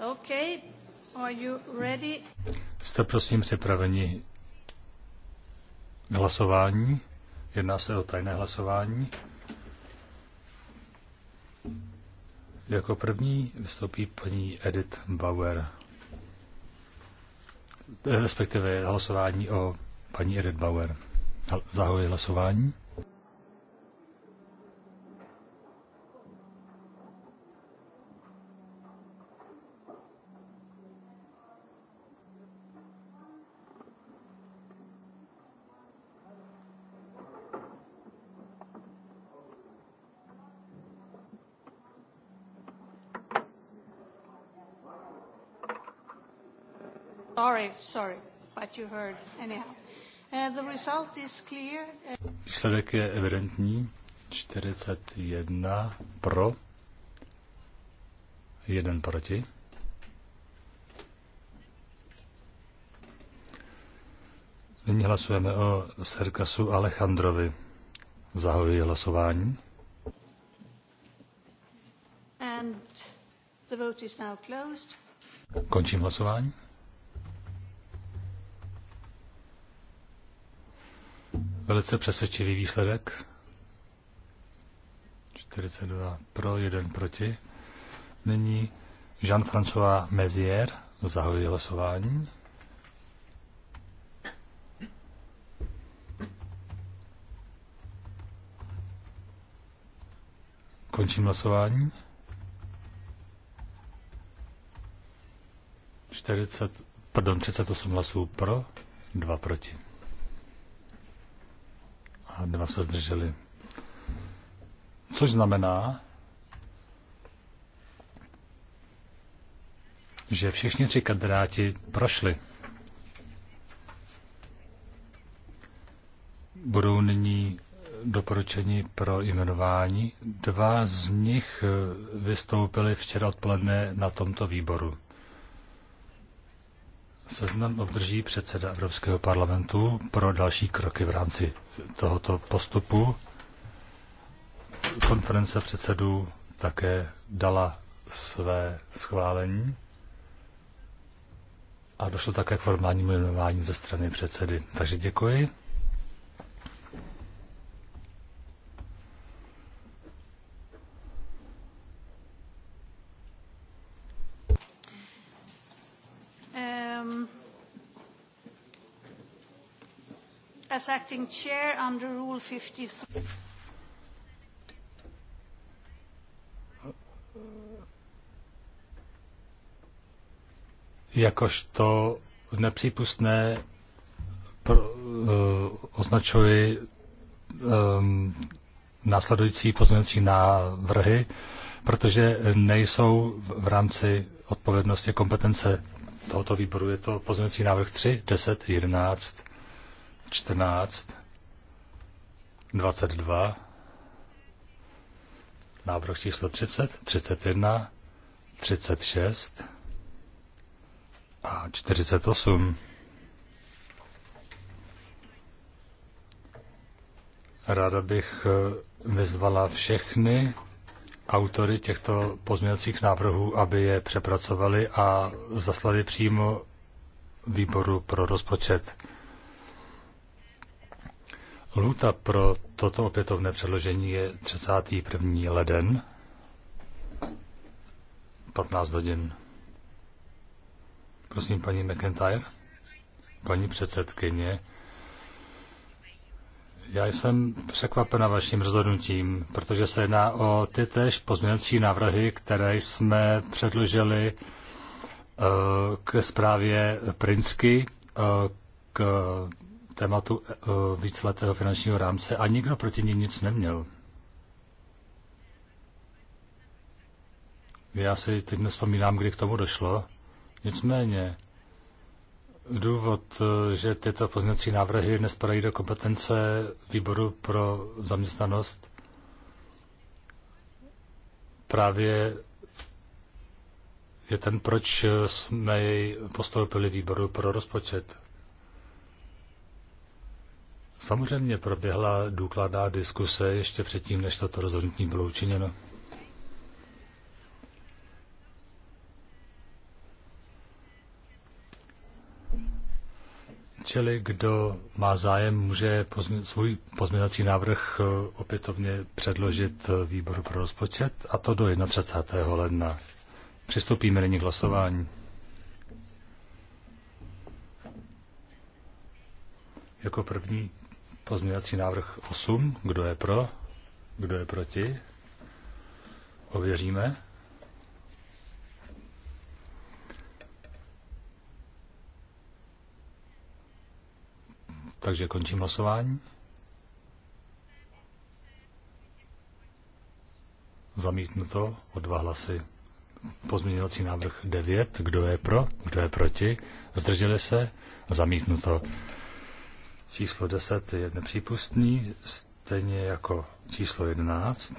Okay. Are you ready? Jste prosím připraveni k hlasování? Jedná se o tajné hlasování. Jako první vystoupí paní Edith Bauer, respektive hlasování o paní Edith Bauer. Zahoji hlasování. Uh, uh, Výsledek je evidentní. 41 pro, 1 proti. Nyní hlasujeme o Serkasu Alejandrovi. Zahajuji hlasování. And the vote is now closed. Končím hlasování. Velice přesvědčivý výsledek. 42 pro, 1 proti. Nyní Jean-François Mezier zahojí hlasování. Končím hlasování. 40, pardon, 38 hlasů pro, 2 proti a dva se zdrželi. Což znamená, že všichni tři kandidáti prošli. Budou nyní doporučení pro jmenování. Dva z nich vystoupili včera odpoledne na tomto výboru. Seznam obdrží předseda Evropského parlamentu pro další kroky v rámci tohoto postupu. Konference předsedů také dala své schválení a došlo také k formálnímu jmenování ze strany předsedy. Takže děkuji. as acting chair under Rule 53. Jakožto nepřípustné pro, uh, označuji um, následující pozměňovací návrhy, protože nejsou v rámci odpovědnosti kompetence tohoto výboru. Je to pozměňovací návrh 3, 10, 11, 14, 22, návrh číslo 30, 31, 36 a 48. Ráda bych eh, vyzvala všechny autory těchto pozměňovacích návrhů, aby je přepracovali a zaslali přímo výboru pro rozpočet. Lhuta pro toto opětovné předložení je 31. leden 15 hodin. Prosím, paní McIntyre, paní předsedkyně, já jsem překvapena vaším rozhodnutím, protože se jedná o ty tež pozměňovací návrhy, které jsme předložili eh, k zprávě Prinsky, eh, k tématu eh, víceletého finančního rámce a nikdo proti ní nic neměl. Já si teď nespomínám, kdy k tomu došlo. Nicméně důvod, eh, že tyto pozměňovací návrhy nespadají do kompetence výboru pro zaměstnanost, právě je ten, proč eh, jsme jej postoupili výboru pro rozpočet. Samozřejmě proběhla důkladná diskuse ještě předtím, než toto rozhodnutí bylo učiněno. Čili kdo má zájem, může pozmi- svůj pozměňovací návrh eh, opětovně předložit eh, výboru pro rozpočet, a to do 31. ledna. Přistoupíme nyní k hlasování. Jako první Pozměňovací návrh 8. Kdo je pro? Kdo je proti? Ověříme. Takže končím hlasování. Zamítnuto o dva hlasy. Pozměňovací návrh 9. Kdo je pro? Kdo je proti? Zdrželi se? Zamítnuto. Číslo 10 je nepřípustný, stejně jako číslo 11.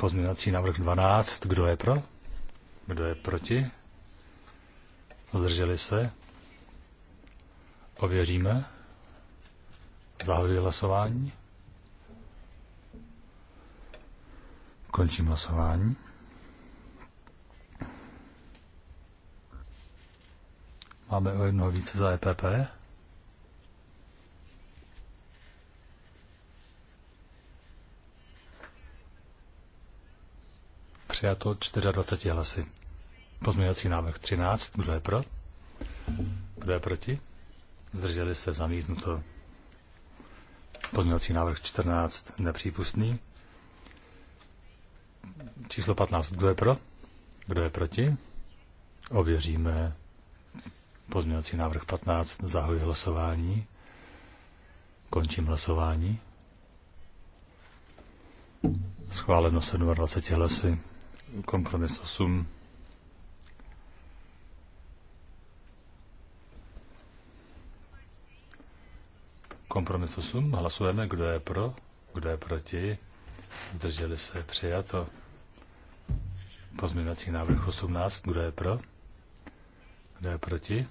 Pozměňovací návrh 12. Kdo je pro? Kdo je proti? Zdrželi se? Ověříme. Zahajuji hlasování. Končím hlasování. Máme o jednoho více za EPP. Přijato 24 hlasy. Pozměňovací návrh 13. Kdo je pro? Kdo je proti? Zdrželi se zamítnuto. Pozměňovací návrh 14. Nepřípustný. Číslo 15. Kdo je pro? Kdo je proti? Ověříme pozměňovací návrh 15. Zahoj hlasování. Končím hlasování. Schváleno 27 hlasy. Kompromis 8. Kompromis 8. Hlasujeme, kdo je pro, kdo je proti. Zdrželi se přijato. Pozměňovací návrh 18. Kdo je pro? Kdo je proti?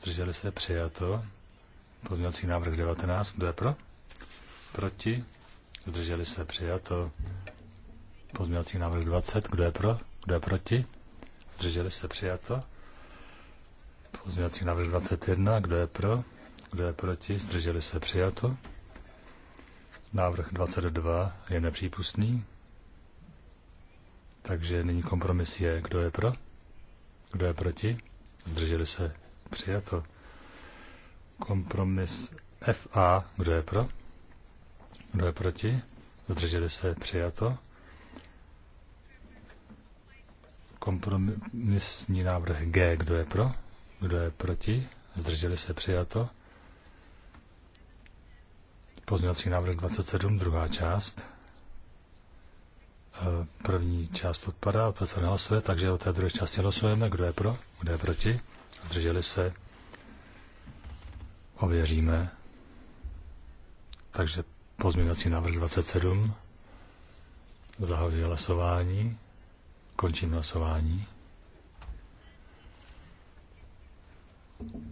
Zdrželi se přijato. Pozměňovací návrh 19. Kdo je pro? Proti? Zdrželi se přijato. Pozměňovací návrh 20. Kdo je pro? Kdo je proti? Zdrželi se přijato. Pozměňovací návrh 21. Kdo je pro? Kdo je proti? Zdrželi se přijato. Návrh 22 je nepřípustný. Takže nyní kompromis je, kdo je pro, kdo je proti, zdrželi se, přijato. Kompromis FA, kdo je pro, kdo je proti, zdrželi se, přijato. Kompromisní návrh G. Kdo je pro? Kdo je proti? Zdrželi se přijato. Pozměňovací návrh 27, druhá část. E, první část odpadá, to se nehlasuje, takže o té druhé části hlasujeme. Kdo je pro? Kdo je proti? Zdrželi se. Ověříme. Takže pozměňovací návrh 27. Zahajuji hlasování. Končím hlasování.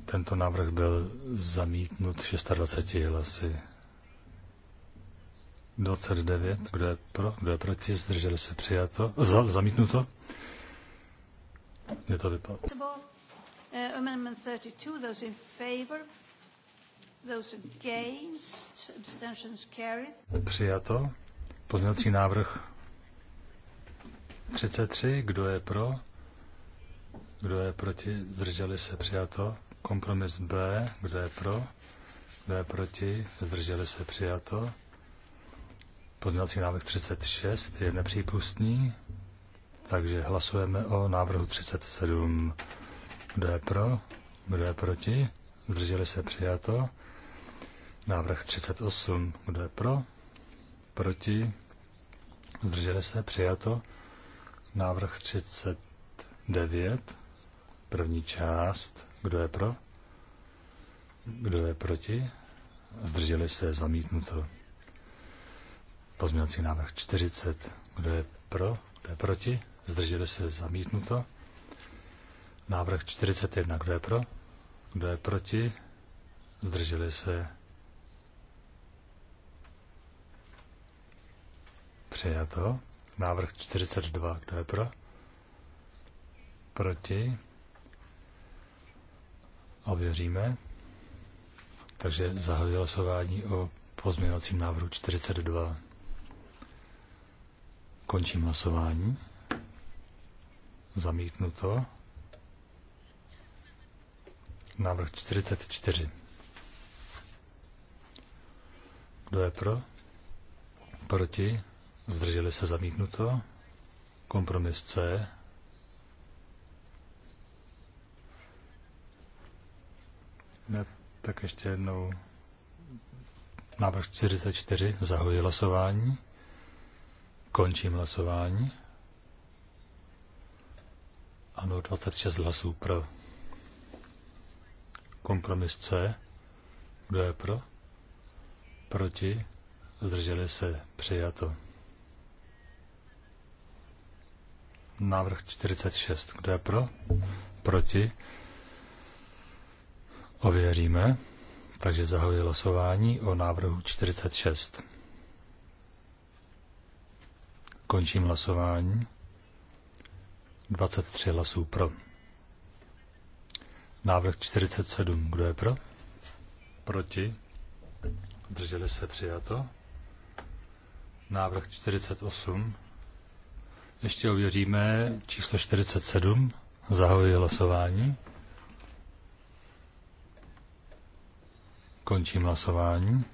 Tento návrh byl zamítnut 26 hlasy. 29, kdo je pro, kdo je proti, Zdržel se přijato, za, zamítnuto. Je to vypadlo. Amendment 32, those in favor, those against, abstentions carried. Přijato. Pozměnací návrh 33. Kdo je pro? Kdo je proti? Zdrželi se přijato. Kompromis B. Kdo je pro? Kdo je proti? Zdrželi se přijato. Pozměňovací návrh 36 je nepřípustný, takže hlasujeme o návrhu 37. Kdo je pro? Kdo je proti? Zdrželi se přijato. Návrh 38. Kdo je pro? Proti? Zdrželi se přijato. Návrh 39, první část. Kdo je pro? Kdo je proti? Zdrželi se zamítnuto. Pozměňovací návrh 40. Kdo je pro? Kdo je proti? Zdrželi se zamítnuto. Návrh 41. Kdo je pro? Kdo je proti? Zdrželi se přijato. Návrh 42. Kdo je pro? Proti? Ověříme. Takže zahajuji hlasování o pozměňovacím návrhu 42. Končím hlasování. Zamítnuto. Návrh 44. Kdo je pro? Proti? Zdrželi se zamítnuto. Kompromis C. Ne, tak ještě jednou. Návrh 44. Zahoji hlasování. Končím hlasování. Ano, 26 hlasů pro. Kompromis C. Kdo je pro? Proti? Zdrželi se. Přijato. Návrh 46. Kdo je pro? Proti? Ověříme. Takže zahajuji hlasování o návrhu 46. Končím hlasování. 23 hlasů pro. Návrh 47. Kdo je pro? Proti? Drželi se přijato. Návrh 48. Ještě ověříme číslo 47. Zahajuji hlasování. Končím hlasování.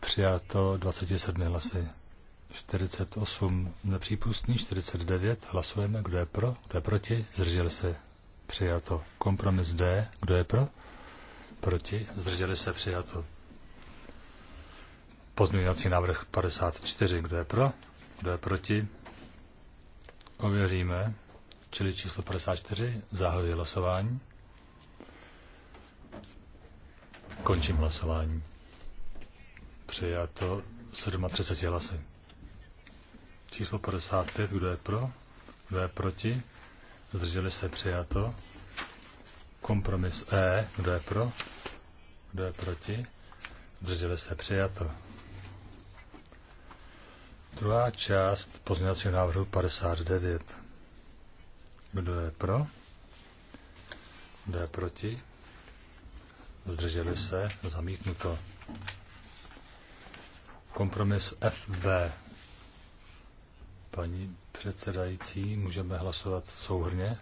Přijato 27 hlasy. 48 nepřípustný, 49 hlasujeme, kdo je pro, kdo je proti, zdrželi se přijato. Kompromis D, kdo je pro, proti, zdrželi se přijato. Pozměňovací návrh 54. Kdo je pro? Kdo je proti? Ověříme. Čili číslo 54. Zahajuji hlasování. Končím hlasování. Přijato 37 hlasy. Číslo 55. Kdo je pro? Kdo je proti? Zdrželi se přijato. Kompromis E. Kdo je pro? Kdo je proti? Zdrželi se přijato. Druhá část pozměňovacího návrhu 59. Kdo je pro? Kdo je proti? Zdrželi se? Zamítnuto. Kompromis FB. Paní předsedající, můžeme hlasovat souhrně?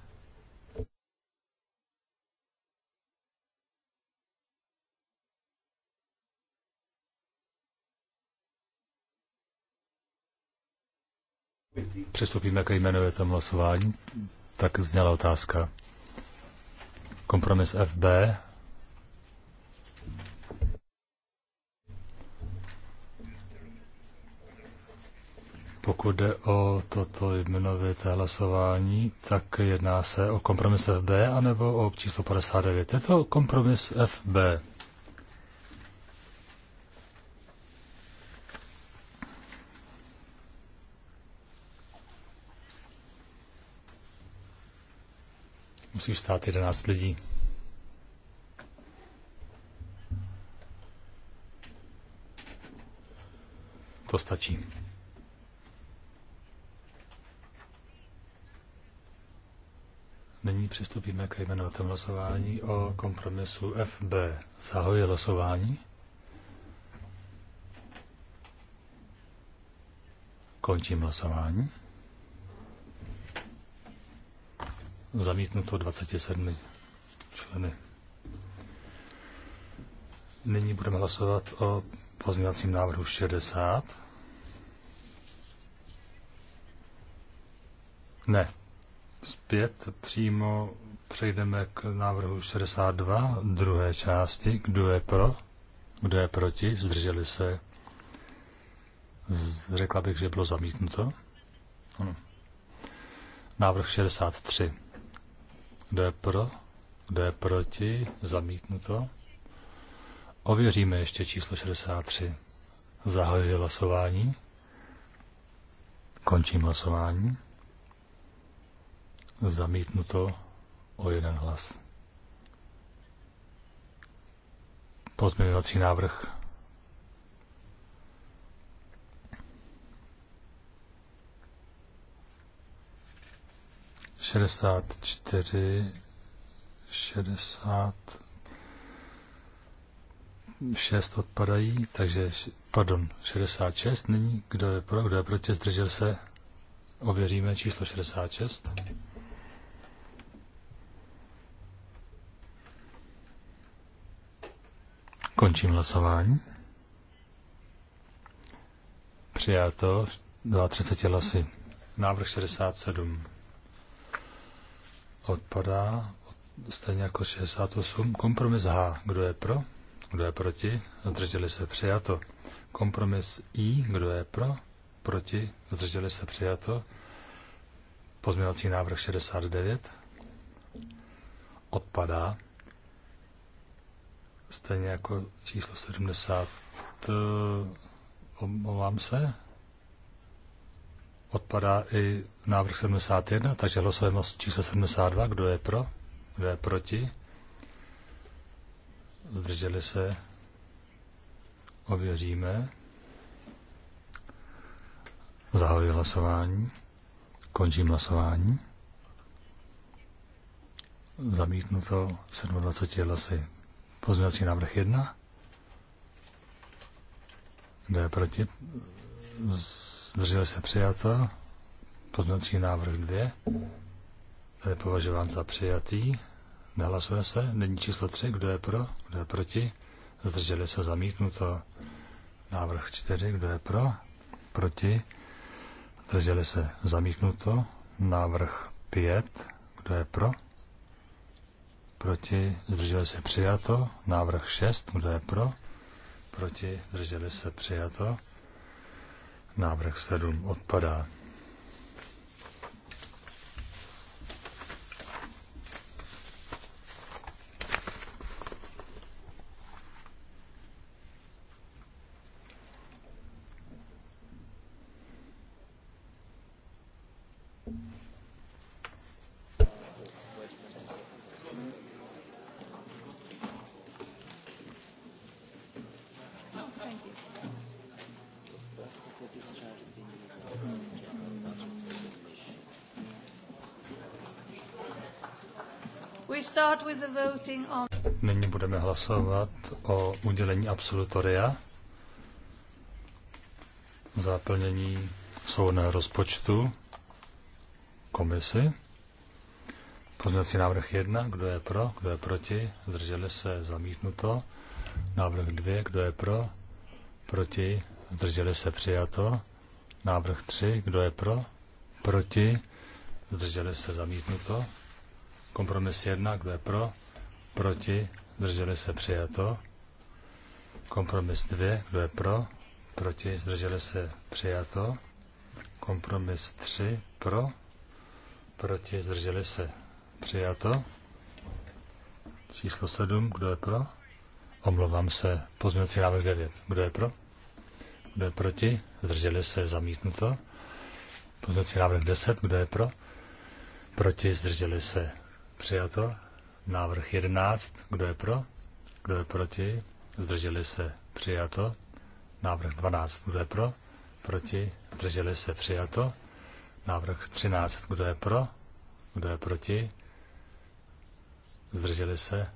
Přestupíme ke jmenovitému hlasování. Tak zněla otázka. Kompromis FB. Pokud jde o toto jmenovité hlasování, tak jedná se o kompromis FB anebo o číslo 59. Je to kompromis FB. musí stát 11 lidí. To stačí. Nyní přistoupíme k jmenovatém hlasování o kompromisu FB. Zahoje hlasování. Končím hlasování. zamítnuto 27 členy. Nyní budeme hlasovat o pozměňovacím návrhu 60. Ne. Zpět přímo přejdeme k návrhu 62, druhé části. Kdo je pro? Kdo je proti? Zdrželi se? Řekla bych, že bylo zamítnuto. Ano. Návrh 63. Kdo je pro? Kdo je proti? Zamítnuto. Ověříme ještě číslo 63. Zahajuji hlasování. Končím hlasování. Zamítnuto o jeden hlas. Pozměňovací návrh 64, 60, 6 odpadají, takže, pardon, 66 nyní, kdo je pro, kdo je proti, zdržel se, ověříme číslo 66. Končím hlasování. Přijato 32 hlasy. Návrh 67 odpadá, stejně jako 68. Kompromis H. Kdo je pro? Kdo je proti? Zdrželi se přijato. Kompromis I. Kdo je pro? Proti? Zdrželi se přijato. Pozměňovací návrh 69. Odpadá. Stejně jako číslo 70. Eh, omlouvám se. Odpadá i návrh 71, takže hlasujeme číslo 72. Kdo je pro? Kdo je proti? Zdrželi se? Ověříme. Zahajuji hlasování. Končím hlasování. Zamítnuto 27 hlasy. Pozměňovací návrh 1. Kdo je proti? Z Zdržel se přijato. Poznací návrh 2, ten je považován za přijatý. Nehlasuje se. Není číslo 3, kdo je pro, kdo je proti. Zdrželi se zamítnuto. Návrh 4, kdo je pro, proti. Zdrželi se zamítnuto. Návrh 5, kdo je pro, proti. Zdrželi se přijato. Návrh 6, kdo je pro, proti. Zdrželi se přijato. Návrh 7 odpadá. Nyní budeme hlasovat o udělení absolutoria záplnění plnění rozpočtu komisy. Pozměňovací návrh 1, kdo je pro, kdo je proti, zdrželi se, zamítnuto. Návrh 2, kdo je pro, proti, zdrželi se, přijato. Návrh 3, kdo je pro, proti, zdrželi se, zamítnuto. Kompromis 1, kdo je pro, proti, zdrželi se přijato. Kompromis 2, kdo je pro, proti, zdrželi se přijato. Kompromis 3, pro, proti, zdrželi se přijato. Číslo 7, kdo je pro? Omlouvám se, pozměnci návrh 9, kdo je pro? Kdo je proti? Zdrželi se zamítnuto. Pozměnci návrh 10, kdo je pro? Proti, zdrželi se přijato. Návrh 11. Kdo je pro? Kdo je proti? Zdrželi se. Přijato. Návrh 12. Kdo je pro? Proti? Zdrželi se. Přijato. Návrh 13. Kdo je pro? Kdo je proti? Zdrželi se.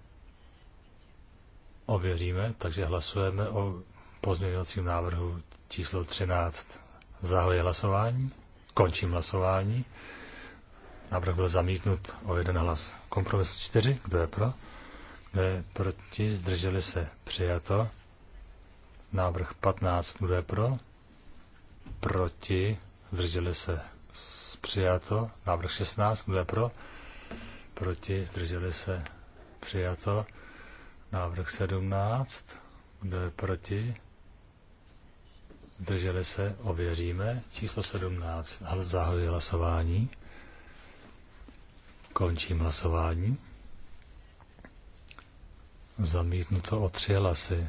Ověříme, takže hlasujeme o pozměňovacím návrhu číslo 13. Zahoje hlasování. Končím hlasování. Návrh byl zamítnut o jeden hlas. Kompromis 4, kdo je pro? Kdo je proti? Zdrželi se. Přijato. Návrh 15, kdo je pro? Proti? Zdrželi se. Přijato. Návrh 16, kdo je pro? Proti? Zdrželi se. Přijato. Návrh 17, kdo je proti? Zdrželi se. Ověříme. Číslo 17. Zahajuji hlasování. Končím hlasování. Zamítnuto o tři hlasy.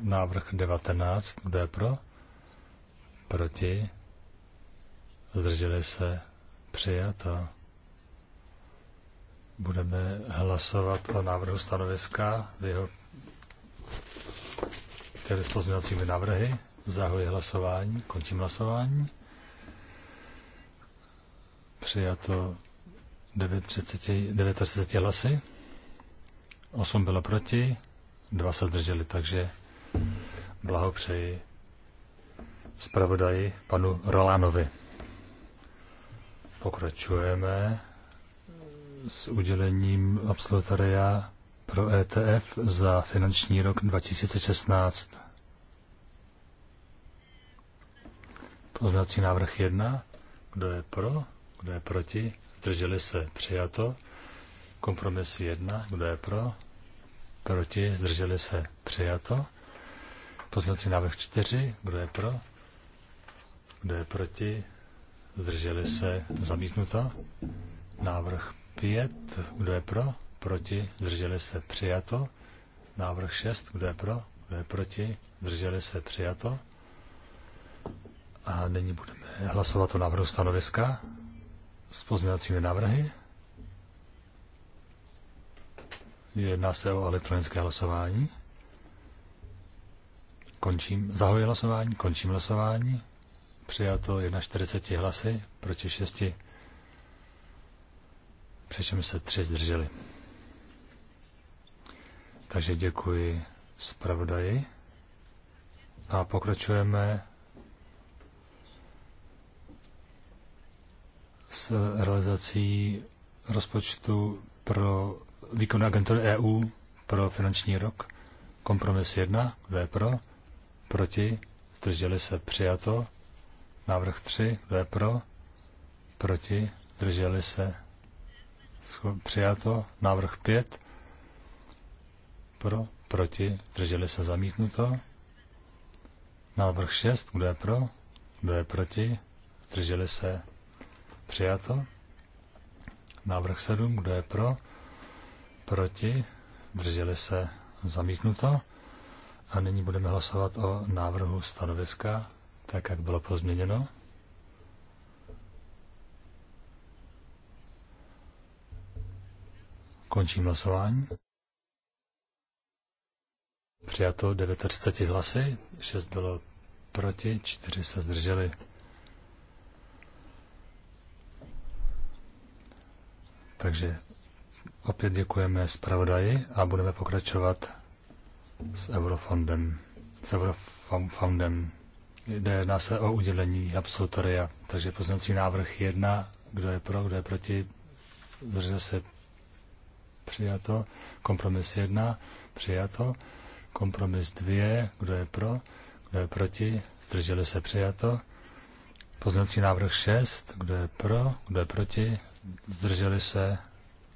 Návrh 19. Kdo je pro? Proti? Zdrželi se? Přijato. Budeme hlasovat o návrhu stanoviska v jeho tedy s pozměňovacími návrhy. Zahoji hlasování, končím hlasování přijato 39 hlasy, 8 bylo proti, 2 se drželi, takže blahopřeji zpravodaji panu Rolánovi. Pokračujeme s udělením absolutoria pro ETF za finanční rok 2016. Pozměňovací návrh 1. Kdo je pro? Kdo je proti? Zdrželi se? Přijato. Kompromis 1. Kdo je pro? Proti? Zdrželi se? Přijato. Pozměňovací návrh 4. Kdo je pro? Kdo je proti? Zdrželi se? Zamítnuto. Návrh 5. Kdo je pro? Proti? Zdrželi se? Přijato. Návrh 6. Kdo je pro? Kdo je proti? Zdrželi se? Přijato. A nyní budeme hlasovat o návrhu stanoviska s pozměňovacími návrhy. Jedná se o elektronické hlasování. Končím, zahoji hlasování, končím hlasování. Přijato 41 hlasy proti 6, přičemž se 3 zdrželi. Takže děkuji zpravodaji a pokračujeme s realizací rozpočtu pro výkon agentury EU pro finanční rok. Kompromis 1, kdo je pro, proti, zdrželi se přijato. Návrh 3, kdo je pro, proti, zdrželi se přijato. Návrh 5, pro, proti, zdrželi se zamítnuto. Návrh 6, kdo je pro, kdo je proti, zdrželi se Přijato. Návrh 7, kdo je pro? Proti? Drželi se? Zamítnuto. A nyní budeme hlasovat o návrhu stanoviska, tak jak bylo pozměněno. Končím hlasování. Přijato 49 hlasy, 6 bylo proti, 4 se zdrželi. Takže opět děkujeme zpravodaji a budeme pokračovat s Eurofondem. S Eurofondem. Jde na se o udělení absolutoria, takže poznací návrh jedna, kdo je pro, kdo je proti, zdržel se přijato, kompromis jedna, přijato, kompromis dvě, kdo je pro, kdo je proti, zdrželi se přijato, Poznací návrh 6, kdo je pro, kdo je proti, zdrželi se,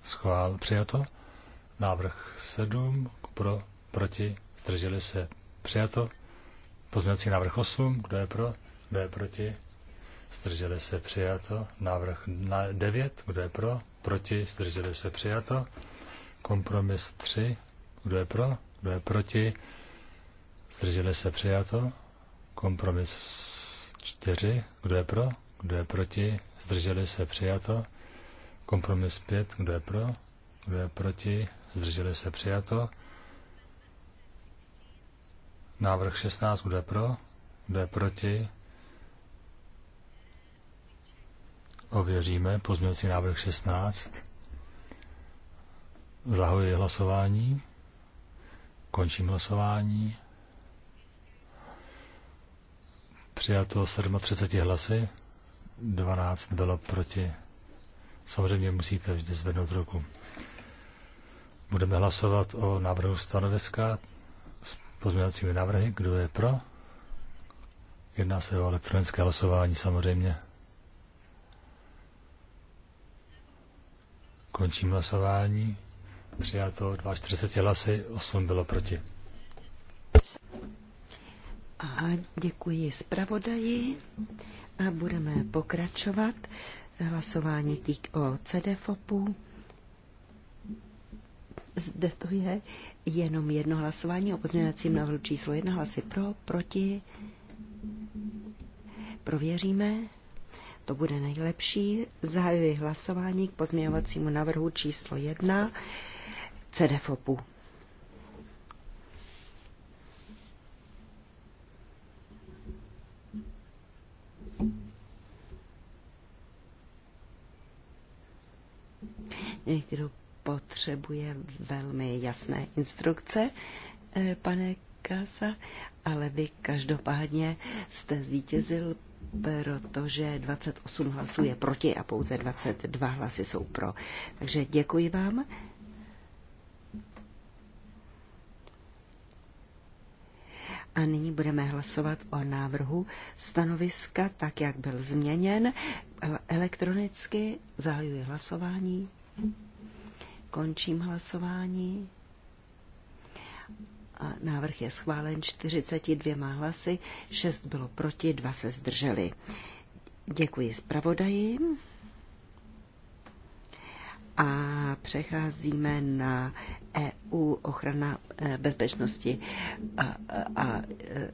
schvál, přijato. Návrh 7, pro, proti, zdrželi se, přijato. Poznací návrh 8, kdo je pro, kdo je proti, zdrželi se, přijato. Návrh 9, kdo je pro, proti, zdrželi se, přijato. Kompromis 3, kdo je pro, kdo je proti, zdrželi se, přijato. Kompromis 4. Kdo je pro? Kdo je proti? Zdrželi se přijato. Kompromis 5. Kdo je pro? Kdo je proti? Zdrželi se přijato. Návrh 16. Kdo je pro? Kdo je proti? Ověříme pozměňovací návrh 16. Zahajuji hlasování. Končím hlasování. Přijato 37 hlasy, 12 bylo proti. Samozřejmě musíte vždy zvednout ruku. Budeme hlasovat o návrhu stanoviska s pozměňovacími návrhy. Kdo je pro? Jedná se o elektronické hlasování samozřejmě. Končím hlasování. Přijato 42 hlasy, 8 bylo proti. A děkuji zpravodaji a budeme pokračovat hlasování týk o CDFOPu. Zde to je jenom jedno hlasování o pozměňovacím návrhu číslo jedna hlasy pro, proti. Prověříme. To bude nejlepší. Zahajuji hlasování k pozměňovacímu návrhu číslo jedna CDFOPu. Někdo potřebuje velmi jasné instrukce, eh, pane Kasa, ale vy každopádně jste zvítězil, protože 28 hlasů je proti a pouze 22 hlasy jsou pro. Takže děkuji vám. A nyní budeme hlasovat o návrhu stanoviska, tak jak byl změněn elektronicky, zahajuji hlasování, končím hlasování. A návrh je schválen 42 hlasy, 6 bylo proti, 2 se zdrželi. Děkuji zpravodaji. A přecházíme na EU ochrana e, bezpečnosti a, a, a e,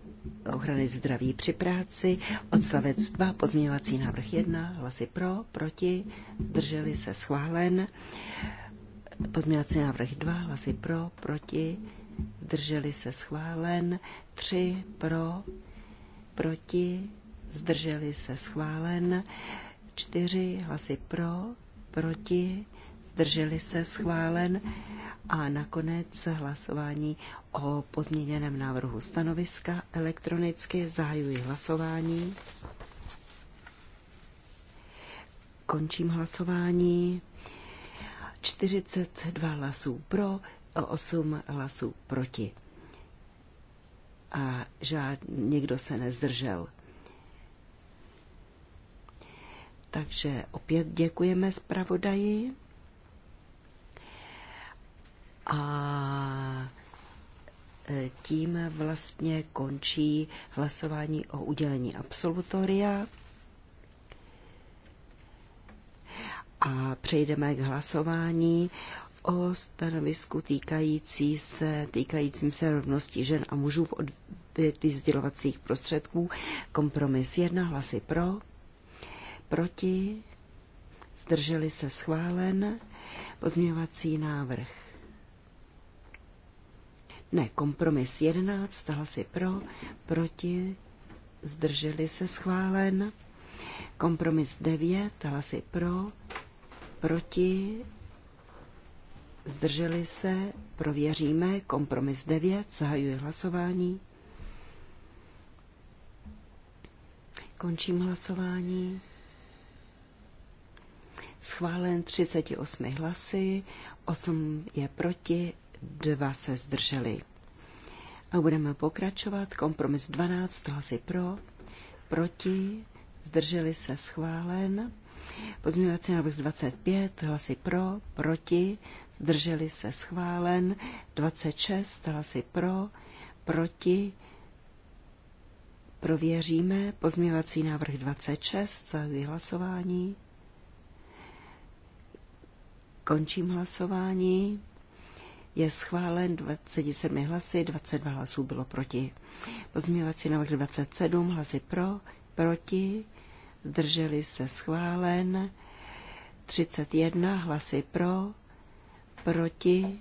ochrany zdraví při práci. Odstavec 2, pozměňovací návrh 1, hlasy pro, proti, zdrželi se schválen. Pozměňovací návrh 2, hlasy pro, proti, zdrželi se schválen. 3 pro, proti, zdrželi se schválen. 4 hlasy pro, proti, zdrželi se schválen a nakonec hlasování o pozměněném návrhu stanoviska elektronicky zahajuji hlasování. Končím hlasování. 42 hlasů pro, 8 hlasů proti. A žád, nikdo se nezdržel. Takže opět děkujeme zpravodaji. A e, tím vlastně končí hlasování o udělení absolutoria. A přejdeme k hlasování o stanovisku týkající se, týkajícím se rovnosti žen a mužů v odvětví sdělovacích prostředků. Kompromis jedna hlasy pro, proti, zdrželi se schválen, pozměňovací návrh ne, kompromis 11, hlasy pro, proti, zdrželi se schválen. Kompromis 9, hlasy pro, proti, zdrželi se, prověříme. Kompromis 9, zahajuji hlasování. Končím hlasování. Schválen 38 hlasy, 8 je proti, dva se zdrželi. A budeme pokračovat. Kompromis 12, hlasy pro, proti, zdrželi se schválen. Pozměňovací návrh 25, hlasy pro, proti, zdrželi se schválen. 26, hlasy pro, proti, prověříme. Pozměňovací návrh 26, zahajuji hlasování. Končím hlasování je schválen 27 hlasy, 22 hlasů bylo proti. Pozměňovací návrh 27 hlasy pro, proti, zdrželi se schválen, 31 hlasy pro, proti,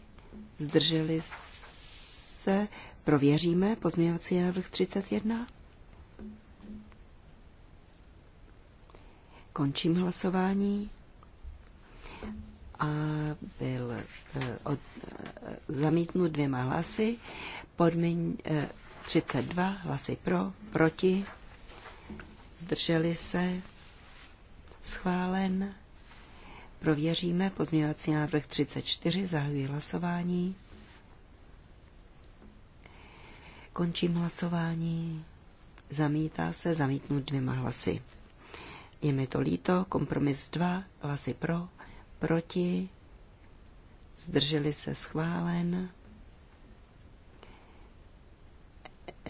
zdrželi se, prověříme pozměňovací návrh 31. Končím hlasování a byl eh, od, eh, zamítnut dvěma hlasy. Podmiň eh, 32 hlasy pro, proti, zdrželi se, schválen. Prověříme pozměňovací návrh 34, zahajuji hlasování. Končím hlasování. Zamítá se zamítnut dvěma hlasy. Je mi to líto, kompromis 2, hlasy pro, proti, zdrželi se schválen.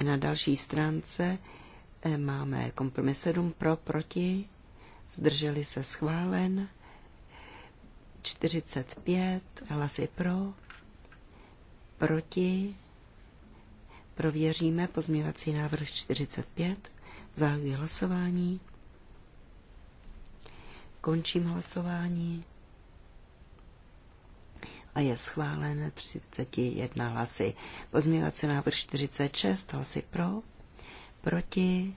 Na další stránce eh, máme kompromis 7 pro, proti, zdrželi se schválen. 45 hlasy pro, proti, prověříme pozměvací návrh 45, zahajuji hlasování, končím hlasování a je schválen 31 hlasy. Pozměňovací návrh 46 hlasy pro, proti,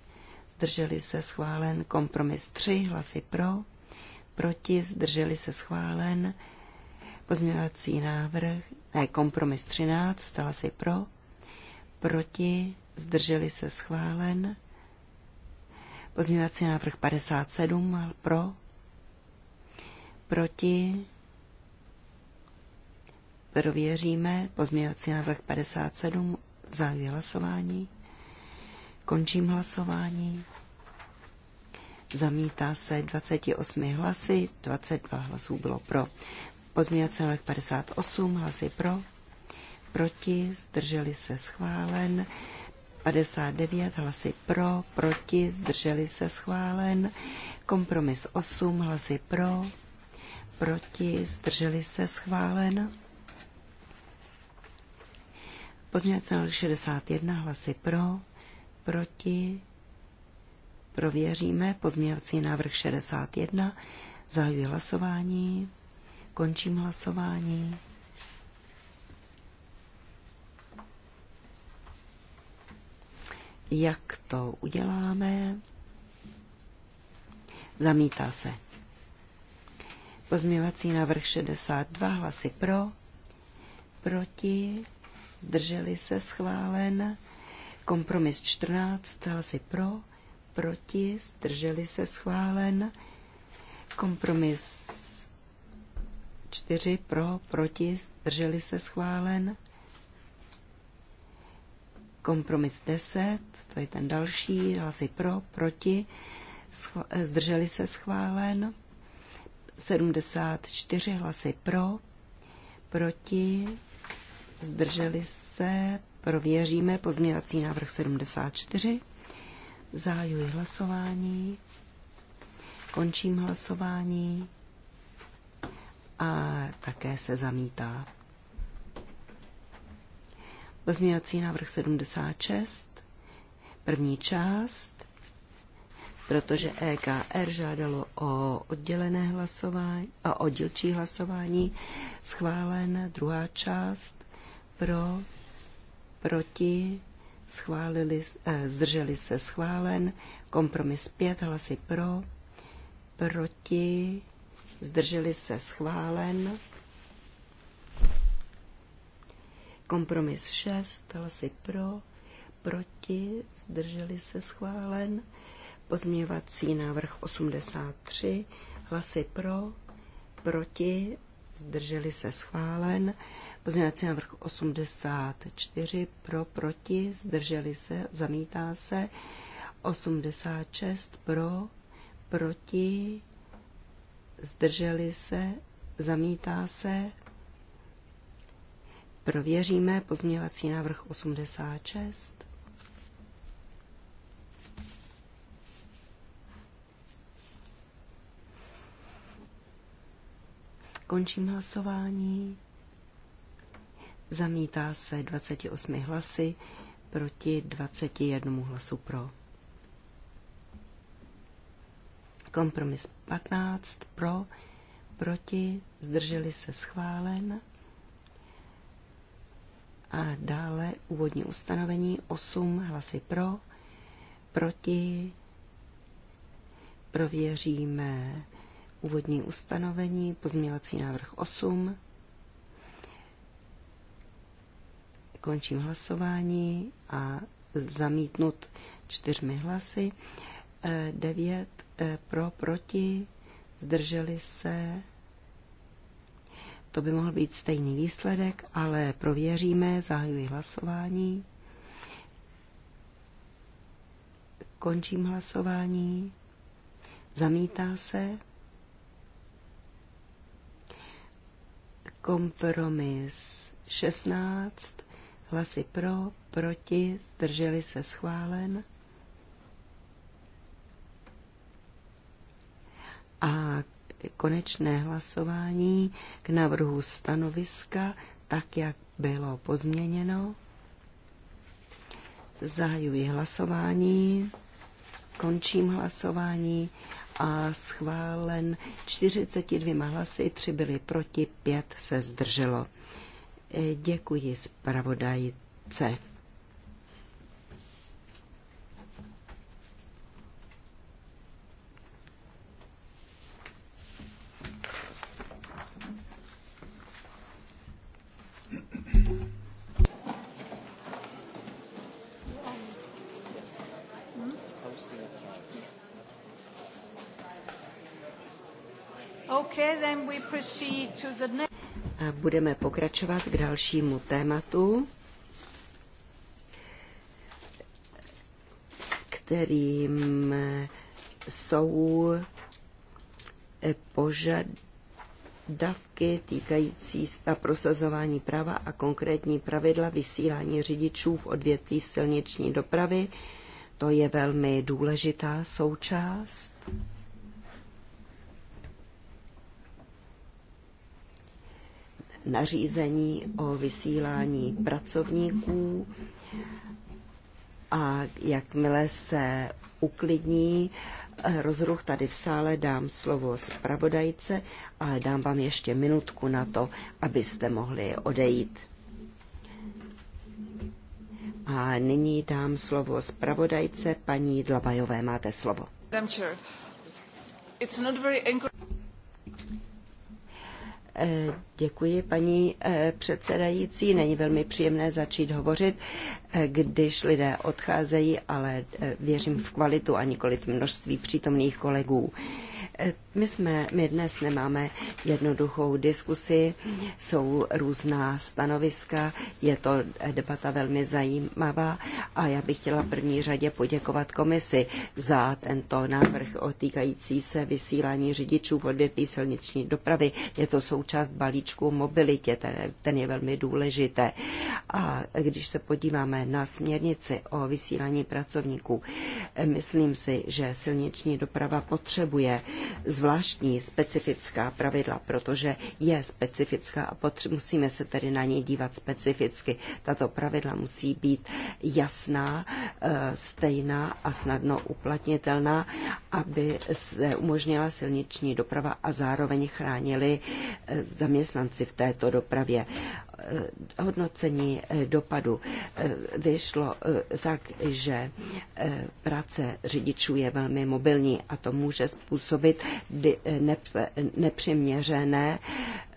zdrželi se schválen kompromis 3 hlasy pro, proti, zdrželi se schválen pozměňovací návrh, ne, kompromis 13 hlasy pro, proti, zdrželi se schválen pozměňovací návrh 57 pro, proti, Prověříme pozměňovací návrh 57. Zahajuji hlasování. Končím hlasování. Zamítá se 28 hlasy, 22 hlasů bylo pro. Pozměňovací návrh 58, hlasy pro, proti, zdrželi se schválen. 59 hlasy pro, proti, zdrželi se schválen. Kompromis 8 hlasy pro, proti, zdrželi se schválen. Pozměňovací návrh 61 hlasy pro, proti. Prověříme pozměňovací návrh 61. Zahajuji hlasování. Končím hlasování. Jak to uděláme? Zamítá se. Pozměňovací návrh 62, hlasy pro, proti, zdrželi se schválen. Kompromis 14, hlasy pro, proti, zdrželi se schválen. Kompromis 4 pro, proti, zdrželi se schválen. Kompromis 10, to je ten další, hlasy pro, proti, eh, zdrželi se schválen. 74 hlasy pro, proti, zdrželi se, prověříme pozměňovací návrh 74. Zahajuji hlasování, končím hlasování a také se zamítá. Pozměňovací návrh 76, první část, protože EKR žádalo o oddělené hlasování a o dílčí hlasování, schválen druhá část pro, proti, schválili, eh, zdrželi se schválen, kompromis pět hlasy pro, proti, zdrželi se schválen, kompromis šest hlasy pro, proti, zdrželi se schválen, pozměvací návrh 83, hlasy pro, proti, zdrželi se schválen. Pozměňovací návrh 84 pro, proti, zdrželi se, zamítá se. 86 pro, proti, zdrželi se, zamítá se. Prověříme pozměňovací návrh 86. Končím hlasování. Zamítá se 28 hlasy proti 21 hlasu pro. Kompromis 15 pro, proti, zdrželi se schválen. A dále úvodní ustanovení 8 hlasy pro, proti, prověříme úvodní ustanovení, pozměňovací návrh 8. Končím hlasování a zamítnut čtyřmi hlasy. 9 eh, eh, pro, proti, zdrželi se. To by mohl být stejný výsledek, ale prověříme, zahajuji hlasování. Končím hlasování. Zamítá se. Kompromis 16. Hlasy pro, proti, zdrželi se schválen. A konečné hlasování k návrhu stanoviska, tak jak bylo pozměněno. Zahajuji hlasování, končím hlasování a schválen 42 hlasy, 3 byly proti, 5 se zdrželo. Děkuji zpravodajce. Okay, then we proceed to the next. budeme pokračovat k dalšímu tématu, kterým jsou požadavky týkající se prosazování práva a konkrétní pravidla vysílání řidičů v odvětví silniční dopravy. To je velmi důležitá součást nařízení o vysílání pracovníků a jakmile se uklidní eh, rozruch tady v sále, dám slovo zpravodajce, ale dám vám ještě minutku na to, abyste mohli odejít. A nyní dám slovo zpravodajce paní Dlabajové. Máte slovo. Eh, děkuji, paní eh, předsedající. Není velmi příjemné začít hovořit, eh, když lidé odcházejí, ale věřím v kvalitu a nikoli v množství přítomných kolegů. My, jsme, my dnes nemáme jednoduchou diskusi, jsou různá stanoviska, je to debata velmi zajímavá a já bych chtěla v první řadě poděkovat komisi za tento návrh týkající se vysílání řidičů v odvětví silniční dopravy. Je to součást balíčku mobilitě, ten, ten je velmi důležité. A když se podíváme na směrnici o vysílání pracovníků, myslím si, že silniční doprava potřebuje zvláštní specifická pravidla, protože je specifická a potř- musíme se tedy na ně dívat specificky. Tato pravidla musí být jasná, eh, stejná a snadno uplatnitelná, aby se umožnila silniční doprava a zároveň chránili eh, zaměstnanci v této dopravě eh, hodnocení dopadu vyšlo tak, že práce řidičů je velmi mobilní a to může způsobit stanovit nepřiměřené,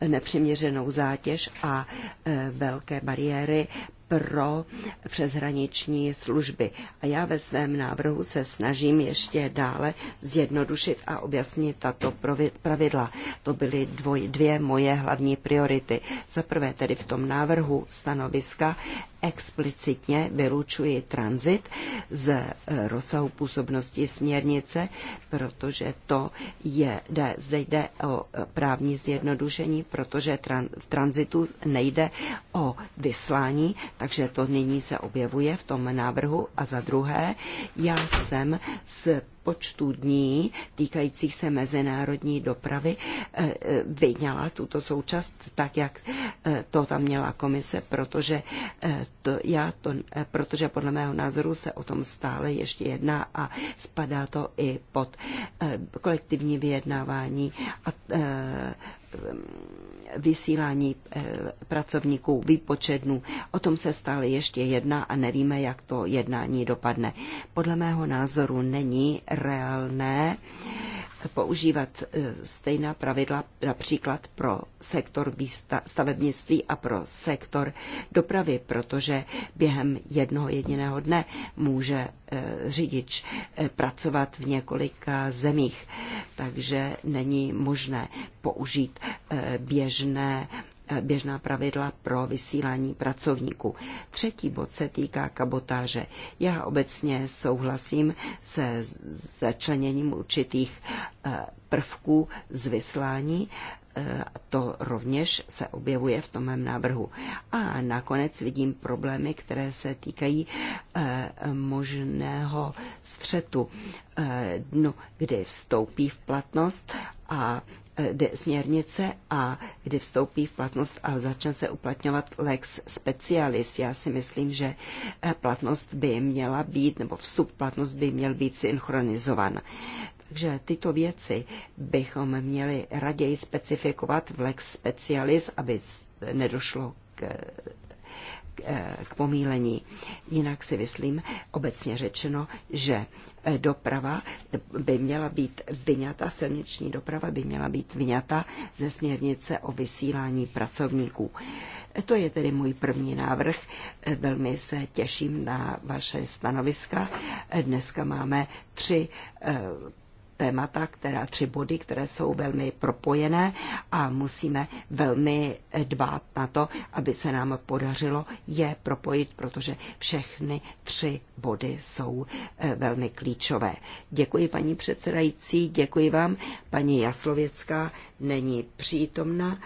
nepřiměřenou zátěž a e, velké bariéry pro přeshraniční služby. A já ve svém návrhu se snažím ještě dále zjednodušit a objasnit tato pravidla. To byly dvoj, dvě moje hlavní priority. Za prvé tedy v tom návrhu stanoviska explicitně vylučuji tranzit z eh, rozsahu působnosti směrnice, protože to je, jde, zde jde o eh, právní zjednodušení, protože tran, v tranzitu nejde o vyslání, takže to nyní se objevuje v tom návrhu. A za druhé, já jsem s počtu dní týkajících se mezinárodní dopravy eh, eh, vyňala tuto součást tak, jak eh, to tam měla komise, protože, to, já to, protože podle mého názoru se o tom stále ještě jedná a spadá to i pod kolektivní vyjednávání a vysílání eh, pracovníků, výpočet O tom se stále ještě jedná a nevíme, jak to jednání dopadne. Podle mého názoru není reálné používat e, stejná pravidla například pro sektor stavebnictví a pro sektor dopravy, protože během jednoho jediného dne může e, řidič e, pracovat v několika zemích. Takže není možné použít běžné Eh, běžná pravidla pro vysílání pracovníků. Třetí bod se týká kabotáže. Já obecně souhlasím se začleněním určitých eh, prvků z vyslání, eh, to rovněž se objevuje v tom mém návrhu. A nakonec vidím problémy, které se týkají možného střetu dnu, kdy vstoupí v platnost a směrnice a kdy vstoupí v platnost a začne se uplatňovat lex specialis. Já si myslím, že eh, platnost by měla být, nebo vstup platnost by měl být synchronizovan. Takže tyto věci bychom měli raději specifikovat v lex specialis, aby nedošlo k eh, k pomílení. Jinak si myslím, obecně řečeno, že eh, doprava by měla být vyňata, silniční doprava by měla být vyňata ze směrnice o vysílání pracovníků. Eh, to je tedy můj první návrh. Eh, velmi se těším na vaše stanoviska. Dneska máme tři témata, která tři body, které jsou velmi propojené a musíme velmi dbát na to, aby se nám podařilo je propojit, protože všechny tři body jsou eh, velmi klíčové. Děkuji paní předsedající, děkuji vám. Paní Jaslověcká není přítomna,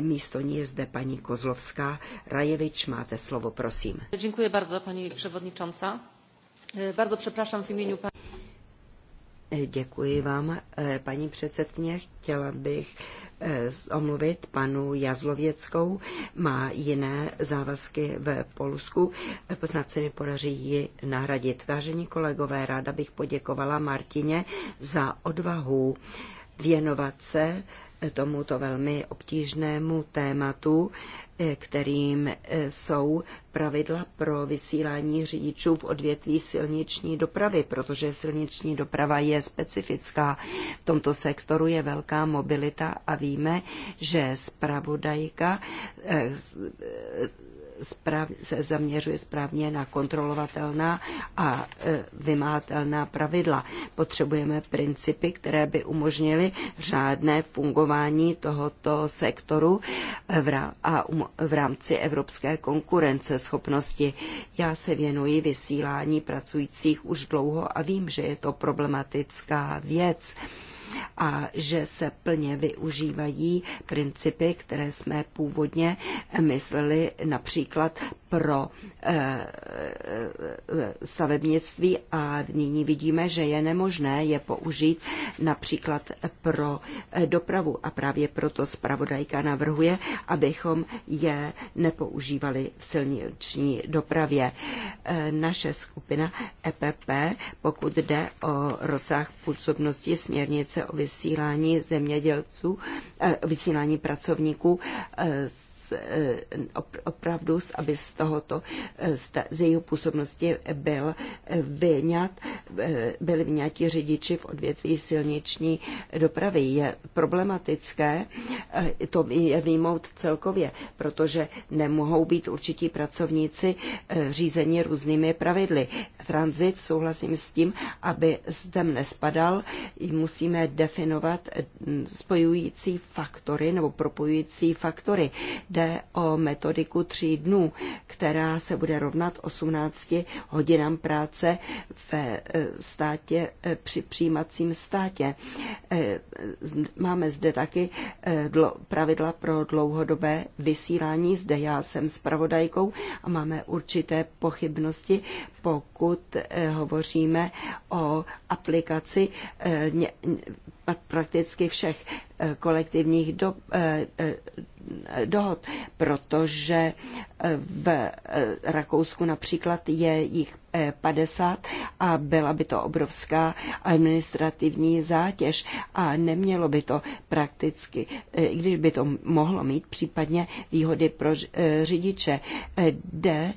místo ní je zde paní Kozlovská. Rajevič, máte slovo, prosím. Děkuji bardzo, paní předsedající. Eh, bardzo přepraszam w imieniu pani Děkuji vám, eh, paní předsedkyně. Chtěla bych eh, omluvit panu Jazlověckou. Má jiné závazky v Polsku. Snad eh, se mi podaří ji nahradit. Vážení kolegové, ráda bych poděkovala Martině za odvahu věnovat se tomuto velmi obtížnému tématu, eh, kterým eh, jsou pravidla pro vysílání řidičů v odvětví silniční dopravy, protože silniční doprava je specifická. V tomto sektoru je velká mobilita a víme, že zpravodajka eh, správ, se zaměřuje správně na kontrolovatelná a e, vymátelná pravidla. Potřebujeme principy, které by umožnily řádné fungování tohoto sektoru a um, v rámci evropské konkurence schopnosti, Já se věnuji vysílání pracujících už dlouho a vím, že je to problematická věc a že se plně využívají principy, které jsme původně mysleli například pro eh, eh, stavebnictví a nyní vidíme, že je nemožné je použít například pro eh, dopravu a právě proto zpravodajka navrhuje, abychom je nepoužívali v silniční dopravě. Naše skupina EPP, pokud jde o rozsah působnosti směrnice o vysílání zemědělců, vysílání pracovníků, Eh, opravdu, aby z tohoto, eh, z jeho působnosti byl eh, vyňat, byli vyňati řidiči v odvětví silniční dopravy. Je problematické to je výmout celkově, protože nemohou být určití pracovníci řízeni různými pravidly. Transit souhlasím s tím, aby zdem nespadal, musíme definovat spojující faktory nebo propojující faktory jde o metodiku tří dnů, která se bude rovnat 18 hodinám práce ve eh, státě, eh, při přijímacím státě. Eh, máme zde taky pravidla pro dlouhodobé vysílání. Zde já jsem pravodajkou a máme určité pochybnosti, pokud hovoříme o aplikaci prakticky všech kolektivních do, eh, eh, dohod, protože eh, v Rakousku například je jich 50 a byla by to obrovská administrativní zátěž a nemělo by to prakticky, i když by to mohlo mít případně výhody pro řidiče. Jde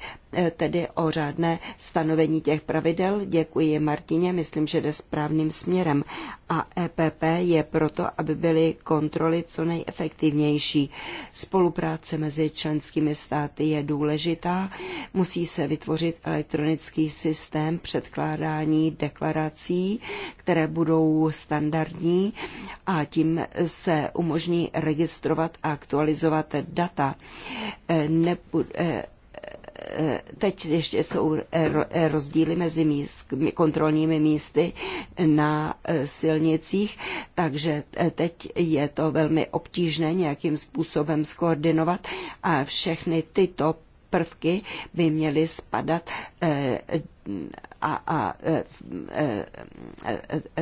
tedy o řádné stanovení těch pravidel. Děkuji Martině, myslím, že jde správným směrem. A EPP je proto, aby byly kontroly co nejefektivnější. Spolupráce mezi členskými státy je důležitá. Musí se vytvořit elektronický systém předkládání deklarací, které budou standardní a tím se umožní registrovat a aktualizovat data teď ještě jsou rozdíly mezi kontrolními místy na e, silnicích, takže e, teď je to velmi obtížné nějakým způsobem skoordinovat a všechny tyto prvky by měly spadat e, a, a, a,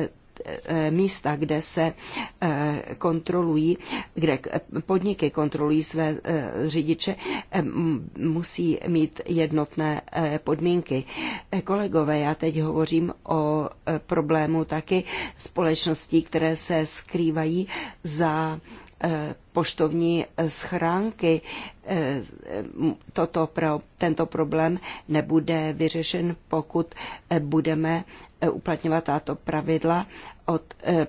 a Eh, místa, kde se eh, kontrolují, kde podniky kontrolují své eh, řidiče, musí mít jednotné podmínky. Kolegové, já teď hovořím o problému taky společností, které se skrývají za poštovní schránky. Toto pro, tento problém nebude vyřešen, pokud budeme uplatňovat tato pravidla od eh,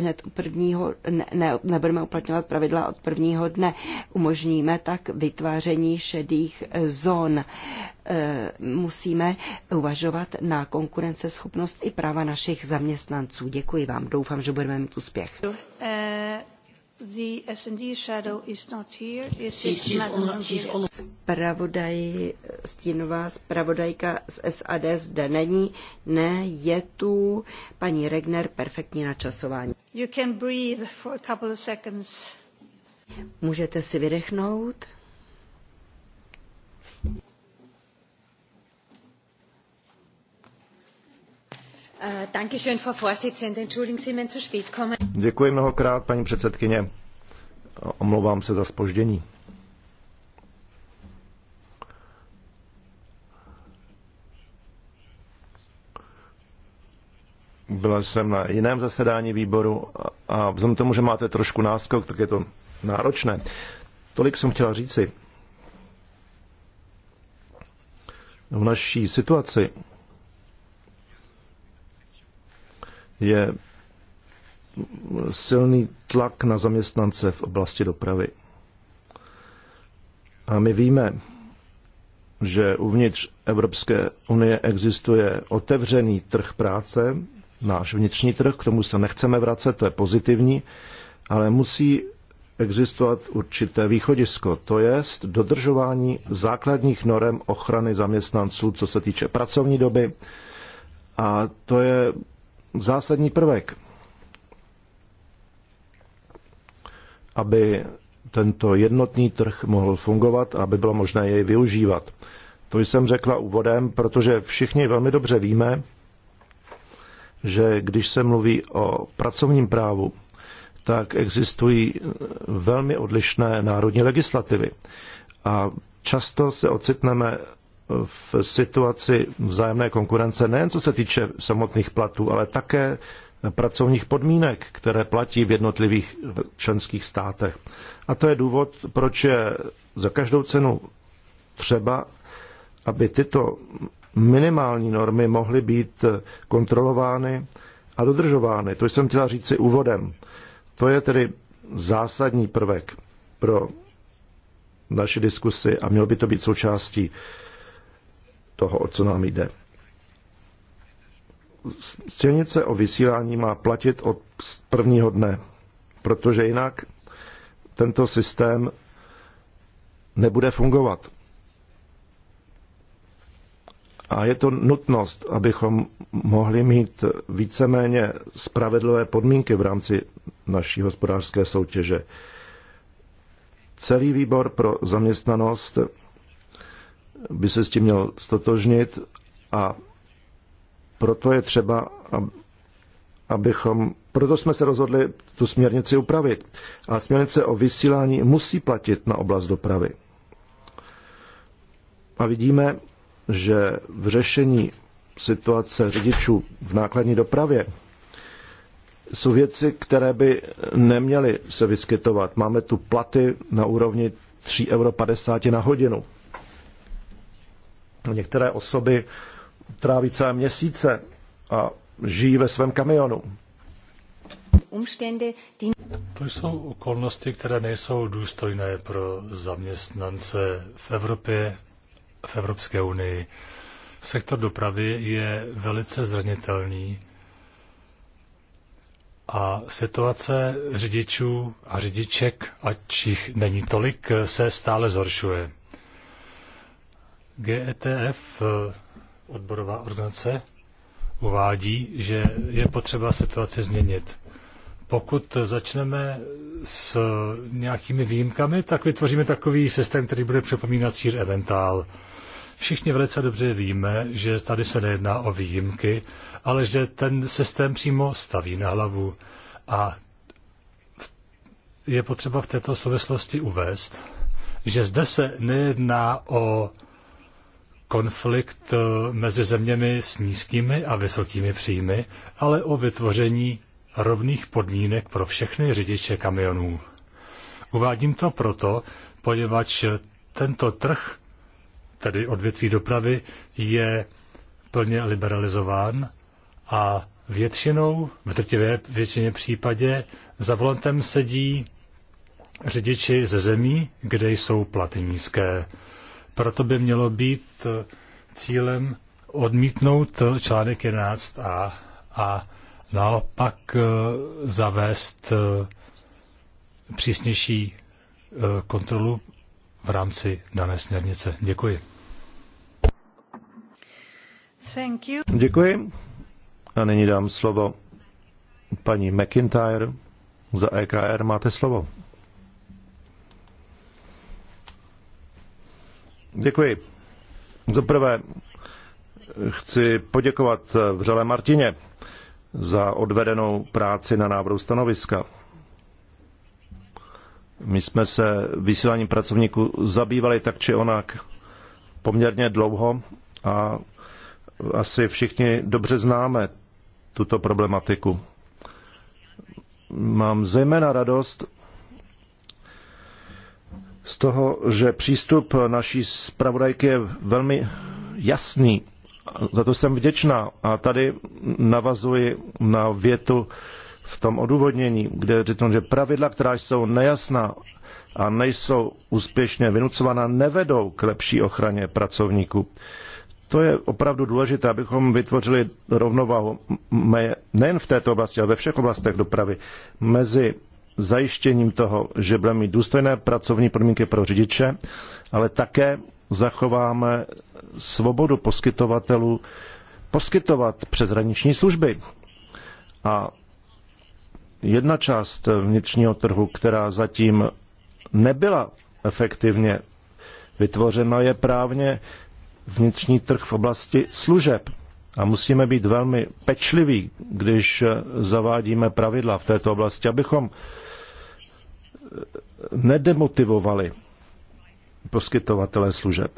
hned prvního, ne, ne, nebudeme uplatňovat pravidla od prvního dne. Umožníme tak vytváření šedých zón. Eh, musíme uvažovat na konkurenceschopnost i práva našich zaměstnanců. Děkuji vám. Doufám, že budeme mít úspěch. Eh, The S&D shadow is not here. Is she, she's on, she's on. Spravodaj, stínová spravodajka z SAD zde není. Ne, je tu paní Regner, perfektní načasování. You can breathe for a couple of seconds. Můžete si vydechnout. Äh, Děkuji mnohokrát, paní předsedkyně. Omlouvám se za spoždění. Byla jsem na jiném zasedání výboru a vzhledem k tomu, že máte trošku náskok, tak je to náročné. Tolik jsem chtěla říci. V naší situaci je silný tlak na zaměstnance v oblasti dopravy. A my víme, že uvnitř Evropské unie existuje otevřený trh práce, náš vnitřní trh, k tomu se nechceme vracet, to je pozitivní, ale musí existovat určité východisko, to je dodržování základních norem ochrany zaměstnanců, co se týče pracovní doby. A to je zásadní prvek, aby tento jednotný trh mohl fungovat a aby bylo možné jej využívat. To jsem řekla úvodem, protože všichni velmi dobře víme, že když se mluví o pracovním právu, tak existují velmi odlišné národní legislativy. A často se ocitneme v situaci vzájemné konkurence nejen co se týče samotných platů, ale také pracovních podmínek, které platí v jednotlivých členských státech. A to je důvod, proč je za každou cenu třeba, aby tyto minimální normy mohly být kontrolovány a dodržovány. To jsem chtěla říct si úvodem. To je tedy zásadní prvek pro naši diskusi a mělo by to být součástí toho, o co nám jde. Stěnice o vysílání má platit od prvního dne, protože jinak tento systém nebude fungovat. A je to nutnost, abychom mohli mít víceméně spravedlivé podmínky v rámci naší hospodářské soutěže. Celý výbor pro zaměstnanost by se s tím měl stotožnit a proto je třeba, abychom, proto jsme se rozhodli tu směrnici upravit. A směrnice o vysílání musí platit na oblast dopravy. A vidíme, že v řešení situace řidičů v nákladní dopravě jsou věci, které by neměly se vyskytovat. Máme tu platy na úrovni 3,50 euro na hodinu. Některé osoby tráví celé měsíce a žijí ve svém kamionu. To jsou okolnosti, které nejsou důstojné pro zaměstnance v Evropě, v Evropské unii. Sektor dopravy je velice zranitelný a situace řidičů a řidiček, ať jich není tolik, se stále zhoršuje. GETF, eh, odborová organizace, uvádí, že je potřeba situaci změnit. Pokud začneme s nějakými výjimkami, tak vytvoříme takový systém, který bude připomínat sír eventál. Všichni velice dobře víme, že tady se nejedná o výjimky, ale že ten systém přímo staví na hlavu. A je potřeba v této souvislosti uvést, že zde se nejedná o konflikt eh, mezi zeměmi s nízkými a vysokými příjmy, ale o vytvoření rovných podmínek pro všechny řidiče kamionů. Uvádím to proto, poněvadž tento trh, tedy odvětví dopravy, je plně liberalizován a většinou, v drtivé většině případě, za volantem sedí řidiči ze zemí, kde jsou platy nízké. Proto by mělo být eh, cílem odmítnout eh, článek 11a a naopak eh, zavést přísnější kontrolu v rámci dané směrnice. Děkuji. Thank you. Děkuji. A nyní dám slovo paní McIntyre za EKR. Máte slovo. Děkuji. Za prvé chci poděkovat eh, vřele Martině za odvedenou práci na návrhu stanoviska. My jsme se vysíláním pracovníků zabývali tak či onak poměrně dlouho a asi všichni dobře známe tuto problematiku. Mám zejména radost, z toho, že přístup naší zpravodajky je velmi jasný. Za to jsem vděčná. A tady navazuji na větu v tom odůvodnění, kde je že pravidla, která jsou nejasná a nejsou úspěšně vynucována, nevedou k lepší ochraně pracovníků. To je opravdu důležité, abychom vytvořili rovnováhu nejen v této oblasti, ale ve všech oblastech dopravy mezi zajištěním toho, že budeme mít důstojné pracovní podmínky pro řidiče, ale také zachováme svobodu poskytovatelů poskytovat přeshraniční služby. A jedna část vnitřního trhu, která zatím nebyla efektivně vytvořena, je právě vnitřní trh v oblasti služeb. A musíme být velmi pečliví, když zavádíme pravidla v této oblasti, abychom nedemotivovali poskytovatele služeb.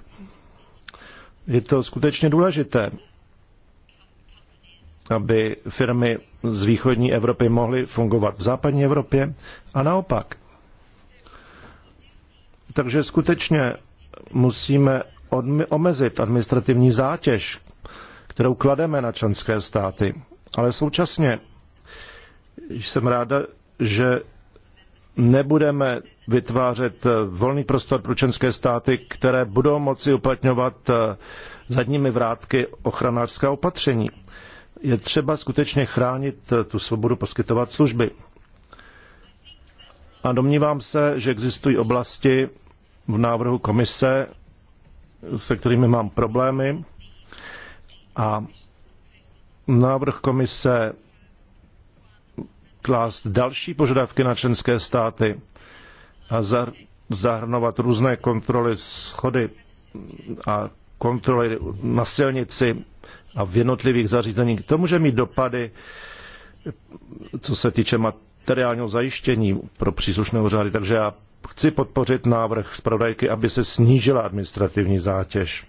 Je to skutečně důležité, aby firmy z východní Evropy mohly fungovat v západní Evropě a naopak. Takže skutečně musíme omezit administrativní zátěž, kterou klademe na členské státy. Ale současně jsem ráda, že nebudeme vytvářet eh, volný prostor pro členské státy, které budou moci uplatňovat eh, zadními vrátky ochranářská opatření. Je třeba skutečně chránit eh, tu svobodu poskytovat služby. A domnívám se, že existují oblasti v návrhu komise, se kterými mám problémy. A návrh komise klást další požadavky na členské státy a zahrnovat různé kontroly schody a kontroly na silnici a v jednotlivých zařízeních. To může mít dopady, co se týče materiálního zajištění pro příslušné úřady. Takže já chci podpořit návrh zpravodajky, aby se snížila administrativní zátěž.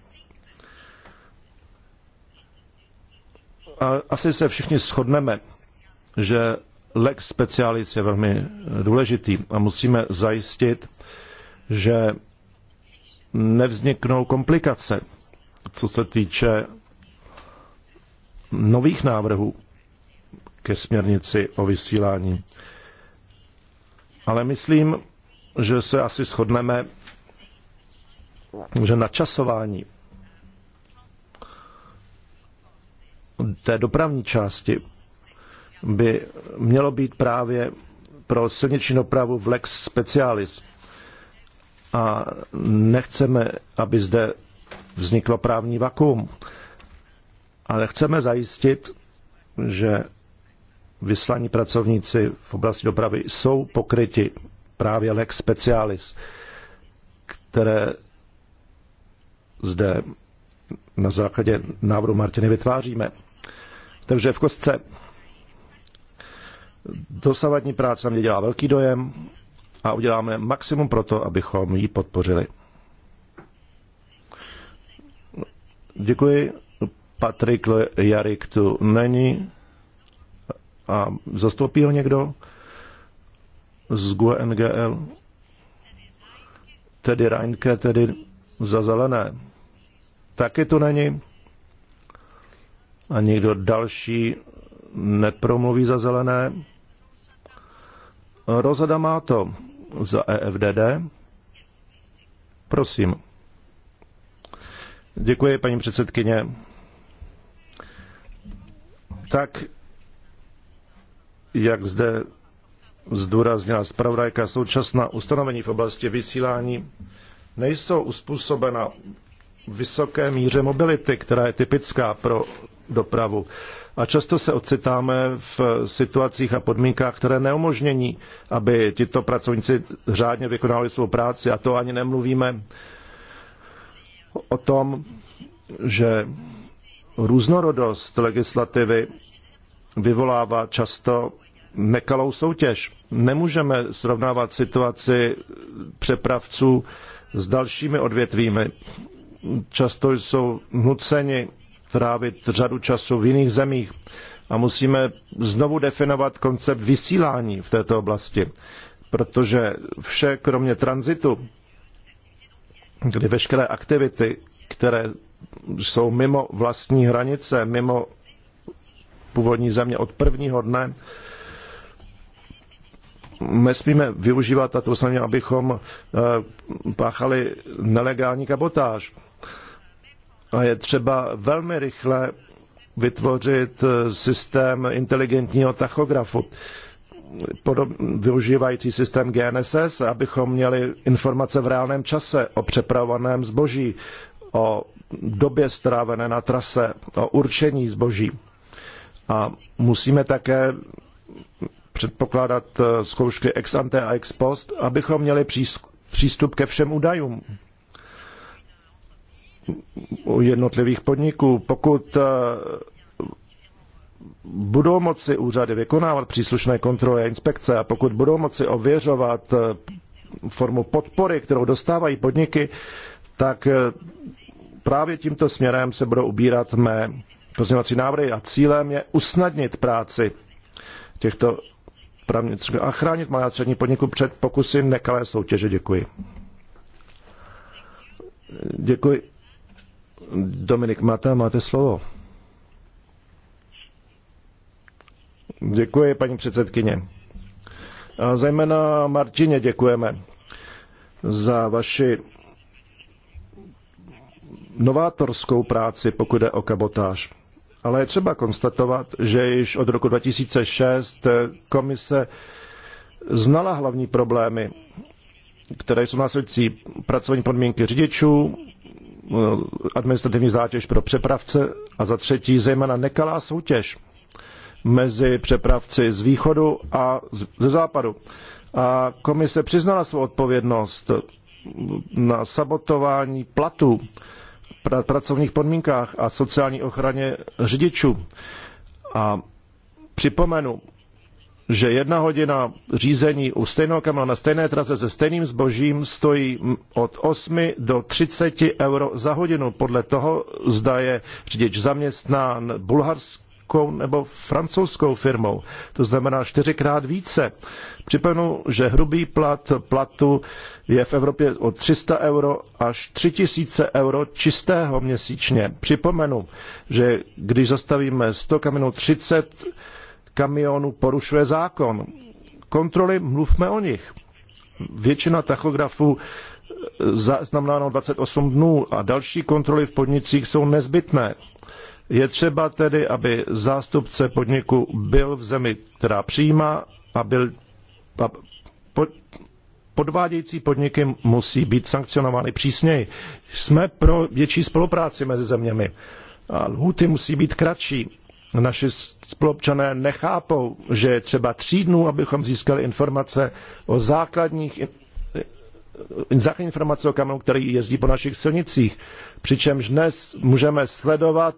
A asi se všichni shodneme, že lex specialis je velmi eh, důležitý a musíme zajistit, že nevzniknou komplikace, co se týče nových návrhů ke směrnici o vysílání. Ale myslím, že se asi shodneme, že načasování té dopravní části by mělo být právě pro silniční dopravu v lex specialis. A nechceme, aby zde vzniklo právní vakuum, ale chceme zajistit, že vyslaní pracovníci v oblasti dopravy jsou pokryti právě lex specialis, které zde na základě návrhu Martiny vytváříme. Takže v kostce Dosavadní práce mě dělá velký dojem a uděláme maximum pro to, abychom ji podpořili. Děkuji. Patrik Jarik tu není. A zastoupí ho někdo z GUE Tedy Reinke, tedy za zelené. Taky tu není. A někdo další nepromluví za zelené. Rozada má to za EFDD. Prosím. Děkuji, paní předsedkyně. Tak, jak zde zdůraznila zpravodajka, současná ustanovení v oblasti vysílání nejsou uspůsobena vysoké míře mobility, která je typická pro dopravu a často se ocitáme v situacích a podmínkách, které neumožnění, aby tito pracovníci řádně vykonávali svou práci a to ani nemluvíme o tom, že různorodost legislativy vyvolává často nekalou soutěž. Nemůžeme srovnávat situaci přepravců s dalšími odvětvími. Často jsou nuceni trávit řadu času v jiných zemích a musíme znovu definovat koncept vysílání v této oblasti, protože vše kromě tranzitu, kdy veškeré aktivity, které jsou mimo vlastní hranice, mimo původní země od prvního dne, nesmíme využívat tato samé abychom eh, páchali nelegální kabotáž. A je třeba velmi rychle vytvořit eh, systém inteligentního tachografu, podob, využívající systém GNSS, abychom měli informace v reálném čase o přepravovaném zboží, o době strávené na trase, o určení zboží. A musíme také předpokládat eh, zkoušky ex ante a ex post, abychom měli přístup ke všem údajům u jednotlivých podniků. Pokud eh, budou moci úřady vykonávat příslušné kontroly a inspekce a pokud budou moci ověřovat eh, formu podpory, kterou dostávají podniky, tak eh, právě tímto směrem se budou ubírat mé pozměňovací návrhy a cílem je usnadnit práci těchto právnických a chránit malé a střední podniku před pokusy nekalé soutěže. Děkuji. Děkuji. Dominik Mata, máte slovo. Děkuji, paní předsedkyně. A zejména Martině děkujeme za vaši novátorskou práci, pokud jde o kabotáž. Ale je třeba konstatovat, že již od roku 2006 komise znala hlavní problémy, které jsou následující pracovní podmínky řidičů, Eh, administrativní zátěž pro přepravce a za třetí zejména nekalá soutěž mezi přepravci z východu a ze západu. A komise přiznala svou odpovědnost na sabotování platů, pracovních podmínkách a sociální ochraně řidičů. A připomenu, že jedna hodina řízení u stejného kamionu na stejné trase se stejným zbožím stojí od 8 do 30 euro za hodinu, podle toho zda je řidič zaměstnán bulharskou nebo francouzskou firmou. To znamená čtyřikrát více. Připomenu, že hrubý plat platu je v Evropě od 300 euro až 3000 euro čistého měsíčně. Připomenu, že když zastavíme 100 kamionů 30 kamionů porušuje zákon. Kontroly, mluvme o nich. Většina tachografů e, znamená 28 dnů a další kontroly v podnicích jsou nezbytné. Je třeba tedy, aby zástupce podniku byl v zemi, která přijímá a byl a pod, podvádějící podniky musí být sankcionovány přísněji. Jsme pro větší spolupráci mezi zeměmi. A lhuty musí být kratší naši spolupčané nechápou, že je třeba tří dnů, abychom získali informace o základních základní informace o kamenu, který jezdí po našich silnicích. Přičemž dnes můžeme sledovat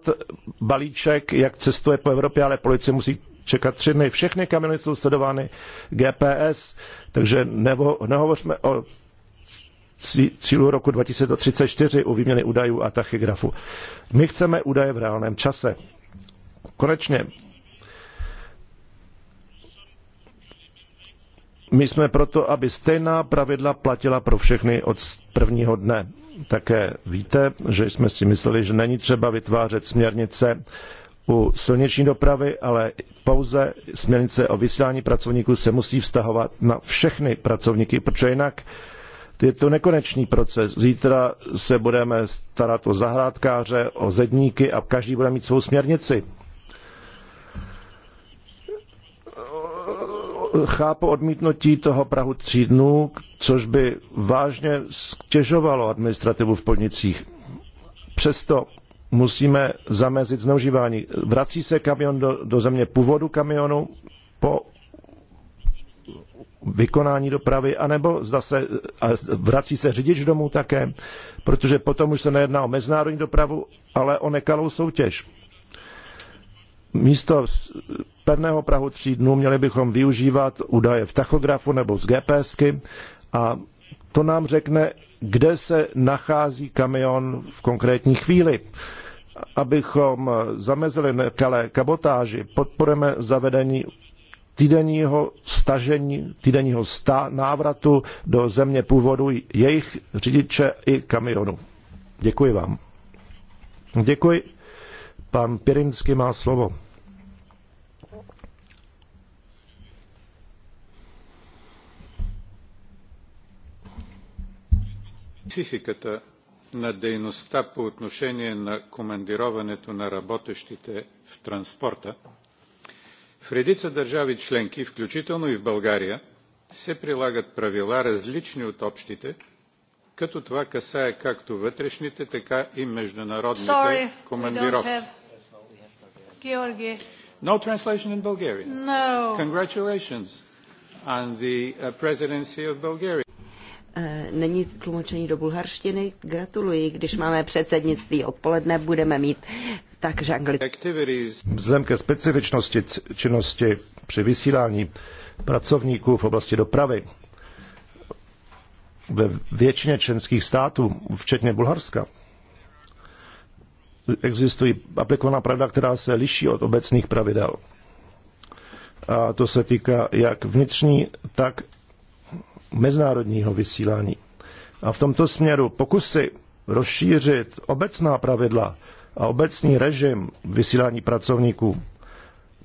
balíček, jak cestuje po Evropě, ale policie musí čekat tři dny. Všechny kamiony jsou sledovány GPS, takže neho, nehovořme o cílu roku 2034 u výměny údajů a tachygrafu. My chceme údaje v reálném čase. Konečně, my jsme proto, aby stejná pravidla platila pro všechny od prvního dne. Také víte, že jsme si mysleli, že není třeba vytvářet směrnice u silniční dopravy, ale pouze směrnice o vysílání pracovníků se musí vztahovat na všechny pracovníky, protože jinak je to nekonečný proces. Zítra se budeme starat o zahrádkáře, o zedníky a každý bude mít svou směrnici. chápu odmítnutí toho Prahu tří dnů, což by vážně stěžovalo administrativu v podnicích. Přesto musíme zamezit zneužívání. Vrací se kamion do, do země původu kamionu po vykonání dopravy, anebo zda se, a vrací se řidič domů také, protože potom už se nejedná o mezinárodní dopravu, ale o nekalou soutěž místo pevného Prahu tří dnů měli bychom využívat údaje v tachografu nebo z GPSky a to nám řekne, kde se nachází kamion v konkrétní chvíli. Abychom zamezili nekalé kabotáži, podporujeme zavedení týdenního stažení, týdenního sta, návratu do země původu jejich řidiče i kamionu. Děkuji vám. Děkuji. Pan Pirinsky má slovo. Психиката на дейността по отношение на командироването на работещите в транспорта, в редица държави членки, включително и в България, се прилагат правила различни от общите, като това касае както вътрешните, така и международните Sorry, командировки. No translation in Bulgarian. No. Congratulations on the uh, presidency of Bulgaria. E, není tlumočení do bulharštiny. Gratuluji, když máme předsednictví odpoledne, budeme mít takže anglicky. Vzhledem ke specifičnosti činnosti při vysílání pracovníků v oblasti dopravy ve většině členských států, včetně Bulharska, existují aplikovaná pravda, která se liší od obecných pravidel. A to se týká jak vnitřní, tak mezinárodního vysílání. A v tomto směru pokusy rozšířit obecná pravidla a obecný režim vysílání pracovníků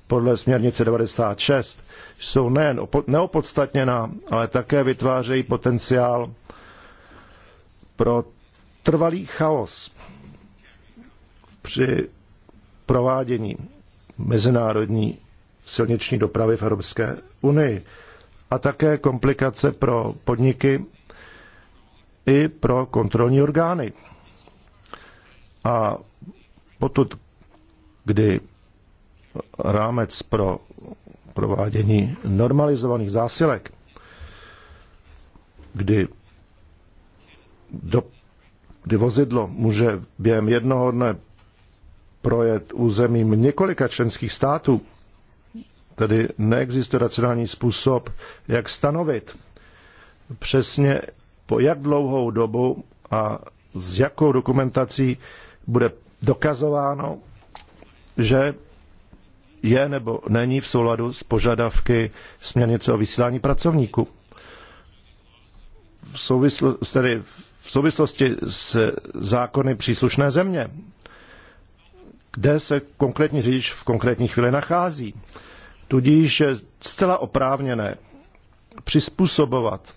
podle směrnice 96 jsou nejen neopodstatněná, ale také vytvářejí potenciál pro trvalý chaos při provádění mezinárodní silniční dopravy v Evropské unii a také komplikace pro podniky i pro kontrolní orgány. A potud, kdy rámec pro provádění normalizovaných zásilek, kdy, do, kdy vozidlo může během jednoho dne projet územím několika členských států, Tedy neexistuje racionální způsob, jak stanovit přesně po jak dlouhou dobu a s jakou dokumentací bude dokazováno, že je nebo není v souladu s požadavky směrnice o vysílání pracovníků. V, souvisl, tedy v souvislosti s zákony příslušné země, kde se konkrétní řidič v konkrétní chvíli nachází. Tudíž je zcela oprávněné přizpůsobovat,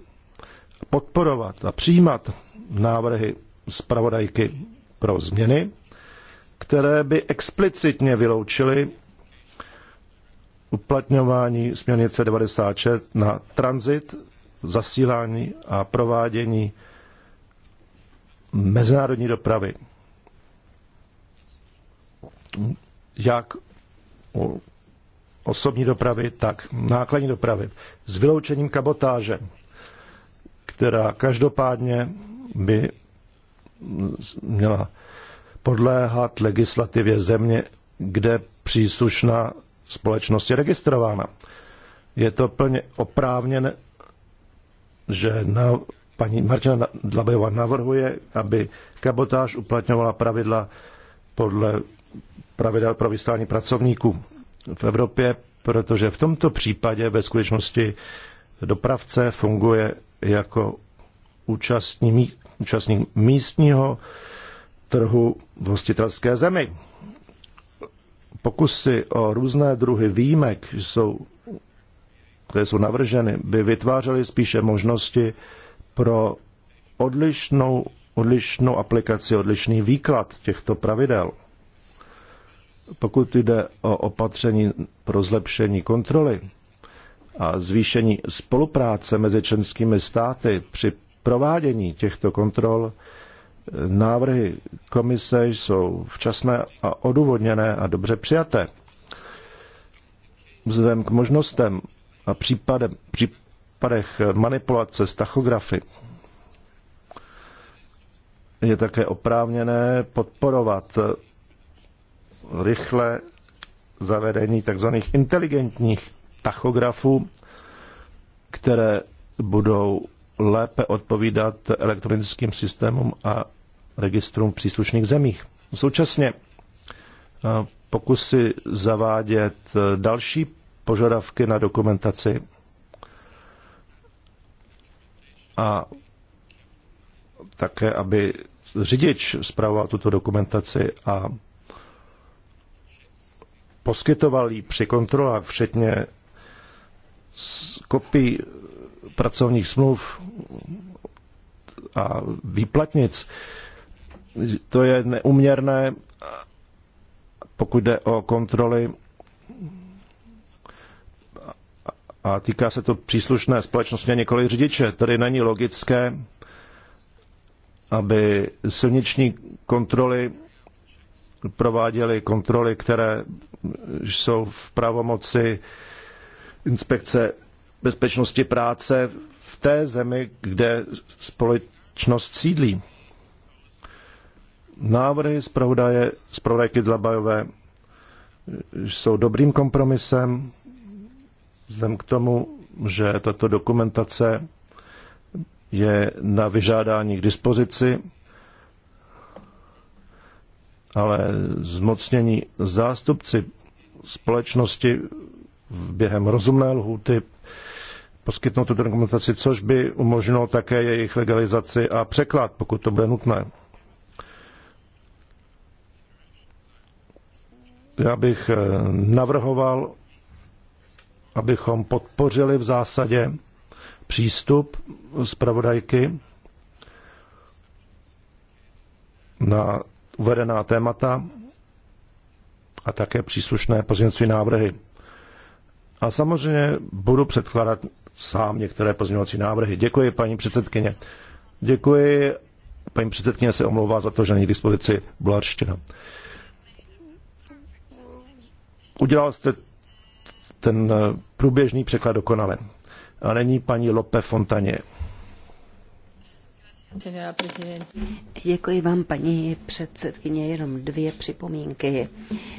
podporovat a přijímat návrhy zpravodajky pro změny, které by explicitně vyloučily uplatňování směrnice 96 na tranzit, zasílání a provádění mezinárodní dopravy. Jak osobní dopravy, tak nákladní dopravy. S vyloučením kabotáže, která každopádně by měla podléhat legislativě země, kde příslušná společnost je registrována. Je to plně oprávněn, že na, paní Martina Dlabejová navrhuje, aby kabotáž uplatňovala pravidla podle pravidel pro vyslání pracovníků v Evropě, protože v tomto případě ve skutečnosti dopravce funguje jako účastní, účastník místního trhu v hostitelské zemi. Pokusy o různé druhy výjimek, jsou, které jsou navrženy, by vytvářely spíše možnosti pro odlišnou, odlišnou aplikaci, odlišný výklad těchto pravidel pokud jde o opatření pro zlepšení kontroly a zvýšení spolupráce mezi členskými státy při provádění těchto kontrol, e, návrhy komise jsou včasné a odůvodněné a dobře přijaté. Vzhledem k možnostem a případem, případech manipulace s tachografy je také oprávněné podporovat rychle zavedení tzv. inteligentních tachografů, které budou lépe odpovídat elektronickým systémům a registrům v příslušných zemích. Současně pokusy zavádět další požadavky na dokumentaci a také, aby řidič zpravoval tuto dokumentaci a poskytoval jí při kontrolách, včetně kopií pracovních smluv a výplatnic, to je neuměrné, pokud jde o kontroly a týká se to příslušné společnosti a několik řidiče. Tady není logické, aby silniční kontroly prováděly kontroly, které jsou v pravomoci inspekce bezpečnosti práce v té zemi, kde společnost sídlí. Návrhy zpravodaje, zpravodajky Dlabajové jsou dobrým kompromisem, vzhledem k tomu, že tato dokumentace je na vyžádání k dispozici ale zmocnění zástupci společnosti během rozumné lhůty poskytnout tu dokumentaci, což by umožnilo také jejich legalizaci a překlad, pokud to bude nutné. Já bych eh, navrhoval, abychom podpořili v zásadě přístup zpravodajky na uvedená témata a také příslušné pozměňovací návrhy. A samozřejmě budu předkládat sám některé pozměňovací návrhy. Děkuji, paní předsedkyně. Děkuji. Paní předsedkyně se omlouvá za to, že není k dispozici bulharština. Udělal jste ten průběžný překlad dokonale. A není paní Lope Fontaně. Děkuji vám, paní předsedkyně. Jenom dvě připomínky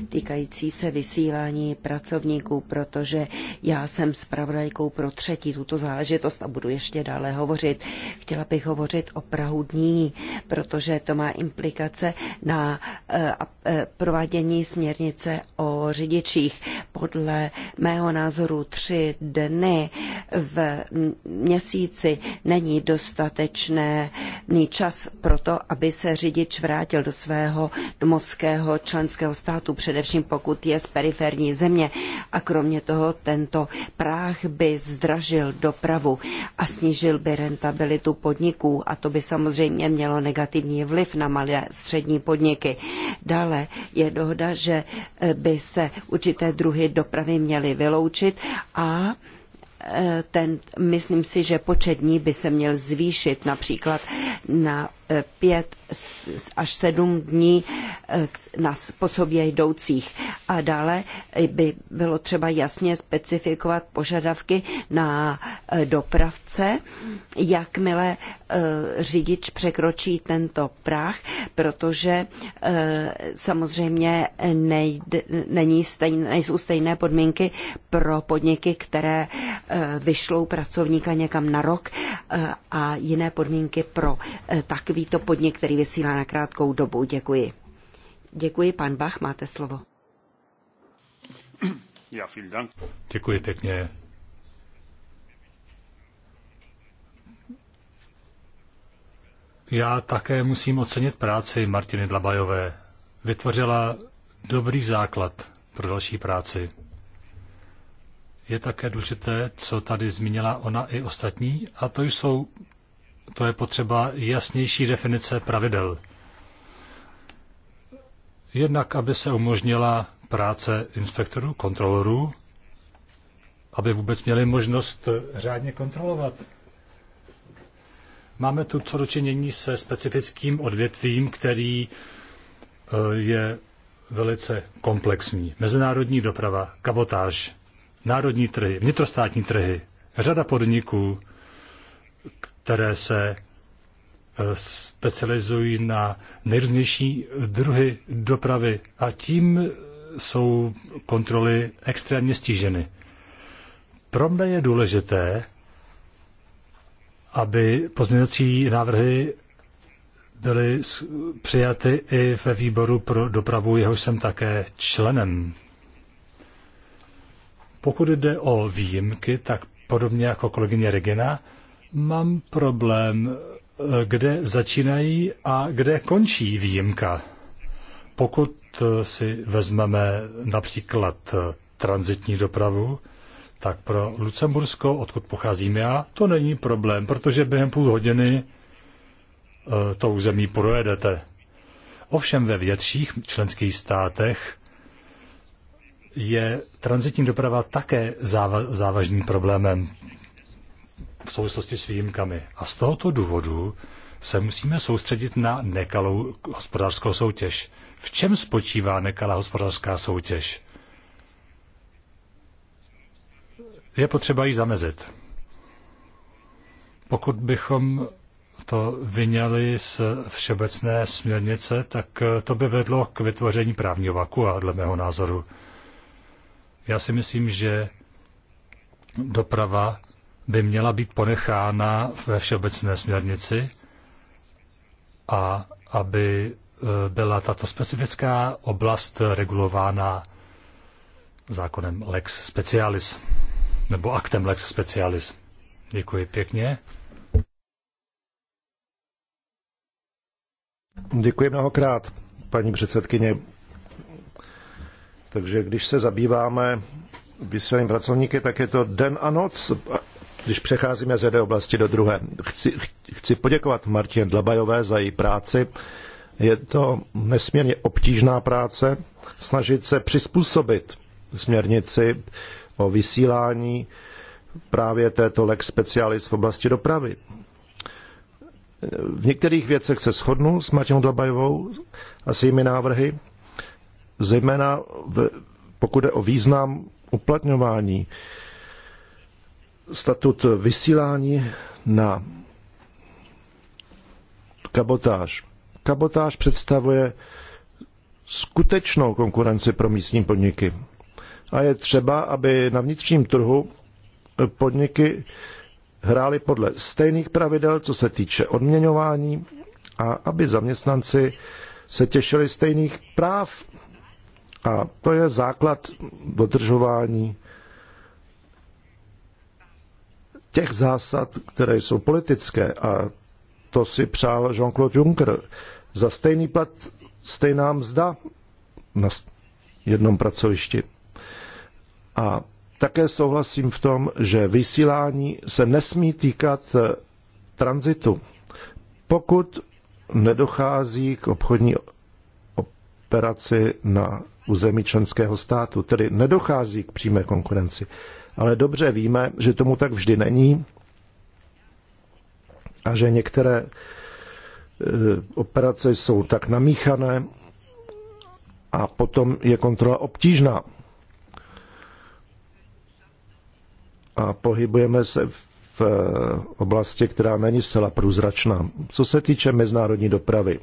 týkající se vysílání pracovníků, protože já jsem zpravodajkou pro třetí tuto záležitost a budu ještě dále hovořit. Chtěla bych hovořit o Prahu dní, protože to má implikace na eh, eh, provádění směrnice o řidičích. Podle mého názoru tři dny v měsíci není dostatečné mít čas pro to, aby se řidič vrátil do svého domovského členského státu, především pokud je z periferní země. A kromě toho tento práh by zdražil dopravu a snížil by rentabilitu podniků a to by samozřejmě mělo negativní vliv na malé střední podniky. Dále je dohoda, že by se určité druhy dopravy měly vyloučit a ten, myslím si, že počet dní by se měl zvýšit například na pět až sedm dní eh, na po sobě jdoucích. A dále by bylo třeba jasně specifikovat požadavky na eh, dopravce, jakmile eh, řidič překročí tento práh, protože samozřejmě nejde, není stejné, nejsou stejné podmínky pro podniky, které vyšlou pracovníka někam na rok a jiné podmínky pro takový Takový to podnik, který vysílá na krátkou dobu. Děkuji. Děkuji, pan Bach, máte slovo. Já, Děkuji pěkně. Já také musím ocenit práci Martiny Dlabajové. Vytvořila dobrý základ pro další práci. Je také důležité, co tady zmínila ona i ostatní, a to jsou to je potřeba jasnější definice pravidel. Jednak, aby se umožnila práce inspektorů, kontrolorů, aby vůbec měli možnost řádně kontrolovat. Máme tu co dočinění se specifickým odvětvím, který eh, je velice komplexní. Mezinárodní doprava, kabotáž, národní trhy, vnitrostátní trhy, řada podniků, které se eh, specializují na nejrůznější druhy dopravy a tím jsou kontroly extrémně stíženy. Pro mne je důležité, aby pozměňovací návrhy byly přijaty i ve výboru pro dopravu, jehož jsem také členem. Pokud jde o výjimky, tak podobně jako kolegyně Regina, mám problém, eh, kde začínají a kde končí výjimka. Pokud eh, si vezmeme například eh, transitní dopravu, tak pro Lucembursko, odkud pocházím já, to není problém, protože během půl hodiny to území projedete. Ovšem ve větších členských státech je transitní doprava také záva- závažným problémem v souvislosti s výjimkami. A z tohoto důvodu se musíme soustředit na nekalou hospodářskou soutěž. V čem spočívá nekalá hospodářská soutěž? Je potřeba ji zamezit. Pokud bychom to vyněli z všeobecné směrnice, tak to by vedlo k vytvoření právního vaku a dle mého názoru. Já si myslím, že doprava by měla být ponechána ve všeobecné směrnici a aby e, byla tato specifická oblast regulována zákonem Lex Specialis nebo aktem Lex Specialis. Děkuji pěkně. Děkuji mnohokrát, paní předsedkyně. Takže když se zabýváme vysílaným pracovníky, tak je to den a noc když přecházíme z jedné oblasti do druhé. Chci, chci poděkovat Martině Dlabajové za její práci. Je to nesmírně obtížná práce snažit se přizpůsobit směrnici o vysílání právě této lex specialis v oblasti dopravy. V některých věcech se shodnu s Martinou Dlabajovou a s jejími návrhy, zejména v, pokud je o význam uplatňování statut vysílání na kabotáž. Kabotáž představuje skutečnou konkurenci pro místní podniky. A je třeba, aby na vnitřním trhu podniky hrály podle stejných pravidel, co se týče odměňování, a aby zaměstnanci se těšili stejných práv. A to je základ dodržování těch zásad, které jsou politické. A to si přál Jean-Claude Juncker. Za stejný plat stejná mzda na jednom pracovišti. A také souhlasím v tom, že vysílání se nesmí týkat eh, tranzitu, pokud nedochází k obchodní operaci na území členského státu, tedy nedochází k přímé konkurenci ale dobře víme, že tomu tak vždy není a že některé e, operace jsou tak namíchané a potom je kontrola obtížná. A pohybujeme se v e, oblasti, která není zcela průzračná. Co se týče mezinárodní dopravy,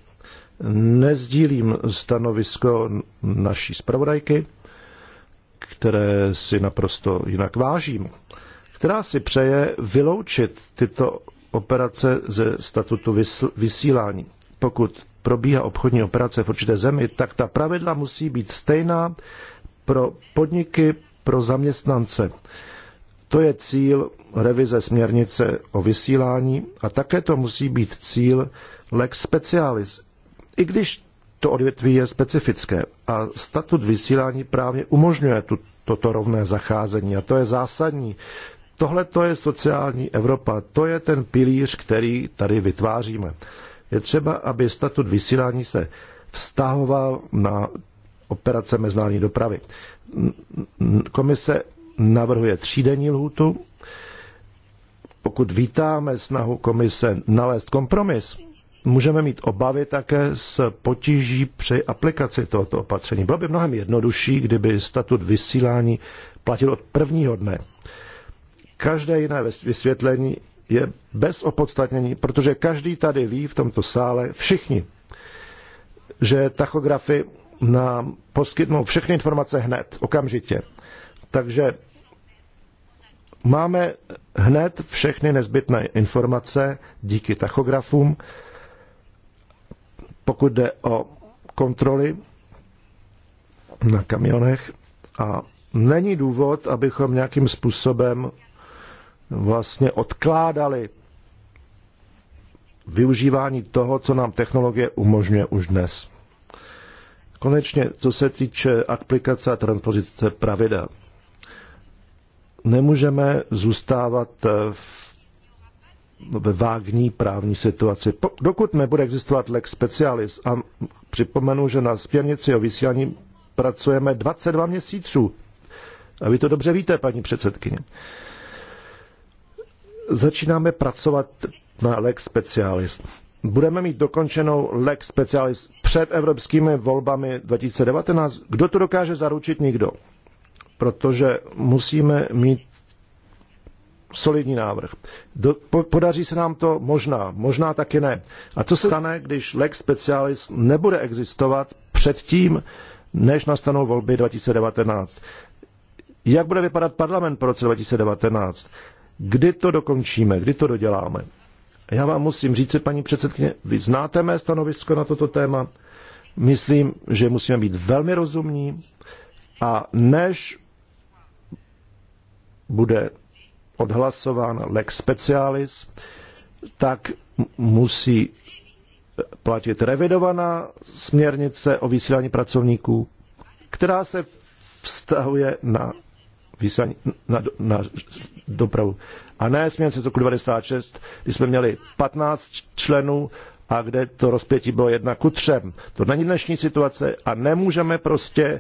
nezdílím stanovisko naší zpravodajky které si naprosto jinak vážím, která si přeje vyloučit tyto operace ze statutu vysílání. Pokud probíhá obchodní operace v určité zemi, tak ta pravidla musí být stejná pro podniky, pro zaměstnance. To je cíl revize směrnice o vysílání a také to musí být cíl lex specialis. I když to odvětví je specifické a statut vysílání právě umožňuje tu, toto rovné zacházení a to je zásadní. Tohle to je sociální Evropa, to je ten pilíř, který tady vytváříme. Je třeba, aby statut vysílání se vztahoval na operace mezinárodní dopravy. Komise navrhuje třídenní lhůtu. Pokud vítáme snahu komise nalézt kompromis, můžeme mít obavy také s potíží při aplikaci tohoto opatření. Bylo by mnohem jednodušší, kdyby statut vysílání platil od prvního dne. Každé jiné vysvětlení je bez opodstatnění, protože každý tady ví v tomto sále, všichni, že tachografy nám poskytnou všechny informace hned, okamžitě. Takže máme hned všechny nezbytné informace díky tachografům pokud jde o kontroly na kamionech a není důvod, abychom nějakým způsobem vlastně odkládali využívání toho, co nám technologie umožňuje už dnes. Konečně, co se týče aplikace a transpozice pravidel, nemůžeme zůstávat v ve vágní právní situaci. Dokud nebude existovat lex specialis, a připomenu, že na směrnici o vysílání pracujeme 22 měsíců, a vy to dobře víte, paní předsedkyně, začínáme pracovat na lex specialis. Budeme mít dokončenou lex specialis před evropskými volbami 2019. Kdo to dokáže zaručit? Nikdo. Protože musíme mít solidní návrh. Do, po, podaří se nám to možná, možná taky ne. A co se stane, když lex specialis nebude existovat předtím, než nastanou volby 2019? Jak bude vypadat parlament po roce 2019? Kdy to dokončíme? Kdy to doděláme? Já vám musím říct, paní předsedkyně, vy znáte mé stanovisko na toto téma. Myslím, že musíme být velmi rozumní a než bude odhlasován lex specialis, tak musí platit revidovaná směrnice o vysílání pracovníků, která se vztahuje na vysílání, na, na dopravu. A ne směrnice z roku 96, kdy jsme měli 15 členů a kde to rozpětí bylo jedna ku třem. To není dnešní situace a nemůžeme prostě uh,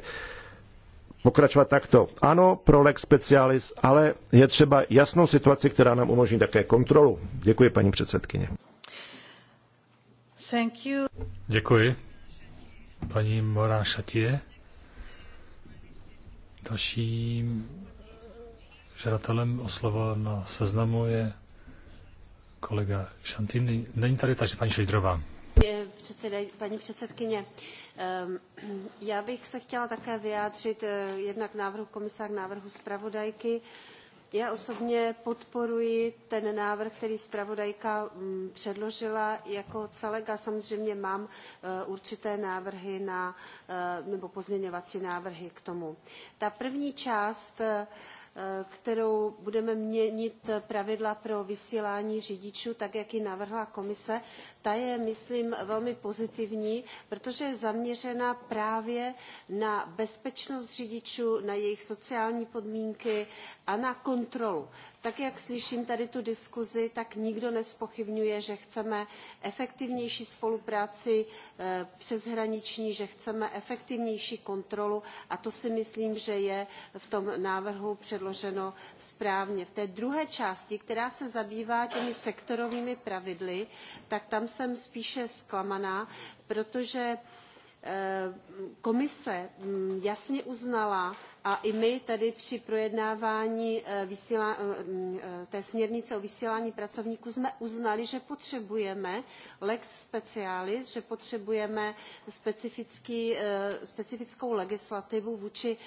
pokračovat takto. Ano, pro lex specialis, ale je třeba jasnou situaci, která nám umožní také kontrolu. Děkuji, paní předsedkyně. Thank you. Děkuji. Paní Morán Šatě. Dalším žadatelem o slovo na seznamu je kolega Šantýn. Není tady, takže paní Šejdrová paní předsedkyně, ehm, já bych se chtěla také vyjádřit eh, jednak návrhu a k návrhu zpravodajky. Já osobně podporuji ten návrh, který zpravodajka mm, předložila jako celek a samozřejmě mám eh, určité návrhy na, eh, nebo pozměňovací návrhy k tomu. Ta první část kterou budeme měnit pravidla pro vysílání řidičů, tak jak ji navrhla komise. Ta je, myslím, velmi pozitivní, protože je zaměřena právě na bezpečnost řidičů, na jejich sociální podmínky a na kontrolu tak jak slyším tady tu diskuzi, tak nikdo nespochybňuje, že chceme efektivnější spolupráci eh, přeshraniční, že chceme efektivnější kontrolu a to si myslím, že je v tom návrhu předloženo správně. V té druhé části, která se zabývá těmi sektorovými pravidly, tak tam jsem spíše zklamaná, protože eh, komise mm, jasně uznala, a i my tedy při projednávání eh, vysílá, eh, mm, eh, té směrnice o vysílání pracovníků jsme uznali, že potřebujeme lex specialis, že potřebujeme specifickou legislativu vůči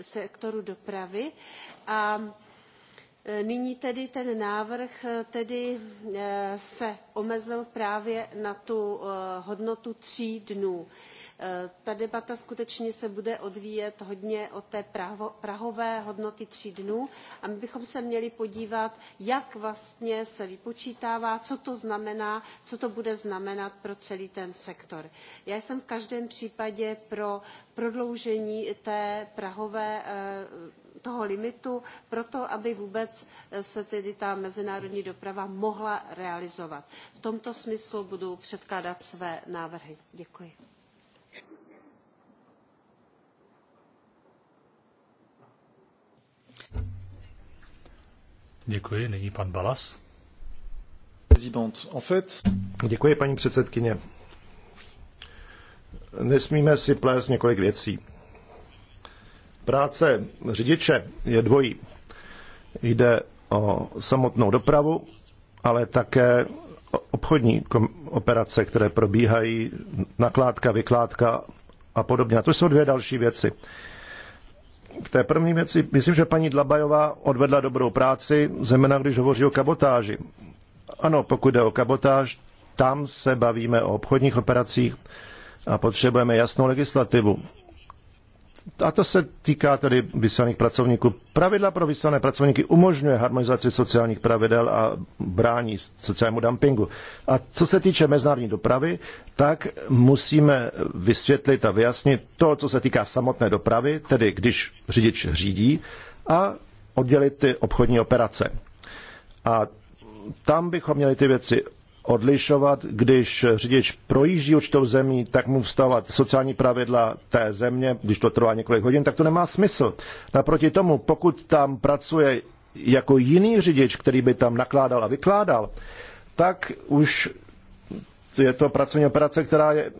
sektoru dopravy. A Nyní tedy ten návrh tedy se omezil právě na tu hodnotu tří dnů. Eh, ta debata skutečně se bude odvíjet hodně od té prahové hodnoty tří dnů a my bychom se měli podívat jak vlastně se vypočítává co to znamená co to bude znamenat pro celý ten sektor. já jsem v každém případě pro prodloužení té prahové eh, toho limitu proto aby vůbec eh, se tedy ta mezinárodní doprava mohla realizovat. v tomto smyslu budu předkládat své návrhy. děkuji. Děkuji. Nyní pan Balas. Děkuji, paní předsedkyně. Nesmíme si plést několik věcí. Práce řidiče je dvojí. Jde o samotnou dopravu, ale také obchodní operace, které probíhají, nakládka, vykládka a podobně. A to jsou dvě další věci. K té první věci, myslím, že paní Dlabajová odvedla dobrou práci, zejména když hovoří o kabotáži. Ano, pokud jde o kabotáž, tam se bavíme o obchodních operacích a potřebujeme jasnou legislativu a to se týká tedy vyslaných pracovníků. Pravidla pro vyslané pracovníky umožňuje harmonizaci sociálních pravidel a brání sociálnímu dumpingu. A co se týče mezinárodní dopravy, tak musíme vysvětlit a vyjasnit to, co se týká samotné dopravy, tedy když řidič řídí, a oddělit ty obchodní operace. A tam bychom měli ty věci odlišovat, když řidič projíždí určitou zemí, tak mu vstávat sociální pravidla té země, když to trvá několik hodin, tak to nemá smysl. Naproti tomu, pokud tam pracuje jako jiný řidič, který by tam nakládal a vykládal, tak už je to pracovní operace, která je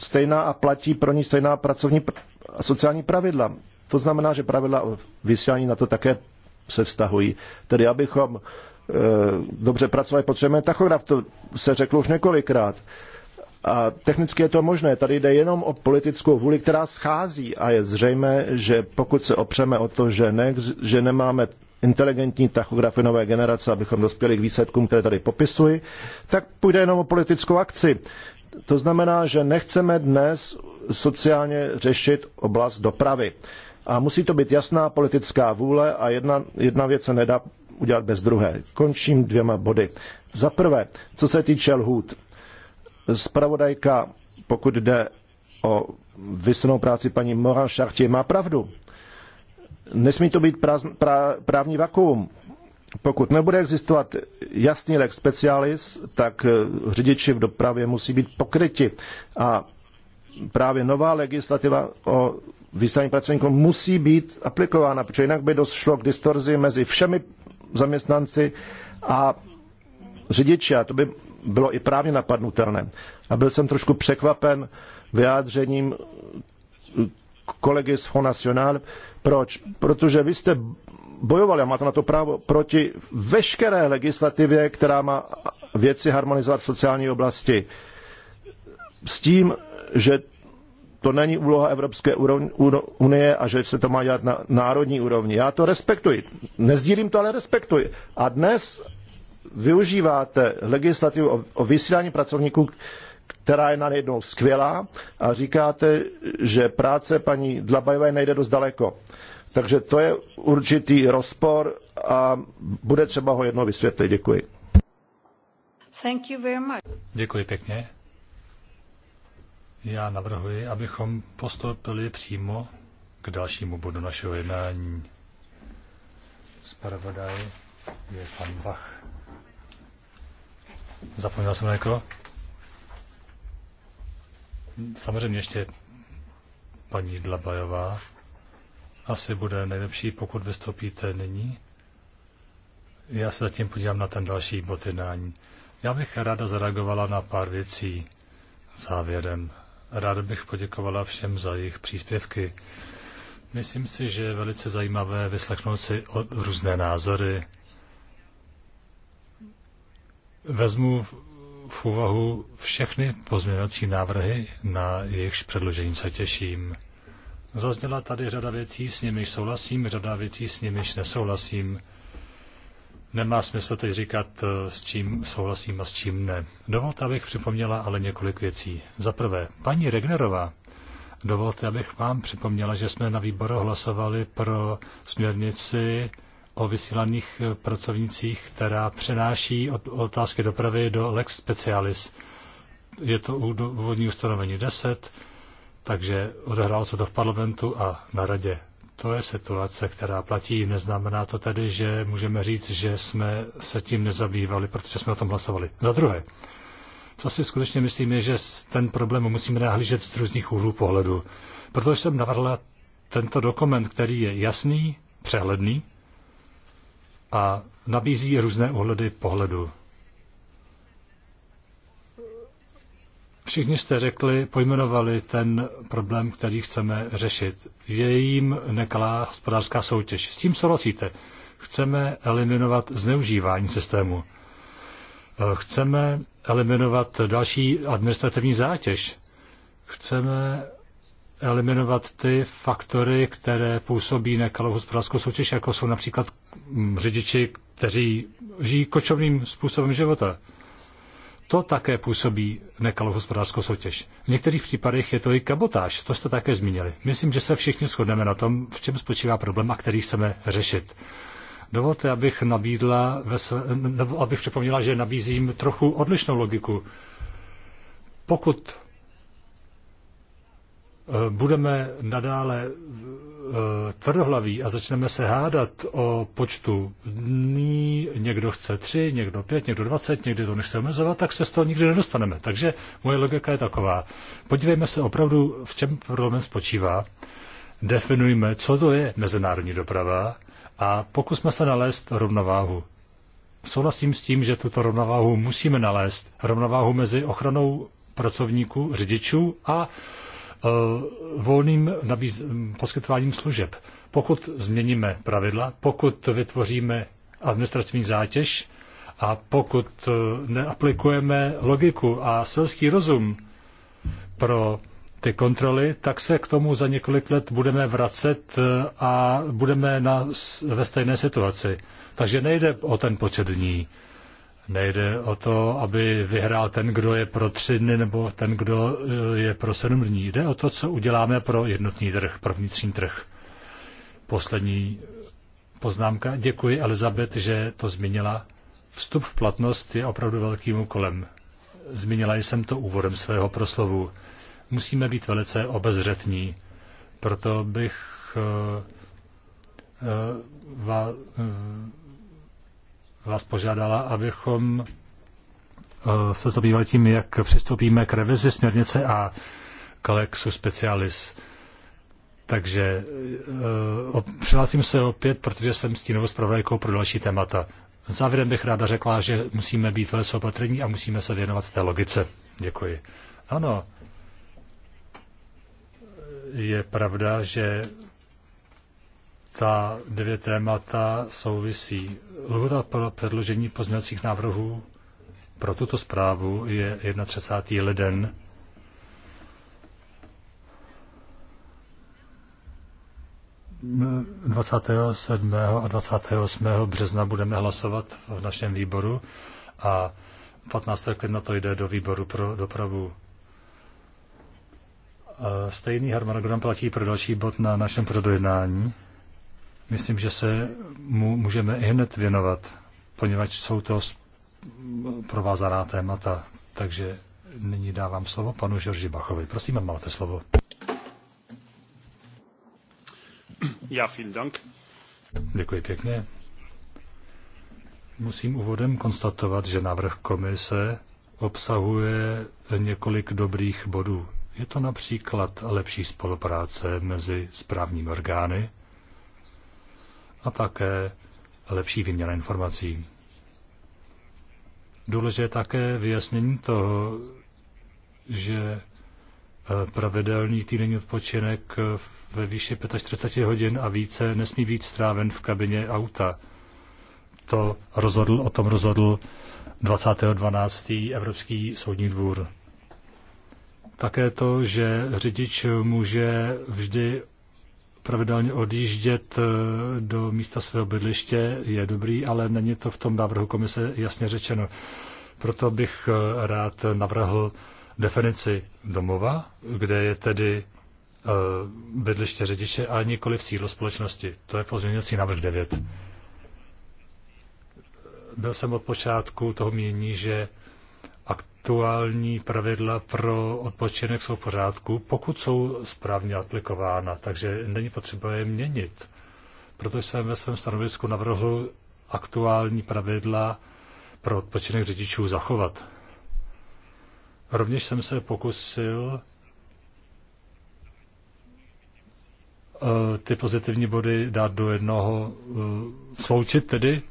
stejná a platí pro ní stejná pracovní a sociální pravidla. To znamená, že pravidla o vysílání na to také se vztahují. Tedy abychom Eh, dobře pracovat, potřebujeme tachograf, to se řeklo už několikrát. A technicky je to možné, tady jde jenom o politickou vůli, která schází a je zřejmé, že pokud se opřeme o to, že, ne, že nemáme inteligentní tachografy nové generace, abychom dospěli k výsledkům, které tady popisuji, tak půjde jenom o politickou akci. To znamená, že nechceme dnes sociálně řešit oblast dopravy. A musí to být jasná politická vůle a jedna, jedna věc se nedá udělat bez druhé. Končím dvěma body. Za prvé, co se týče lhůt. Spravodajka, pokud jde o vysunou práci paní Moran Šartě, má pravdu. Nesmí to být práz, prá, právní vakuum. Pokud nebude existovat jasný lex specialis, tak eh, řidiči v dopravě musí být pokryti. A právě nová legislativa o vysílání pracovníků musí být aplikována, protože jinak by došlo k distorzi mezi všemi zaměstnanci a řidiči. A to by bylo i právně napadnutelné. A byl jsem trošku překvapen vyjádřením kolegy z Front National. Proč? Protože vy jste bojovali, a máte na to právo, proti veškeré legislativě, která má věci harmonizovat v sociální oblasti. S tím, že to není úloha Evropské unie a že se to má dělat na národní úrovni. Já to respektuji. Nezdílím to, ale respektuji. A dnes využíváte legislativu o vysílání pracovníků, která je na najednou skvělá a říkáte, že práce paní Dlabajové nejde dost daleko. Takže to je určitý rozpor a bude třeba ho jednou vysvětlit. Děkuji. Thank you very much. Děkuji pěkně. Já navrhuji, abychom postoupili přímo k dalšímu bodu našeho jednání. Zpravodaj je pan Bach. Zapomněl jsem někoho? Samozřejmě ještě paní Dlabajová. Asi bude nejlepší, pokud vystoupíte nyní. Já se zatím podívám na ten další bod jednání. Já bych ráda zareagovala na pár věcí závěrem Rád bych poděkovala všem za jejich příspěvky. Myslím si, že je velice zajímavé vyslechnout si o různé názory. Vezmu v úvahu všechny pozměňovací návrhy, na jejichž předložení se těším. Zazněla tady řada věcí, s nimiž souhlasím, řada věcí, s nimiž nesouhlasím. Nemá smysl teď říkat, eh, s čím souhlasím a s čím ne. Dovolte, abych připomněla ale několik věcí. Za prvé, paní Regnerová, dovolte, abych vám připomněla, že jsme na výboru hlasovali pro směrnici o vysílaných eh, pracovnicích, která přenáší od, otázky dopravy do Lex Specialis. Je to úvodní ustanovení 10, takže odehrálo se to v parlamentu a na radě. To je situace, která platí. Neznamená to tedy, že můžeme říct, že jsme se tím nezabývali, protože jsme o tom hlasovali. Za druhé, co si skutečně myslím, je, že ten problém musíme nahlížet z různých úhlů pohledu. Protože jsem navrhla tento dokument, který je jasný, přehledný a nabízí různé úhly pohledu. Všichni jste řekli, pojmenovali ten problém, který chceme řešit. Je jim nekalá hospodářská soutěž. S tím souhlasíte. Chceme eliminovat zneužívání systému. Eh, chceme eliminovat další administrativní zátěž. Chceme eliminovat ty faktory, které působí nekalou hospodářskou soutěž, jako jsou například mm, řidiči, kteří žijí kočovným způsobem života. To také působí nekalou hospodářskou soutěž. V některých případech je to i kabotáž, to jste také zmínili. Myslím, že se všichni shodneme na tom, v čem spočívá problém a který chceme řešit. Dovolte, abych nabídla, nebo abych připomněla, že nabízím trochu odlišnou logiku. Pokud eh, budeme nadále Eh, tvrdohlaví a začneme se hádat o počtu dní, někdo chce tři, někdo pět, někdo dvacet, někdy to nechce omezovat, tak se z toho nikdy nedostaneme. Takže moje logika je taková. Podívejme se opravdu, v čem problém spočívá. Definujme, co to je mezinárodní doprava a pokusme se nalézt rovnováhu. Souhlasím s tím, že tuto rovnováhu musíme nalézt. Rovnováhu mezi ochranou pracovníků, řidičů a Eh, volným nabíz, poskytováním služeb. Pokud změníme pravidla, pokud vytvoříme administrativní zátěž a pokud eh, neaplikujeme logiku a selský rozum pro ty kontroly, tak se k tomu za několik let budeme vracet eh, a budeme na, ve stejné situaci. Takže nejde o ten počet dní. Nejde o to, aby vyhrál ten, kdo je pro tři dny nebo ten, kdo eh, je pro sedm dní. Jde o to, co uděláme pro jednotný trh, pro vnitřní trh. Poslední poznámka. Děkuji, Elizabet, že to zmínila. Vstup v platnost je opravdu velkým úkolem. Zmínila jsem to úvodem svého proslovu. Musíme být velice obezřetní. Proto bych uh, uh, va, uh, vás požádala, abychom eh, se zabývali tím, jak přistoupíme k revizi směrnice a k Lexu Specialis. Takže eh, přihlásím se opět, protože jsem tím novou pro další témata. Závěrem bych ráda řekla, že musíme být velice opatrní a musíme se věnovat té logice. Děkuji. Ano, je pravda, že ta dvě témata souvisí. Lhota pro předložení pozměňovacích návrhů pro tuto zprávu je 31. leden. My 27. a 28. března budeme hlasovat v našem výboru a 15. května to jde do výboru pro dopravu. Stejný harmonogram platí pro další bod na našem prodojednání. Myslím, že se mu můžeme i hned věnovat, poněvadž jsou to provázaná témata. Takže nyní dávám slovo panu Žorži Bachovi. Prosím, máte slovo. Já, vielen Dank. Děkuji pěkně. Musím úvodem konstatovat, že návrh komise obsahuje několik dobrých bodů. Je to například lepší spolupráce mezi správními orgány, a také lepší výměna informací. Důležité také vyjasnění toho, že eh, pravidelný týdenní odpočinek eh, ve výši 45 hodin a více nesmí být stráven v kabině auta. To rozhodl, o tom rozhodl 20.12. Evropský soudní dvůr. Také to, že řidič může vždy pravidelně odjíždět eh, do místa svého bydliště je dobrý, ale není to v tom návrhu komise jasně řečeno. Proto bych eh, rád navrhl definici domova, kde je tedy eh, bydliště řidiče a nikoli v sídlo společnosti. To je pozměňovací návrh 9. Byl jsem od počátku toho mění, že aktuální pravidla pro odpočinek jsou v pořádku, pokud jsou správně aplikována, takže není potřeba je měnit. Proto jsem ve svém stanovisku navrhl aktuální pravidla pro odpočinek řidičů zachovat. Rovněž jsem se pokusil eh, ty pozitivní body dát do jednoho, eh, sloučit tedy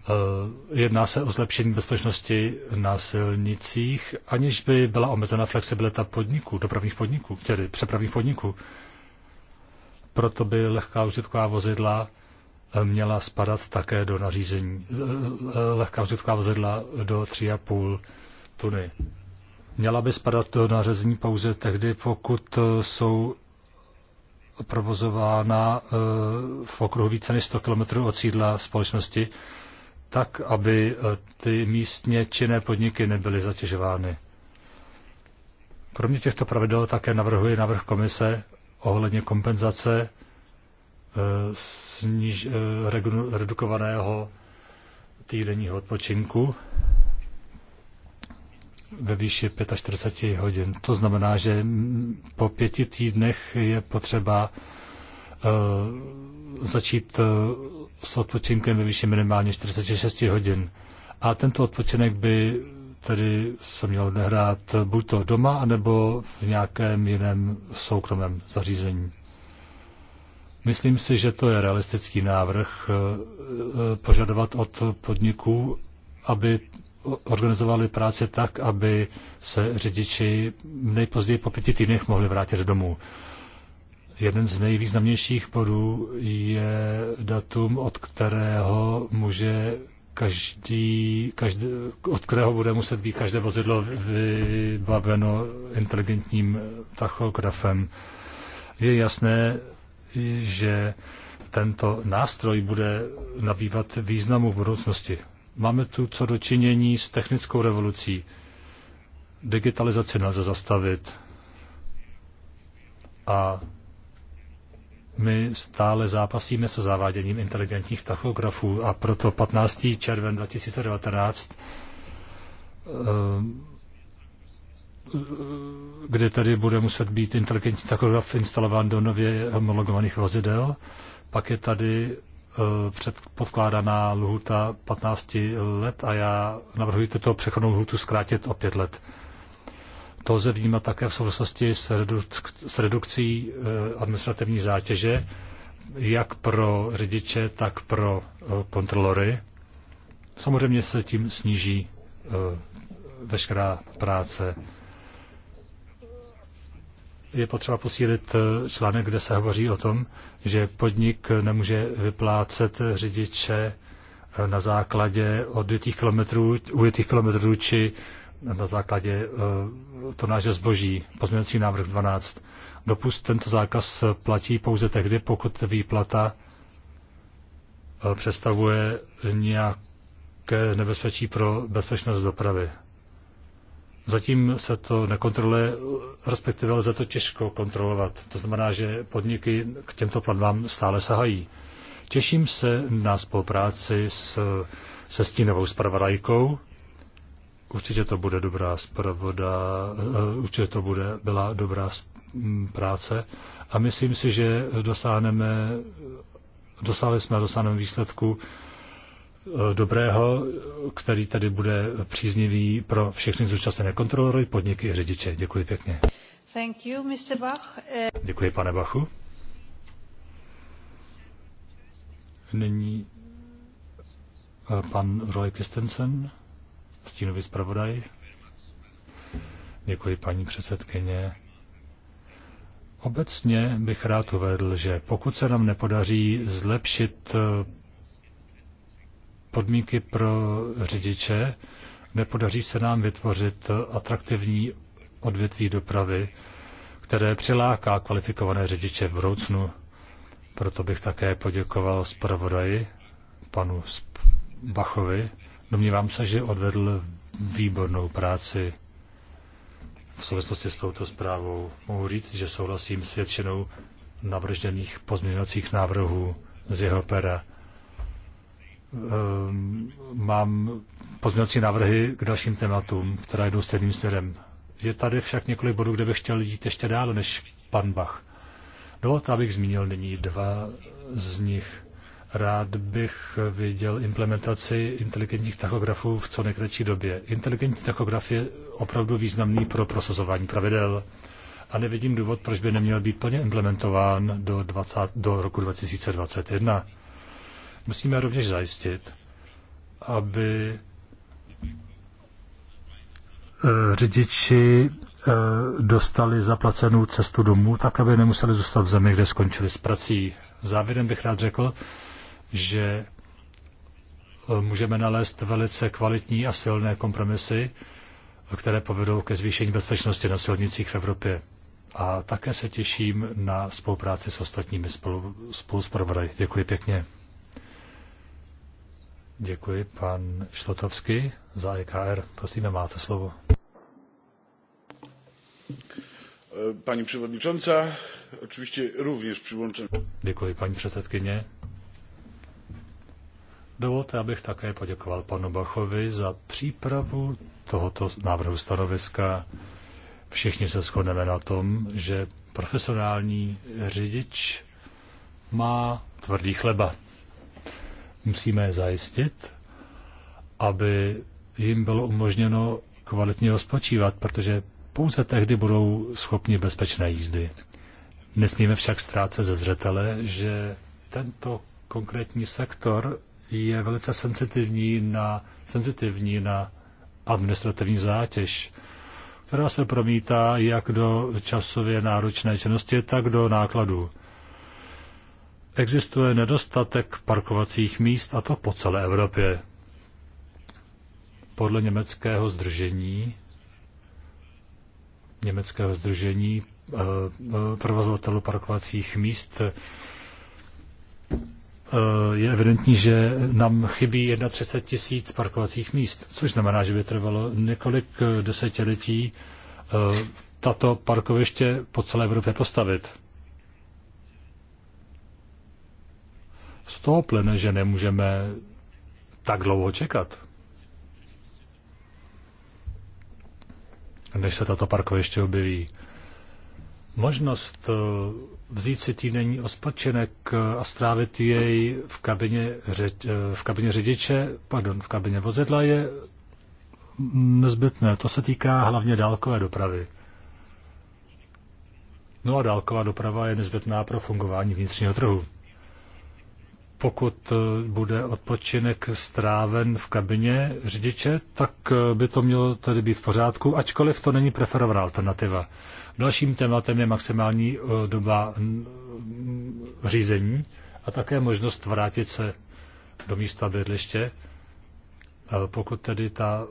Eh, jedná se o zlepšení bezpečnosti na silnicích, aniž by byla omezena flexibilita podniků, dopravních podniků, tedy přepravních podniků. Proto by lehká užitková vozidla eh, měla spadat také do nařízení. Eh, lehká užitková vozidla do 3,5 tuny. Měla by spadat do nařízení pouze tehdy, pokud jsou provozována v okruhu více než 100 km od sídla společnosti, tak, aby eh, ty místně činné podniky nebyly zatěžovány. Kromě těchto pravidel také navrhuje návrh komise ohledně kompenzace eh, sniž, eh, redukovaného týdenního odpočinku ve výši 45 hodin. To znamená, že po pěti týdnech je potřeba začít s odpočinkem ve výši minimálně 46 hodin. A tento odpočinek by tedy se měl odehrát buď to doma, anebo v nějakém jiném soukromém zařízení. Myslím si, že to je realistický návrh eh, eh, požadovat od podniků, aby organizovali práci tak, aby se řidiči nejpozději po pěti týdnech mohli vrátit domů. Jeden z nejvýznamnějších bodů je datum, od kterého může každý, každý, od kterého bude muset být každé vozidlo vybaveno inteligentním tachografem. Je jasné, že tento nástroj bude nabývat významu v budoucnosti. Máme tu co dočinění s technickou revolucí. Digitalizaci nelze zastavit a my stále zápasíme se zaváděním inteligentních tachografů a proto 15. červen 2019 eh, kde tady bude muset být inteligentní tachograf instalován do nově homologovaných vozidel. Pak je tady eh, předpokládaná lhuta 15 let a já navrhuji tuto přechodnou lhutu zkrátit o 5 let. To lze vnímat také v souvislosti s, redukc- s redukcí eh, administrativní zátěže, jak pro řidiče, tak pro eh, kontrolory. Samozřejmě se tím sníží eh, veškerá práce. Je potřeba posílit článek, kde se hovoří o tom, že podnik nemůže vyplácet řidiče na základě odjetých kilometrů, ujetých kilometrů či na základě eh, tonáže zboží, pozměňovací návrh 12. Dopust tento zákaz platí pouze tehdy, pokud výplata eh, představuje nějaké nebezpečí pro bezpečnost dopravy. Zatím se to nekontroluje, respektive lze to těžko kontrolovat. To znamená, že podniky k těmto platbám stále sahají. Těším se na spolupráci s, se stínovou spravodajkou Určitě to bude dobrá zpravoda, eh, určitě to bude, byla dobrá práce a myslím si, že dosáhneme, dosáhli jsme a dosáhneme výsledku eh, dobrého, který tady bude příznivý pro všechny zúčastněné kontrolory, podniky i řidiče. Děkuji pěkně. Thank you, Mr. Bach. Eh, Děkuji, pane Bachu. Nyní pan Roy Christensen. Stínový zpravodaj. Děkuji, paní předsedkyně. Obecně bych rád uvedl, že pokud se nám nepodaří zlepšit eh, podmínky pro řidiče, nepodaří se nám vytvořit eh, atraktivní odvětví dopravy, které přiláká kvalifikované řidiče v budoucnu. Proto bych také poděkoval zpravodaji, panu Bachovi, Domnívám se, že odvedl výbornou práci v souvislosti s touto zprávou. Mohu říct, že souhlasím s většinou navržených pozměňovacích návrhů z jeho pera. Ehm, mám pozměňovací návrhy k dalším tématům, která jdou stejným směrem. Je tady však několik bodů, kde bych chtěl jít ještě dál než pan Bach. Dovolte, abych zmínil nyní dva z nich. Rád bych viděl implementaci inteligentních tachografů v co nejkratší době. Inteligentní tachograf je opravdu významný pro prosazování pravidel a nevidím důvod, proč by neměl být plně implementován do, 20, do roku 2021. Musíme rovněž zajistit, aby eh, řidiči eh, dostali zaplacenou cestu domů, tak aby nemuseli zůstat v zemi, kde skončili s prací. Závěrem bych rád řekl, že eh, můžeme nalézt velice kvalitní a silné kompromisy, které povedou ke zvýšení bezpečnosti na silnicích v Evropě. A také se těším na spolupráci s ostatními spolu, Děkuji pěkně. Děkuji pan Šlotovský za EKR. Prosím, máte slovo. Pani przewodnicząca, oczywiście również przyłączam. Děkuji, paní předsedkyně. Dovolte, abych také poděkoval panu Bachovi za přípravu tohoto návrhu stanoviska. Všichni se shodneme na tom, že profesionální řidič má tvrdý chleba. Musíme zajistit, aby jim bylo umožněno kvalitně rozpočívat, protože pouze tehdy budou schopni bezpečné jízdy. Nesmíme však ztrácet ze zřetele, že tento konkrétní sektor je velice senzitivní na, senzitivní na administrativní zátěž, která se promítá jak do časově náročné činnosti, tak do nákladů. Existuje nedostatek parkovacích míst a to po celé Evropě. Podle německého združení německého združení eh, eh, provozovatelů parkovacích míst Eh, je evidentní, že nám chybí 31 tisíc parkovacích míst, což znamená, že by trvalo několik eh, desetiletí eh, tato parkoviště po celé Evropě postavit. Z toho plyne, že nemůžeme tak dlouho čekat, než se tato parkoviště objeví. Možnost vzít si týdenní ospačenek a strávit jej v kabině, řeč, v kabině řidiče, pardon, v kabině vozidla je nezbytné. To se týká hlavně dálkové dopravy. No a dálková doprava je nezbytná pro fungování vnitřního trhu pokud eh, bude odpočinek stráven v kabině řidiče, tak eh, by to mělo tedy být v pořádku, ačkoliv to není preferovaná alternativa. Dalším tématem je maximální eh, doba řízení a také možnost vrátit se do místa bydliště, pokud tedy ta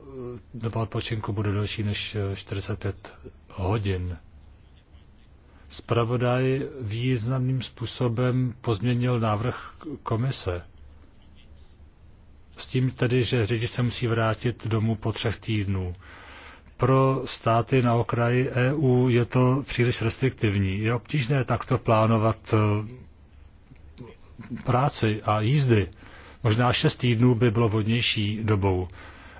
doba odpočinku bude delší než 45 hodin. Spravodaj významným způsobem pozměnil návrh komise. S tím tedy, že řidič se musí vrátit domů po třech týdnů. Pro státy na okraji EU je to příliš restriktivní. Je obtížné takto plánovat eh, práci a jízdy. Možná šest týdnů by bylo vodnější dobou.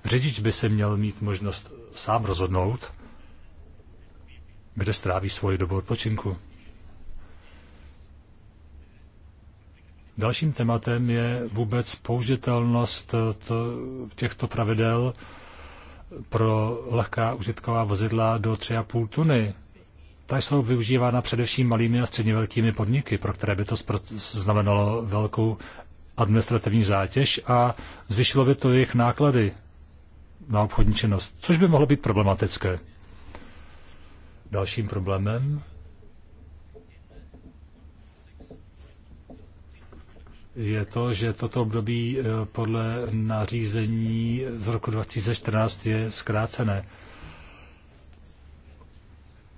Řidič by se měl mít možnost sám rozhodnout, kde stráví svoji dobu odpočinku. Dalším tématem je vůbec použitelnost eh, těchto pravidel pro lehká užitková vozidla do 3,5 tuny. Ta jsou využívána především malými a středně velkými podniky, pro které by to znamenalo velkou administrativní zátěž a zvyšilo by to jejich náklady na obchodní činnost, což by mohlo být problematické. Dalším problémem je to, že toto období eh, podle nařízení z roku 2014 je zkrácené.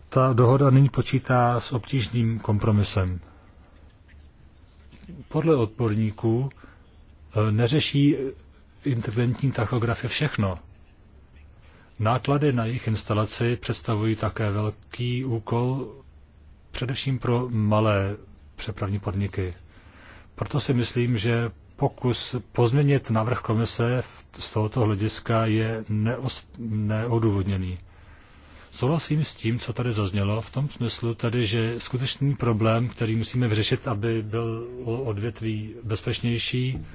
Ta dohoda nyní počítá s obtížným kompromisem. Podle odborníků eh, neřeší interventní tachografy všechno. Náklady na jejich instalaci představují také velký úkol, především pro malé přepravní podniky. Proto si myslím, že pokus pozměnit návrh komise z tohoto hlediska je neos- neodůvodněný. Souhlasím s tím, co tady zaznělo, v tom smyslu tedy, že skutečný problém, který musíme vyřešit, aby byl odvětví bezpečnější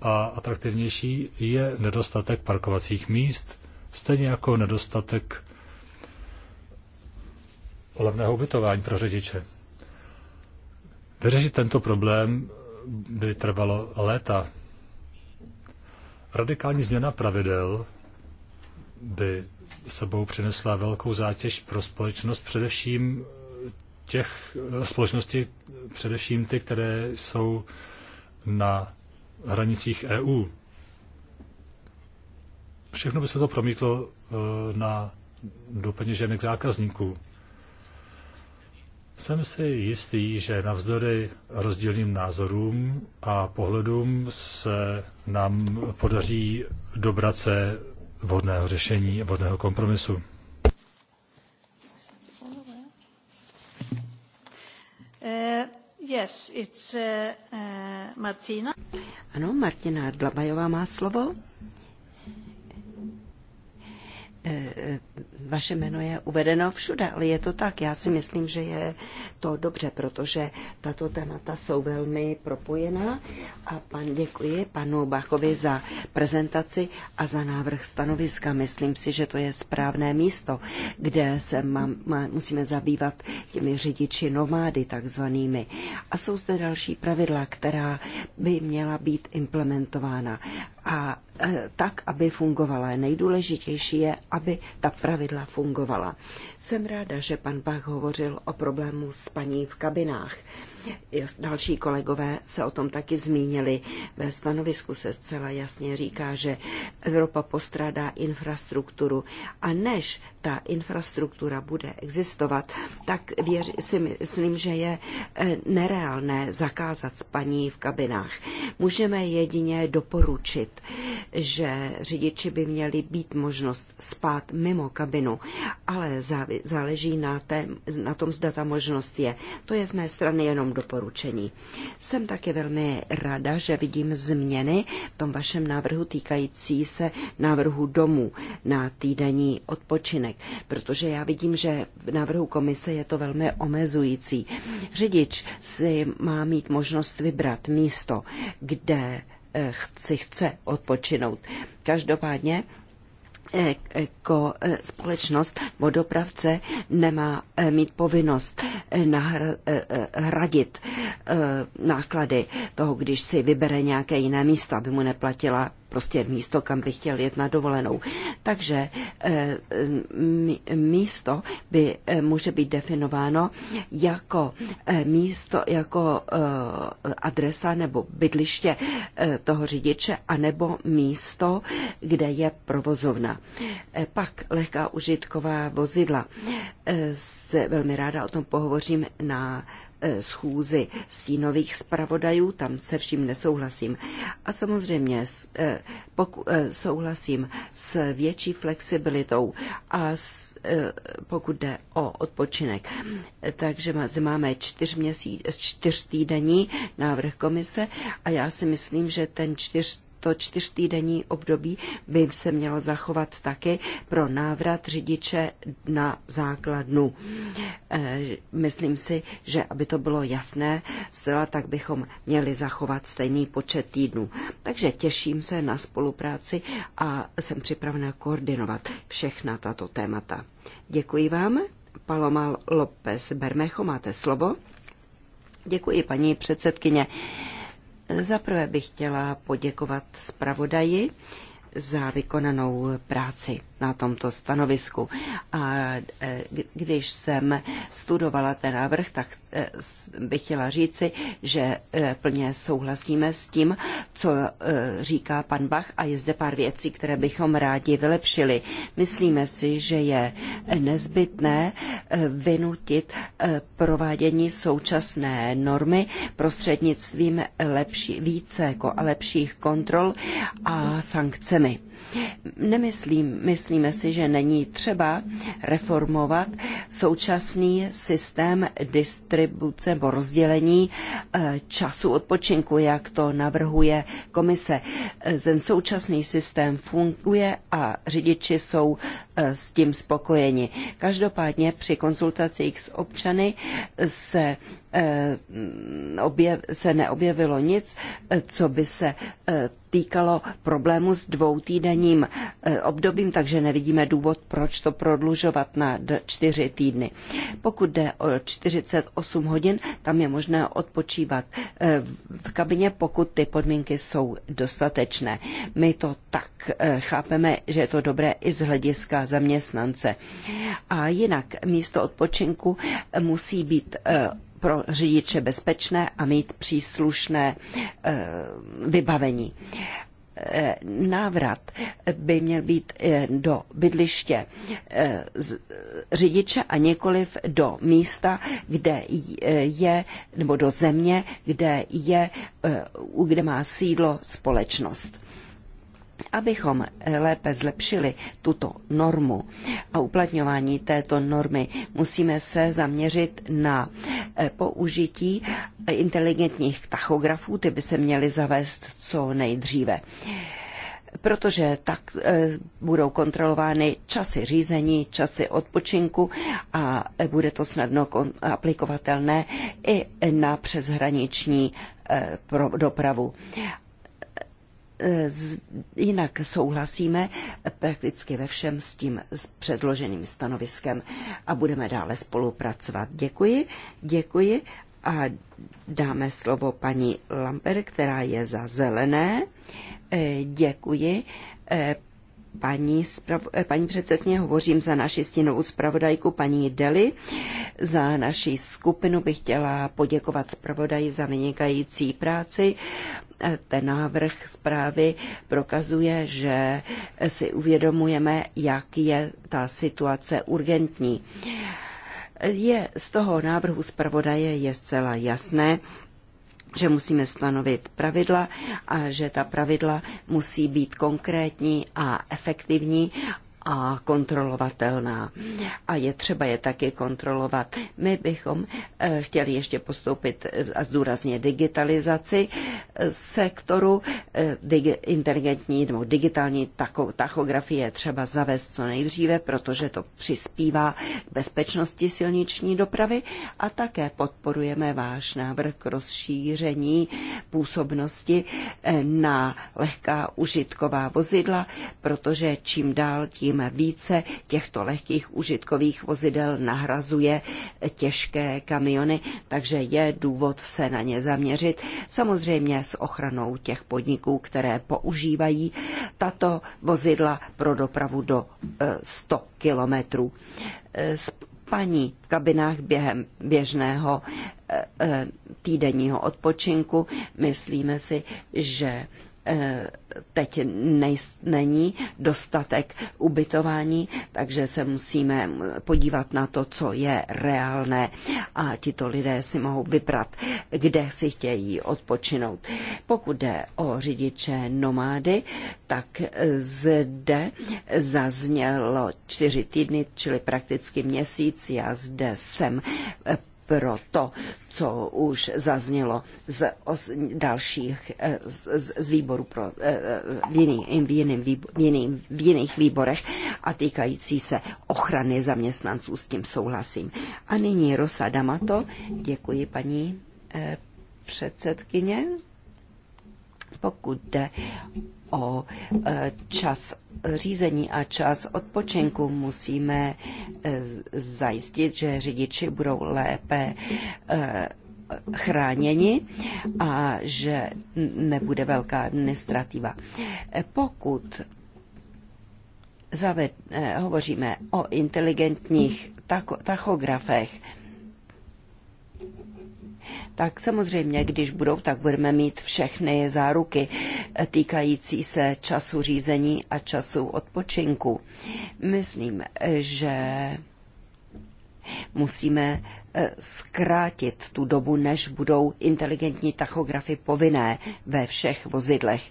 a atraktivnější, je nedostatek parkovacích míst, stejně jako nedostatek levného ubytování pro řidiče. Vyřešit tento problém by trvalo léta. Radikální změna pravidel by sebou přinesla velkou zátěž pro společnost, především těch společností, především ty, které jsou na hranicích EU všechno by se to promítlo eh, na, do peněženek zákazníků. Jsem si jistý, že navzdory rozdílným názorům a pohledům se nám podaří dobrat se vhodného řešení, vhodného kompromisu. Uh, yes, it's uh, uh, Martina. Ano, Martina Dlabajová má slovo. E, vaše jméno je uvedeno všude, ale je to tak. Já si myslím, že je to dobře, protože tato témata jsou velmi propojená. A pan děkuji panu Bachovi za prezentaci a za návrh stanoviska. Myslím si, že to je správné místo, kde se má, má, musíme zabývat těmi řidiči nomády takzvanými. A jsou zde další pravidla, která by měla být implementována. A Eh, tak, aby fungovala. Nejdůležitější je, aby ta pravidla fungovala. Jsem ráda, že pan Bach hovořil o problému s paní v kabinách. Další kolegové se o tom taky zmínili. Ve stanovisku se zcela jasně říká, že Evropa postrádá infrastrukturu a než ta infrastruktura bude existovat, tak věř, si myslím, že je eh, nereálné zakázat spaní v kabinách. Můžeme jedině doporučit, že řidiči by měli být možnost spát mimo kabinu, ale záleží na, té, na tom, zda ta možnost je. To je z mé strany jenom doporučení. Jsem také velmi ráda, že vidím změny v tom vašem návrhu týkající se návrhu domů na týdenní odpočinek, protože já vidím, že v návrhu komise je to velmi omezující. Řidič si má mít možnost vybrat místo, kde si eh, chce odpočinout. Každopádně jako společnost vodopravce nemá eh, mít povinnost eh, eh, hradit náklady toho, když si vybere nějaké jiné místo, aby mu neplatila prostě místo, kam by chtěl jet na dovolenou. Takže eh, místo by eh, může být definováno jako eh, místo, jako adresa nebo bydliště toho řidiče, anebo místo, kde je provozovna. Pak lehká užitková vozidla. Velmi ráda o tom pohovořím na Eh, schůzi stínových zpravodajů, tam se vším nesouhlasím. A samozřejmě eh, eh, souhlasím s větší flexibilitou a s, pokud jde o odpočinek. Takže máme čtyř čtyř týdení návrh komise a já si myslím, že ten čtyř to čtyřtýdenní období by se mělo zachovat taky pro návrat řidiče na základnu. Eh, myslím si, že aby to bylo jasné, zcela tak bychom měli zachovat stejný počet týdnů. Takže těším se na spolupráci a jsem připravena koordinovat všechna tato témata. Děkuji vám. Paloma López Bermecho, máte slovo. Děkuji, paní předsedkyně. Zaprvé bych chtěla poděkovat zpravodaji za vykonanou práci na tomto stanovisku. A e, když jsem studovala ten návrh, tak e, bych chtěla říci, že e, plně souhlasíme s tím, co říká pan Bach a je zde pár věcí, které bychom rádi vylepšili. Myslíme si, že je nezbytné vynutit provádění současné normy prostřednictvím lepší, více a lepších kontrol a sankcemi. Nemyslím, myslíme si, že není třeba reformovat současný systém distribuce nebo rozdělení eh, času odpočinku, jak to navrhuje komise. Eh, ten současný systém funguje a řidiči jsou eh, s tím spokojeni. Každopádně při konzultacích s občany se se neobjevilo nic, co by se týkalo problému s dvoutýdenním eh, obdobím, takže nevidíme důvod, proč to prodlužovat na čtyři týdny. Pokud jde o 48 hodin, tam je možné odpočívat eh, v kabině, pokud ty podmínky jsou dostatečné. My to tak eh, chápeme, že je to dobré i z hlediska zaměstnance. A jinak místo odpočinku musí být pro řidiče bezpečné a mít příslušné eh, vybavení. Eh, návrat by měl být eh, do bydliště řidiče a nikoliv do místa, kde je, nebo do země, kde je, kde má sídlo společnost. Abychom eh, lépe zlepšili tuto normu a uplatňování této normy, musíme se zaměřit na eh, použití inteligentních tachografů, ty by se měly zavést co nejdříve protože tak eh, budou kontrolovány časy řízení, časy odpočinku a bude to snadno aplikovatelné i na přeshraniční dopravu. E, jinak souhlasíme prakticky ve všem s tím předloženým stanoviskem a budeme dále spolupracovat. Děkuji, děkuji a dáme slovo paní Lamper, která je za zelené. E, děkuji, e, paní, eh, paní předsedně, hovořím za naši stínovou zpravodajku paní Deli. Za naši skupinu bych chtěla poděkovat zpravodaji za vynikající práci. Eh, ten návrh zprávy prokazuje, že si uvědomujeme, jak je ta situace urgentní. Eh, je z toho návrhu zpravodaje je zcela jasné, že musíme stanovit pravidla a že ta pravidla musí být konkrétní a efektivní a kontrolovatelná. A je třeba je taky kontrolovat. My bychom eh, chtěli ještě postoupit eh, a zdůrazně digitalizaci eh, sektoru. Digi, inteligentní nebo digitální tachografie je třeba zavést co nejdříve, protože to přispívá k bezpečnosti silniční dopravy a také podporujeme váš návrh k rozšíření působnosti na lehká užitková vozidla, protože čím dál tím čím více těchto lehkých užitkových vozidel nahrazuje těžké kamiony, takže je důvod se na ně zaměřit. Samozřejmě s ochranou těch podniků, které používají tato vozidla pro dopravu do 100 e, kilometrů. E, Spaní v kabinách během běžného e, týdenního odpočinku myslíme si, že teď nejs, není dostatek ubytování, takže se musíme podívat na to, co je reálné a tito lidé si mohou vybrat, kde si chtějí odpočinout. Pokud jde o řidiče nomády, tak zde zaznělo čtyři týdny, čili prakticky měsíc. Já zde jsem pro to, co už zaznělo z os, dalších, eh, z, z výboru pro, eh, eh, v, jiný, v, jiným, v, jiným, v jiných výborech a týkající se ochrany zaměstnanců, s tím souhlasím. A nyní Rosa Damato, děkuji paní předsedkyně. Pokud jde o e, čas řízení a čas odpočinku musíme e, zajistit, že řidiči budou lépe e, chráněni a že nebude velká administrativa. Pokud zaved, hovoříme o inteligentních tachografech, tak samozřejmě, když budou, tak budeme mít všechny záruky týkající se času řízení a času odpočinku. Myslím, že musíme eh, zkrátit tu dobu, než budou inteligentní tachografy povinné ve všech vozidlech.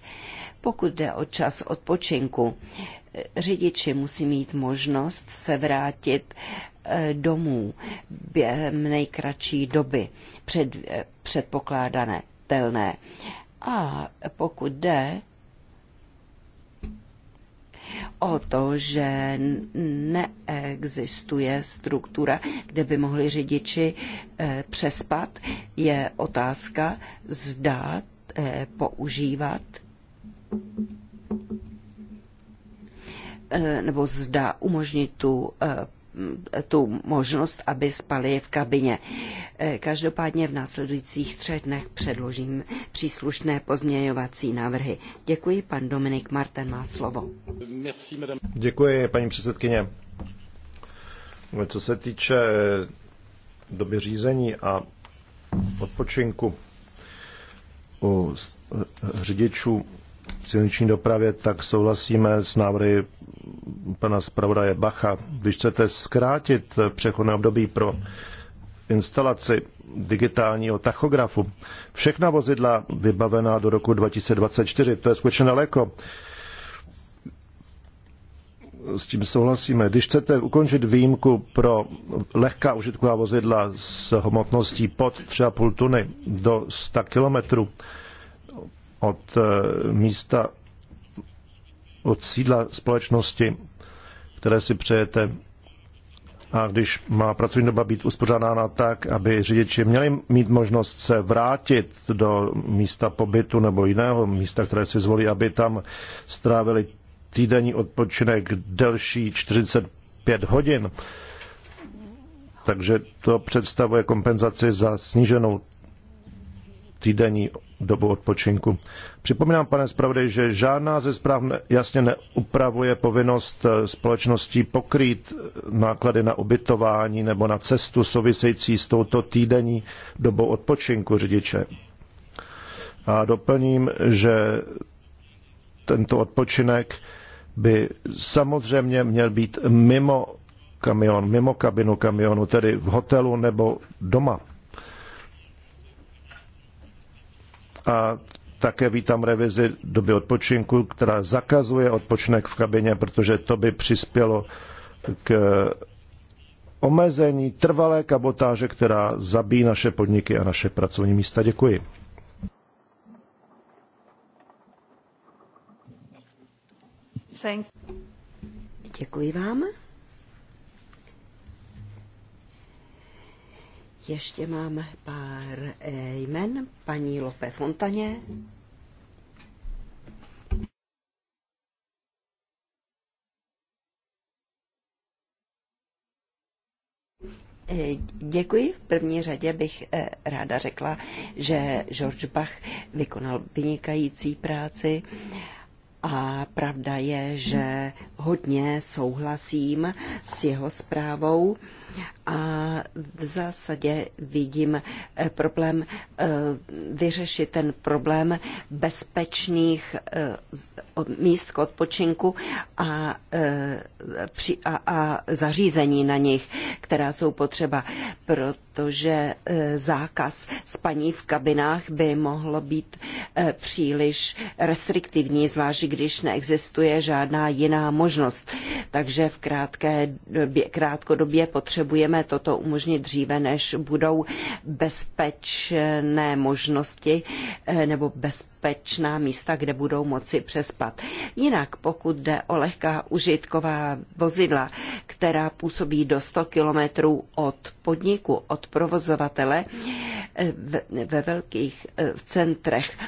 Pokud jde o čas odpočinku, eh, řidiči musí mít možnost se vrátit Eh, domů během nejkratší doby před, eh, předpokládané telné. A pokud jde o to, že neexistuje struktura, kde by mohli řidiči eh, přespat, je otázka zdát, používat nebo zda umožnit tu tu možnost, aby spali v kabině. Eh, každopádně v následujících třech dnech předložím příslušné pozměňovací návrhy. Děkuji, pan Dominik Marten má slovo. Děkuji, paní předsedkyně. Co se týče doby řízení a odpočinku u řidičů silniční dopravě, tak souhlasíme s návrhy pana zpravodaje Bacha. Když chcete zkrátit přechodné období pro instalaci digitálního tachografu, všechna vozidla vybavená do roku 2024, to je skutečně daleko. S tím souhlasíme. Když chcete ukončit výjimku pro lehká užitková vozidla s hmotností pod 3,5 tuny do 100 kilometrů, od eh, místa, od sídla společnosti, které si přejete, a když má pracovní doba být uspořádána tak, aby řidiči měli mít možnost se vrátit do místa pobytu nebo jiného místa, které si zvolí, aby tam strávili týdenní odpočinek delší 45 hodin. Takže to představuje kompenzaci za sníženou týdenní dobu odpočinku. Připomínám, pane zpravodaj, že žádná ze zpráv jasně neupravuje povinnost eh, společností pokrýt eh, náklady na ubytování nebo na cestu související s touto týdenní dobou odpočinku řidiče. A doplním, že tento odpočinek by samozřejmě měl být mimo kamion, mimo kabinu kamionu, tedy v hotelu nebo doma. A také vítám revizi doby odpočinku, která zakazuje odpočinek v kabině, protože to by přispělo k omezení trvalé kabotáže, která zabíjí naše podniky a naše pracovní místa. Děkuji. Thank. Děkuji vám. Ještě máme pár eh, jmen. Paní Lope Fontaně. Eh, děkuji. V první řadě bych eh, ráda řekla, že George Bach vykonal vynikající práci a pravda je, že hodně souhlasím s jeho zprávou a v zásadě vidím eh, problém eh, vyřešit ten problém bezpečných eh, míst k odpočinku a, a, a zařízení na nich, která jsou potřeba, protože zákaz spaní v kabinách by mohlo být příliš restriktivní, zvlášť když neexistuje žádná jiná možnost. Takže v krátké době, krátkodobě potřebujeme můžeme toto umožnit dříve, než budou bezpečné možnosti eh, nebo bezpečné bezpečná místa, kde budou moci přespat. Jinak, pokud jde o lehká užitková vozidla, která působí do 100 kilometrů od podniku, od provozovatele, ve velkých eh, centrech,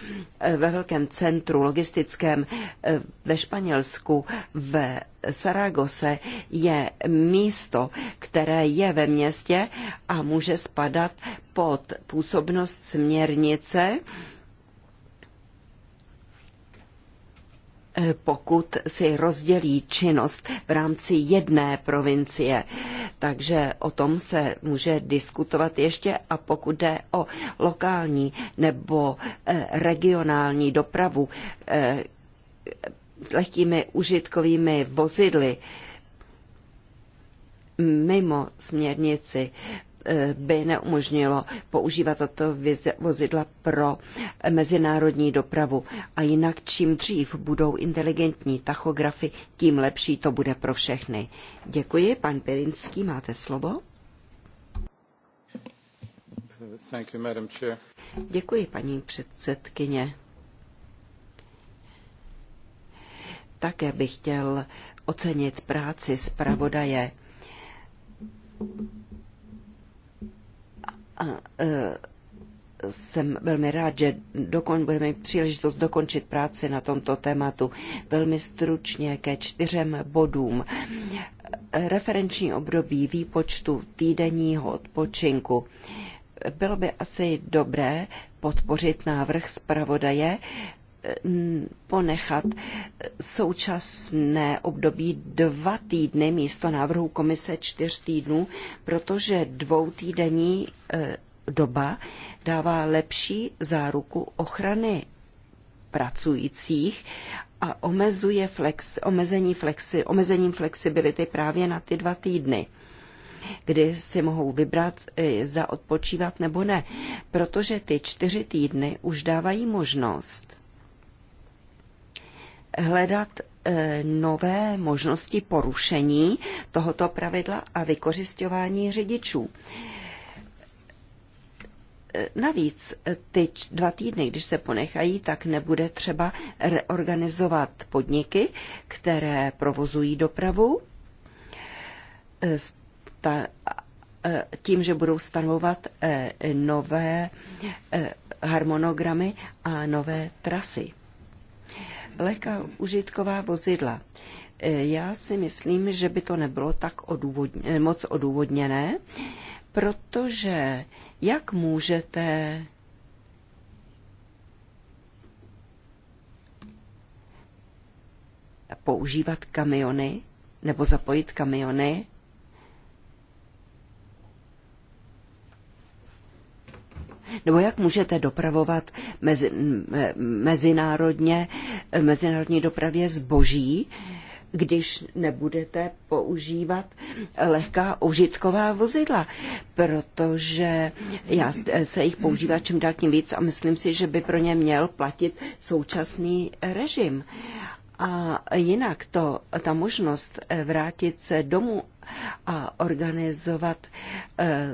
eh, ve velkém centru logistickém eh, ve Španělsku, ve Saragose je místo, které je ve městě a může spadat pod působnost směrnice pokud si rozdělí činnost v rámci jedné provincie. Takže o tom se může diskutovat ještě a pokud jde o lokální nebo eh, regionální dopravu eh, lehkými užitkovými vozidly, mimo směrnici by neumožnilo používat tato vozidla pro mezinárodní dopravu. A jinak čím dřív budou inteligentní tachografy, tím lepší to bude pro všechny. Děkuji. Pan Pirinský, máte slovo. You, Děkuji, paní předsedkyně. Také bych chtěl ocenit práci zpravodaje. A, e, jsem velmi rád, že dokon, budeme mít příležitost dokončit práci na tomto tématu velmi stručně ke čtyřem bodům. Referenční období výpočtu týdenního odpočinku. Bylo by asi dobré podpořit návrh zpravodaje ponechat současné období dva týdny místo návrhu komise čtyř týdnů, protože dvoutýdenní eh, doba dává lepší záruku ochrany pracujících a omezuje flex, omezení flexi, omezením flexibility právě na ty dva týdny kdy si mohou vybrat, eh, zda odpočívat nebo ne, protože ty čtyři týdny už dávají možnost hledat eh, nové možnosti porušení tohoto pravidla a vykořišťování řidičů. Eh, navíc eh, ty dva týdny, když se ponechají, tak nebude třeba reorganizovat podniky, které provozují dopravu, tím, že budou stanovat nové harmonogramy a nové trasy lehká užitková vozidla. E, já si myslím, že by to nebylo tak odůvodně, e, moc odůvodněné, protože jak můžete používat kamiony nebo zapojit kamiony Nebo jak můžete dopravovat mezi, mezinárodně, mezinárodní dopravě zboží, když nebudete používat lehká užitková vozidla, protože já se jich používá čím dál tím víc a myslím si, že by pro ně měl platit současný režim. A jinak to, ta možnost eh, vrátit se domů a organizovat e,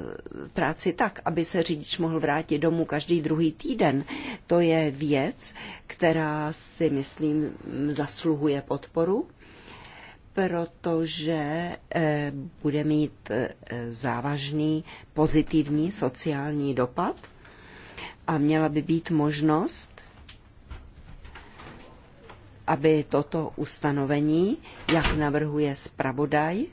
práci tak, aby se řidič mohl vrátit domů každý druhý týden, to je věc, která si myslím zasluhuje podporu, protože e, bude mít e, závažný pozitivní sociální dopad a měla by být možnost aby toto ustanovení, jak navrhuje zpravodaj,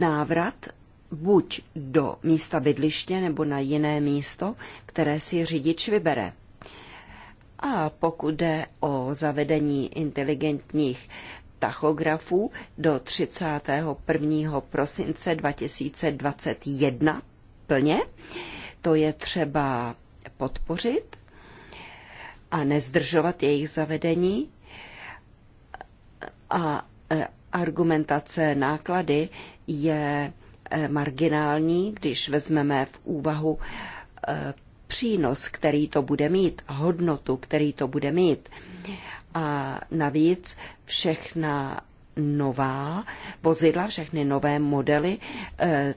návrat buď do místa bydliště nebo na jiné místo, které si řidič vybere. A pokud jde o zavedení inteligentních tachografů do 31. prosince 2021 plně, to je třeba podpořit a nezdržovat jejich zavedení. A e, argumentace náklady je e, marginální, když vezmeme v úvahu e, přínos, který to bude mít, hodnotu, který to bude mít. A navíc všechna nová vozidla, všechny nové modely eh,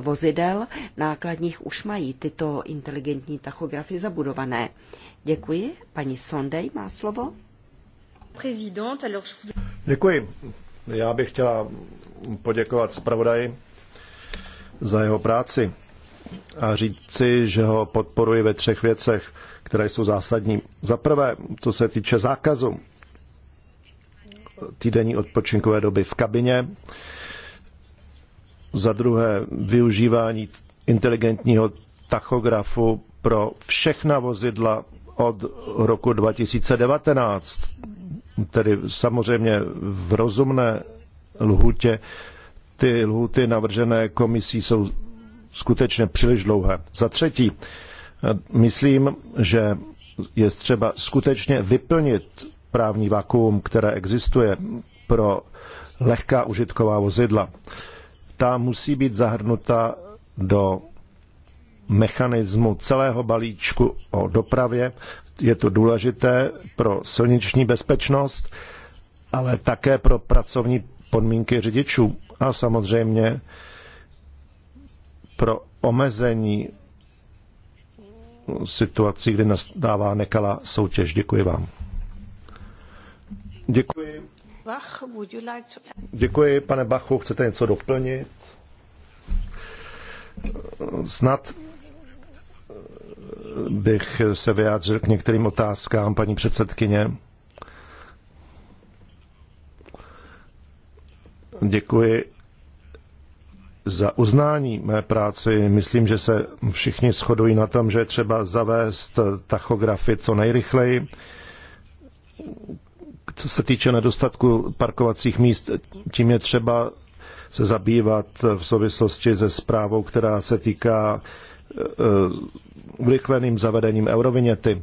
vozidel nákladních už mají tyto inteligentní tachografy zabudované. Děkuji. Paní Sondej má slovo. Děkuji. Já bych chtěla poděkovat zpravodaji za jeho práci a říci, že ho podporuji ve třech věcech, které jsou zásadní. Za prvé, co se týče zákazu týdenní odpočinkové doby v kabině. Za druhé využívání inteligentního tachografu pro všechna vozidla od roku 2019, tedy samozřejmě v rozumné lhutě. Ty lhuty navržené komisí jsou skutečně příliš dlouhé. Za třetí, myslím, že je třeba skutečně vyplnit právní vakuum, které existuje pro lehká užitková vozidla. Ta musí být zahrnuta do mechanismu celého balíčku o dopravě. Je to důležité pro silniční bezpečnost, ale také pro pracovní podmínky řidičů a samozřejmě pro omezení situací, kdy nastává nekala. soutěž. Děkuji vám. Děkuji. pane Bachu. Chcete něco doplnit? Snad bych se vyjádřil k některým otázkám, paní předsedkyně. Děkuji za uznání mé práci. Myslím, že se všichni shodují na tom, že je třeba zavést tachografy co nejrychleji. Co se týče nedostatku parkovacích míst, tím je třeba se zabývat v souvislosti se zprávou, která se týká eh, urychleným zavedením eurovinety,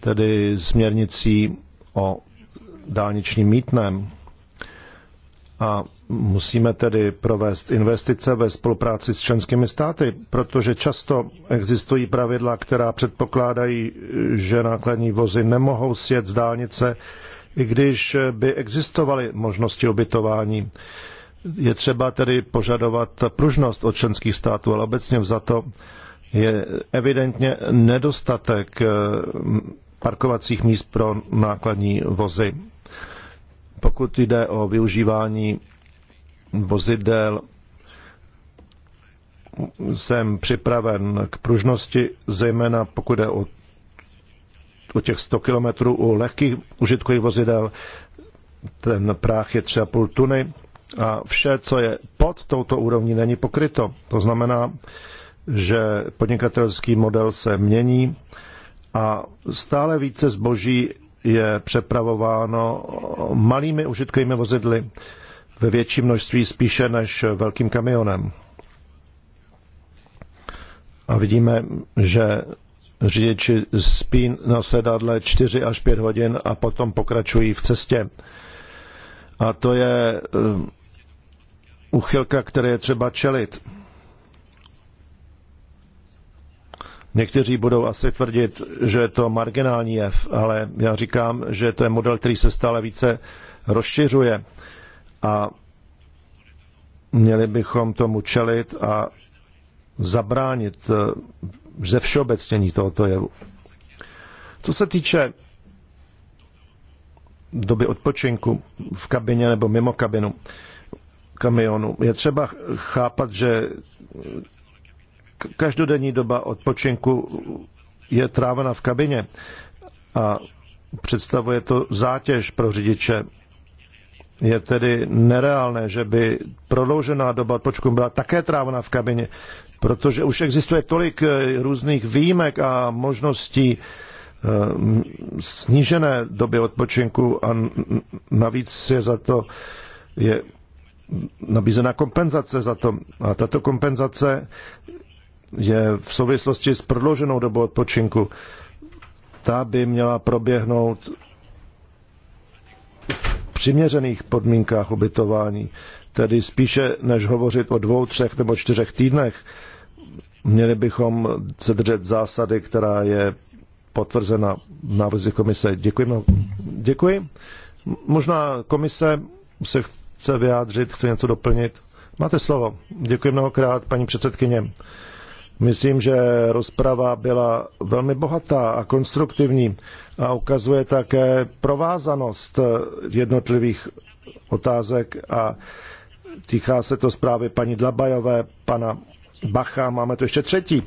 tedy směrnicí o dálničním mítném. A musíme tedy provést investice ve spolupráci s členskými státy, protože často existují pravidla, která předpokládají, že nákladní vozy nemohou sjet z dálnice i když by existovaly možnosti ubytování. Je třeba tedy požadovat pružnost od členských států, ale obecně to je evidentně nedostatek eh, parkovacích míst pro nákladní vozy. Pokud jde o využívání vozidel, jsem připraven k pružnosti, zejména pokud jde o u těch 100 kilometrů u lehkých užitkových vozidel. Ten práh je 3,5 tuny a vše, co je pod touto úrovní, není pokryto. To znamená, že podnikatelský model se mění a stále více zboží je přepravováno malými užitkovými vozidly ve větší množství spíše než velkým kamionem. A vidíme, že řidiči spí na sedadle 4 až 5 hodin a potom pokračují v cestě. A to je eh, uchylka, které je třeba čelit. Někteří budou asi tvrdit, že je to marginální jev, ale já říkám, že to je model, který se stále více rozšiřuje a měli bychom tomu čelit a zabránit eh, ze všeobecnění tohoto jevu. Co se týče doby odpočinku v kabině nebo mimo kabinu kamionu, je třeba chápat, že každodenní doba odpočinku je trávena v kabině a představuje to zátěž pro řidiče je tedy nereálné, že by prodloužená doba odpočku byla také trávna v kabině, protože už existuje tolik eh, různých výjimek a možností eh, snížené doby odpočinku a navíc je za to je nabízena kompenzace za to. A tato kompenzace je v souvislosti s prodlouženou dobou odpočinku. Ta by měla proběhnout přiměřených podmínkách ubytování, tedy spíše než hovořit o dvou, třech nebo čtyřech týdnech, měli bychom se držet zásady, která je potvrzena v návrzi komise. Děkuji. Děkuji. Možná komise se chce vyjádřit, chce něco doplnit. Máte slovo. Děkuji mnohokrát, paní předsedkyně. Myslím, že rozprava byla velmi bohatá a konstruktivní a ukazuje také provázanost eh, jednotlivých otázek a týká se to zprávy paní Dlabajové, pana Bacha, máme tu ještě třetí.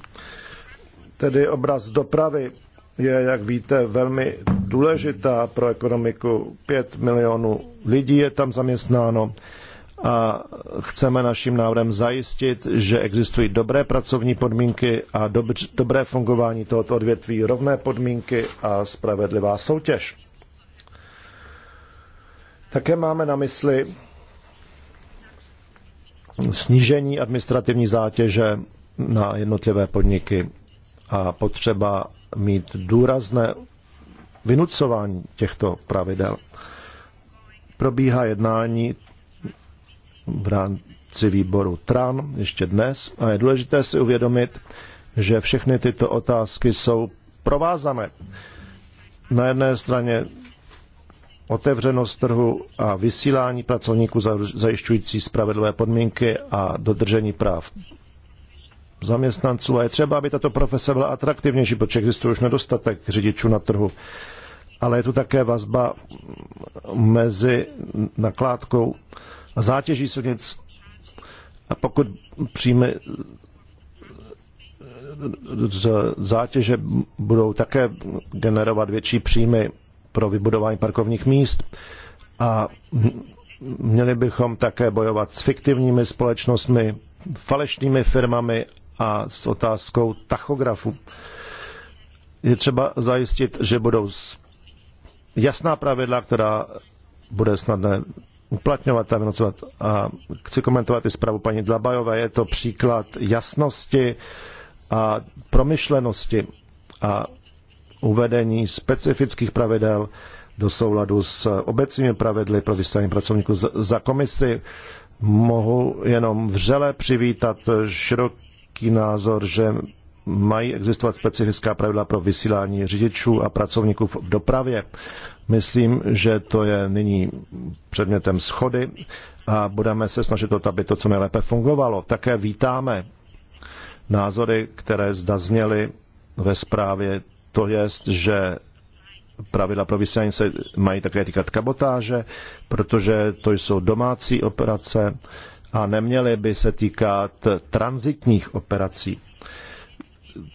Tedy obraz dopravy je, jak víte, velmi důležitá pro ekonomiku. Pět milionů lidí je tam zaměstnáno a chceme naším návrhem zajistit, že existují dobré pracovní podmínky a dobré fungování tohoto odvětví, rovné podmínky a spravedlivá soutěž. Také máme na mysli snížení administrativní zátěže na jednotlivé podniky a potřeba mít důrazné vynucování těchto pravidel. Probíhá jednání v rámci výboru TRAN ještě dnes a je důležité si uvědomit, že všechny tyto otázky jsou provázané. Na jedné straně otevřenost trhu a vysílání pracovníků zajišťující spravedlivé podmínky a dodržení práv zaměstnanců. A je třeba, aby tato profese byla atraktivnější, protože existuje už nedostatek řidičů na trhu. Ale je tu také vazba mezi nakládkou a zátěží silnic. A pokud příjmy z zátěže budou také generovat větší příjmy pro vybudování parkovních míst a měli bychom také bojovat s fiktivními společnostmi, falešnými firmami a s otázkou tachografu. Je třeba zajistit, že budou jasná pravidla, která bude snadné uplatňovat a vynocovat. A chci komentovat i zprávu paní Dlabajové. Je to příklad jasnosti a promyšlenosti a uvedení specifických pravidel do souladu s obecnými pravidly pro vystavení pracovníků za komisi. Mohu jenom vřele přivítat široký názor, že mají existovat specifická pravidla pro vysílání řidičů a pracovníků v dopravě. Myslím, že to je nyní předmětem schody a budeme se snažit o to, aby to co nejlépe fungovalo. Také vítáme názory, které zazněly ve zprávě, to je, že pravidla pro vysílání se mají také týkat kabotáže, protože to jsou domácí operace a neměly by se týkat transitních operací.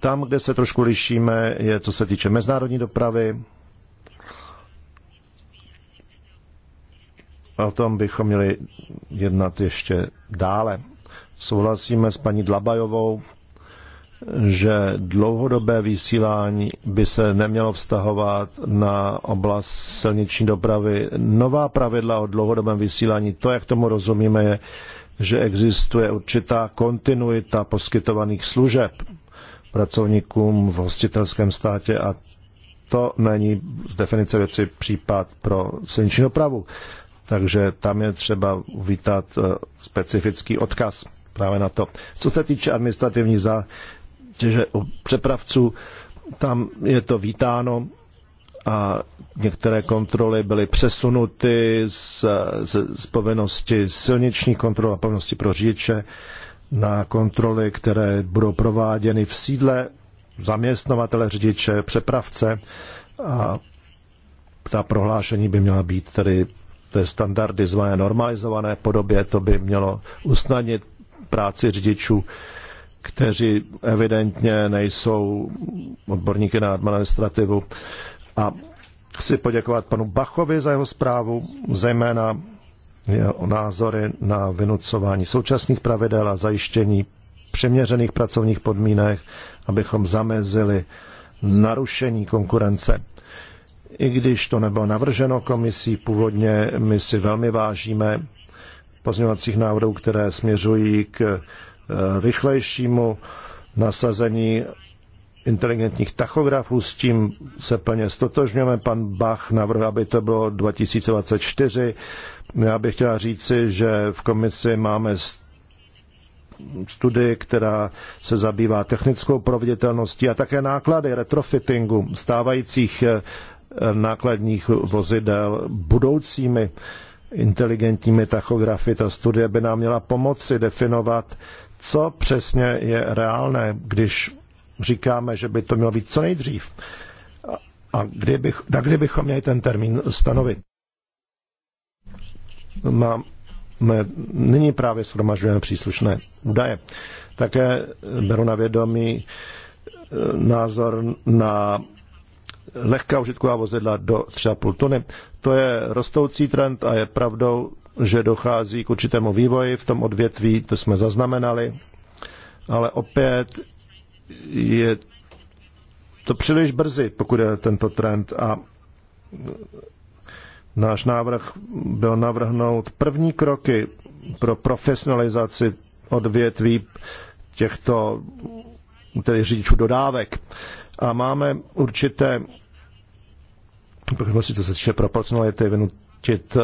Tam, kde se trošku lišíme, je co se týče mezinárodní dopravy. O tom bychom měli jednat ještě dále. Souhlasíme s paní Dlabajovou, že dlouhodobé vysílání by se nemělo vztahovat na oblast silniční dopravy. Nová pravidla o dlouhodobém vysílání, to, jak tomu rozumíme, je, že existuje určitá kontinuita poskytovaných služeb pracovníkům v hostitelském státě a to není z definice věci případ pro silniční dopravu. Takže tam je třeba uvítat eh, specifický odkaz právě na to. Co se týče administrativní zátěže u přepravců, tam je to vítáno a některé kontroly byly přesunuty z, z, z povinnosti silničních kontrol a povinnosti pro řidiče na kontroly, které budou prováděny v sídle zaměstnavatele, řidiče, přepravce a ta prohlášení by měla být tedy té standardizované, normalizované podobě. To by mělo usnadnit práci řidičů, kteří evidentně nejsou odborníky na administrativu. A chci poděkovat panu Bachovi za jeho zprávu, zejména o názory na vynucování současných pravidel a zajištění přeměřených pracovních podmínek, abychom zamezili narušení konkurence. I když to nebylo navrženo komisí původně, my si velmi vážíme pozměňovacích návrhů, které směřují k eh, rychlejšímu nasazení inteligentních tachografů, s tím se plně stotožňujeme. Pan Bach navrhl, aby to bylo 2024. Já bych chtěla říci, že v komisi máme studii, která se zabývá technickou proveditelností a také náklady retrofittingu stávajících eh, nákladních vozidel budoucími inteligentními tachografy. Ta studie by nám měla pomoci definovat, co přesně je reálné, když říkáme, že by to mělo být co nejdřív. A kdybych, na kdy bychom měli ten termín stanovit? Mám, my nyní právě shromažujeme příslušné údaje. Také beru na vědomí e, názor na lehká užitková vozidla do 3,5 tuny. To je rostoucí trend a je pravdou, že dochází k určitému vývoji v tom odvětví, to jsme zaznamenali, ale opět je to příliš brzy, pokud je tento trend a náš návrh byl navrhnout první kroky pro profesionalizaci odvětví těchto tedy řidičů dodávek. A máme určité pochybnosti, co se týče proporcionality, vynutit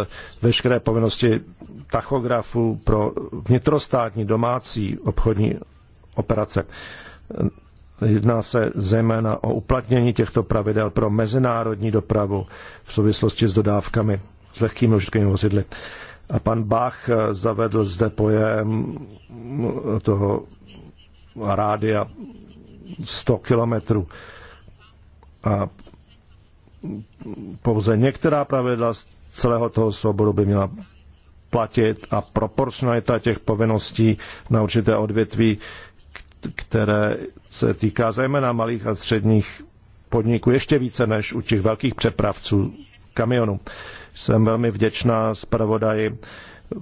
veškeré povinnosti tachografu pro vnitrostátní domácí obchodní operace. Jedná se zejména o uplatnění těchto pravidel pro mezinárodní dopravu v souvislosti s dodávkami s lehkými ložitkými vozidly. A pan Bach eh, zavedl zde pojem eh, toho rádia 100 kilometrů. A pouze některá pravidla z celého toho souboru by měla platit a proporcionalita těch povinností na určité odvětví které se týká zejména malých a středních podniků ještě více než u těch velkých přepravců kamionů. Jsem velmi vděčná zpravodaji,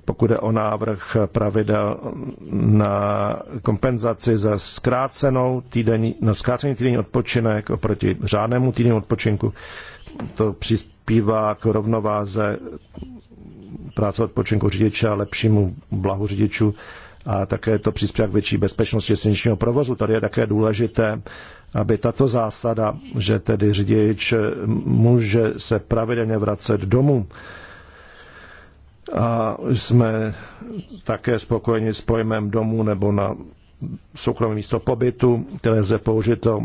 pokud je o návrh pravidel na kompenzaci za zkrácenou týdení, na zkrácený týdenní odpočinek oproti řádnému týdenní odpočinku. To přispívá k rovnováze práce odpočinku řidiče a lepšímu blahu řidičů a také to přispívá k větší bezpečnosti silničního provozu. Tady je také důležité, aby tato zásada, že tedy řidič může se pravidelně vracet domů, a jsme také spokojeni s pojmem domů nebo na soukromé místo pobytu, které zde použito.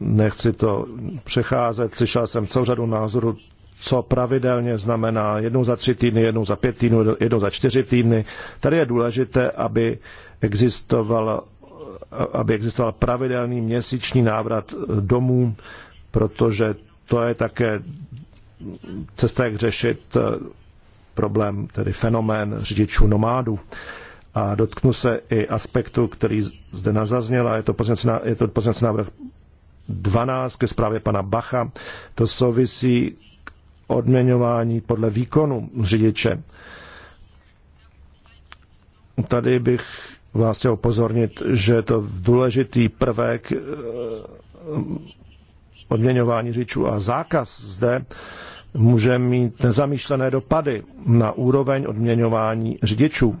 Nechci to přecházet. Slyšel jsem celou řadu názorů co pravidelně znamená jednou za tři týdny, jednou za pět týdnů, jednou za čtyři týdny. Tady je důležité, aby existoval, aby existoval pravidelný měsíční návrat domů, protože to je také cesta, jak řešit problém, tedy fenomén řidičů nomádů. A dotknu se i aspektu, který zde nazazněl, a je to pozněcí návrh 12 ke zprávě pana Bacha. To souvisí odměňování podle výkonu řidiče. Tady bych vás chtěl upozornit, že je to důležitý prvek eh, odměňování řidičů a zákaz zde může mít nezamýšlené dopady na úroveň odměňování řidičů.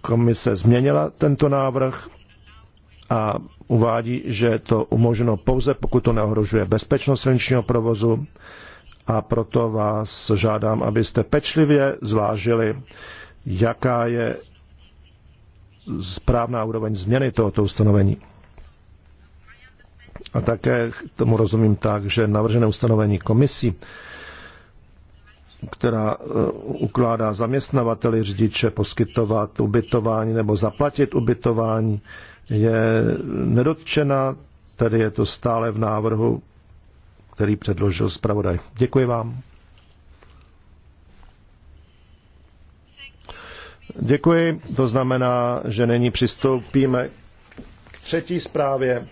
Komise změnila tento návrh a uvádí, že je to umožněno pouze, pokud to neohrožuje bezpečnost silničního provozu a proto vás žádám, abyste pečlivě zvážili, jaká je správná úroveň změny tohoto ustanovení. A také tomu rozumím tak, že navržené ustanovení komisí, která e, ukládá zaměstnavateli řidiče poskytovat ubytování nebo zaplatit ubytování, je nedotčena, tedy je to stále v návrhu, který předložil zpravodaj. Děkuji vám. Děkuji, to znamená, že nyní přistoupíme k třetí zprávě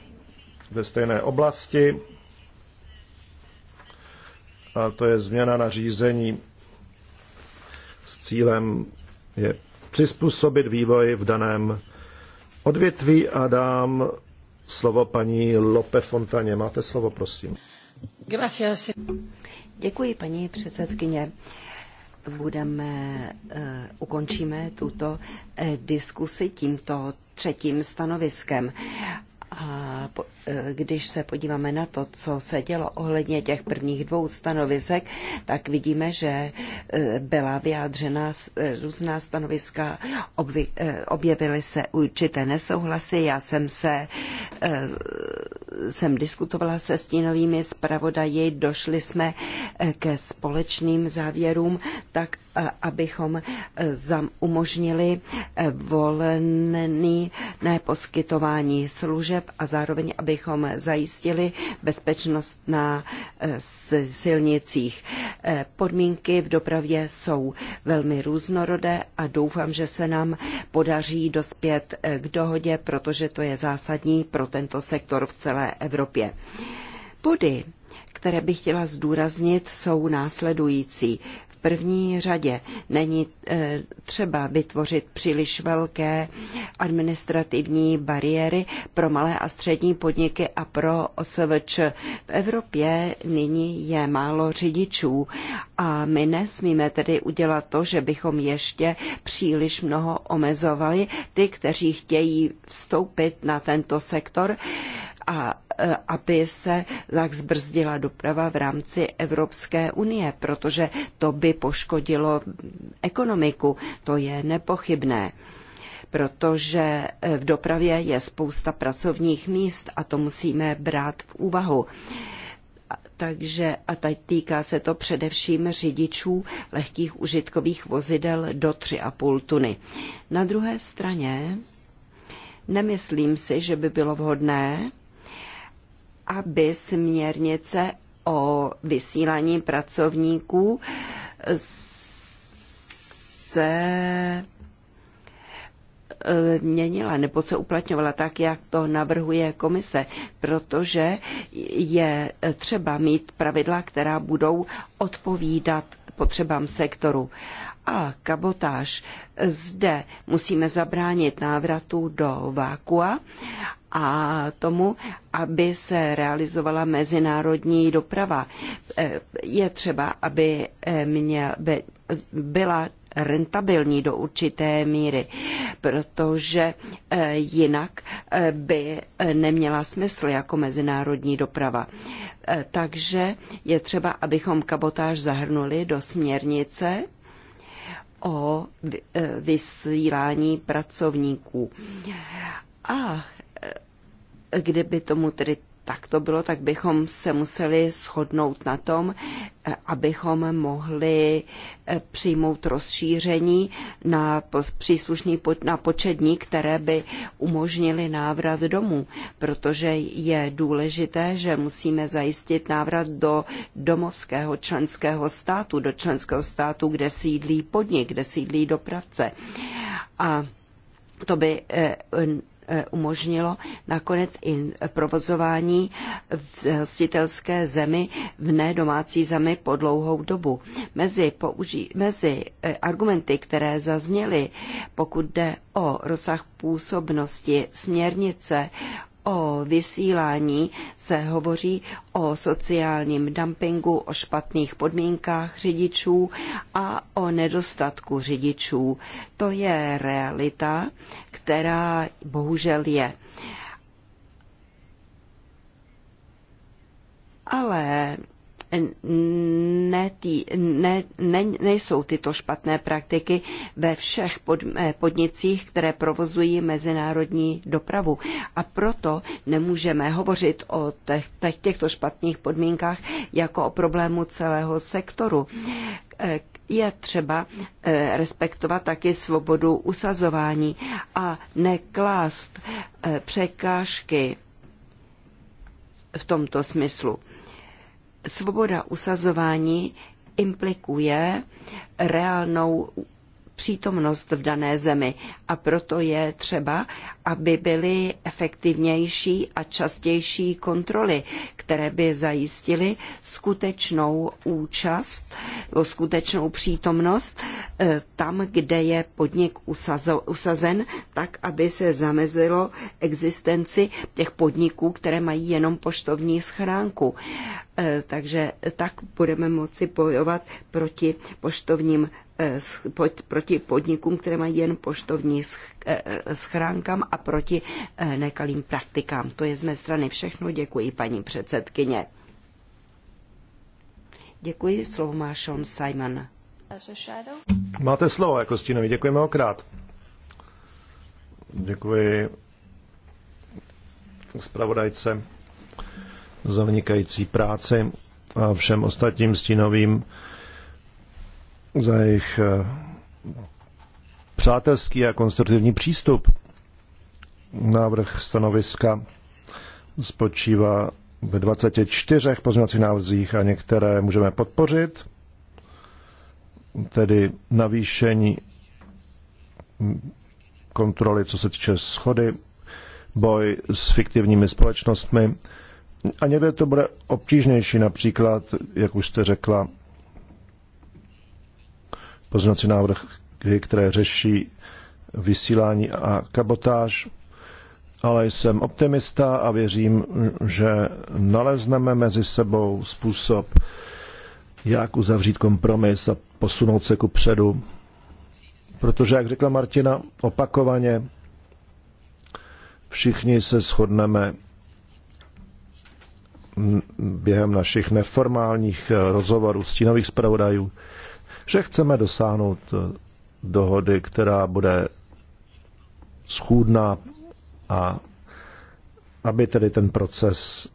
ve stejné oblasti. A to je změna na řízení s cílem je přizpůsobit vývoj v daném odvětví a dám slovo paní Lope Fontaně. Máte slovo, prosím. Gracias. Děkuji, paní předsedkyně. Budeme, uh, ukončíme tuto uh, diskusi tímto třetím stanoviskem. A e, když se podíváme na to, co se dělo ohledně těch prvních dvou stanovisek, tak vidíme, že e, byla vyjádřena e, různá stanoviska, objevily se určité nesouhlasy. Já jsem se jsem diskutovala se stínovými zpravodaji, došli jsme eh, ke společným závěrům, tak eh, abychom eh, umožnili volné poskytování služeb a zároveň abychom zajistili bezpečnost na silnicích. Podmínky v dopravě jsou velmi různorodé a doufám, že se nám podaří dospět k dohodě, protože to je zásadní pro tento sektor v celé Evropě. Body, které bych chtěla zdůraznit, jsou následující. V první řadě není eh, třeba vytvořit příliš velké administrativní bariéry pro malé a střední podniky a pro OSVČ. V Evropě nyní je málo řidičů a my nesmíme tedy udělat to, že bychom ještě příliš mnoho omezovali ty, kteří chtějí vstoupit na tento sektor a e, aby se tak zbrzdila doprava v rámci Evropské unie, protože to by poškodilo ekonomiku, to je nepochybné protože e, v dopravě je spousta pracovních míst a to musíme brát v úvahu. Takže a teď týká se to především řidičů lehkých užitkových vozidel do 3,5 tuny. Na druhé straně nemyslím si, že by bylo vhodné aby směrnice o vysílání pracovníků se e, měnila nebo se uplatňovala tak, jak to navrhuje komise, protože je třeba mít pravidla, která budou odpovídat potřebám sektoru. A kabotáž zde musíme zabránit návratu do vákua a tomu, aby se realizovala mezinárodní doprava. E, je třeba, aby e, mě byla rentabilní do určité míry, protože e, jinak by neměla smysl jako mezinárodní doprava. Takže je třeba, abychom kabotáž zahrnuli do směrnice o vysílání pracovníků. A kdyby tomu tedy tak to bylo, tak bychom se museli shodnout na tom, abychom mohli eh, přijmout rozšíření na příslušný na početní, které by umožnili návrat domů, protože je důležité, že musíme zajistit návrat do domovského členského státu, do členského státu, kde sídlí podnik, kde sídlí dopravce. A to by eh, Eh, umožnilo nakonec i eh, provozování v hostitelské zemi v nedomácí zemi po dlouhou dobu. Mezi, použi- mezi eh, argumenty, které zazněly, pokud jde o rozsah působnosti směrnice o vysílání se hovoří o sociálním dumpingu, o špatných podmínkách řidičů a o nedostatku řidičů. To je realita, která bohužel je. Ale tý, ne, ne, nejsou tyto špatné praktiky ve všech pod, eh, podnicích, které provozují mezinárodní dopravu. A proto nemůžeme hovořit o těch, těchto špatných podmínkách jako o problému celého sektoru eh, je třeba eh, respektovat taky svobodu usazování a neklást překážky v tomto smyslu. Svoboda usazování implikuje reálnou přítomnost v dané zemi a proto je třeba, aby byly efektivnější a častější kontroly, které by zajistily skutečnou účast, skutečnou přítomnost eh, tam, kde je podnik usazen, tak, aby se zamezilo existenci těch podniků, které mají jenom poštovní schránku eh, takže tak budeme moci bojovat proti poštovním Eh, proti podnikům, které mají jen poštovní eh, eh, schránkám a proti nekalým praktikám. To je z mé strany všechno. Děkuji, paní předsedkyně. Děkuji, slovo má Sean Simon. Máte slovo jako stínový, děkuji mnohokrát. Děkuji zpravodajce za vynikající práci a všem ostatním stínovým za jejich eh, přátelský a konstruktivní přístup. Návrh stanoviska spočívá ve 24 pozměňovacích návrzích a některé můžeme podpořit, tedy navýšení kontroly, co se týče schody, boj s fiktivními společnostmi. A někde to bude obtížnější, například, jak už jste řekla, pozměňovací návrh, které řeší vysílání a kabotáž, ale jsem optimista a věřím, že nalezneme mezi sebou způsob, jak uzavřít kompromis a posunout se ku předu. Protože, jak řekla Martina, opakovaně všichni se shodneme během našich neformálních rozhovorů stínových zpravodajů, že chceme dosáhnout eh, dohody, která bude schůdná a aby tedy ten proces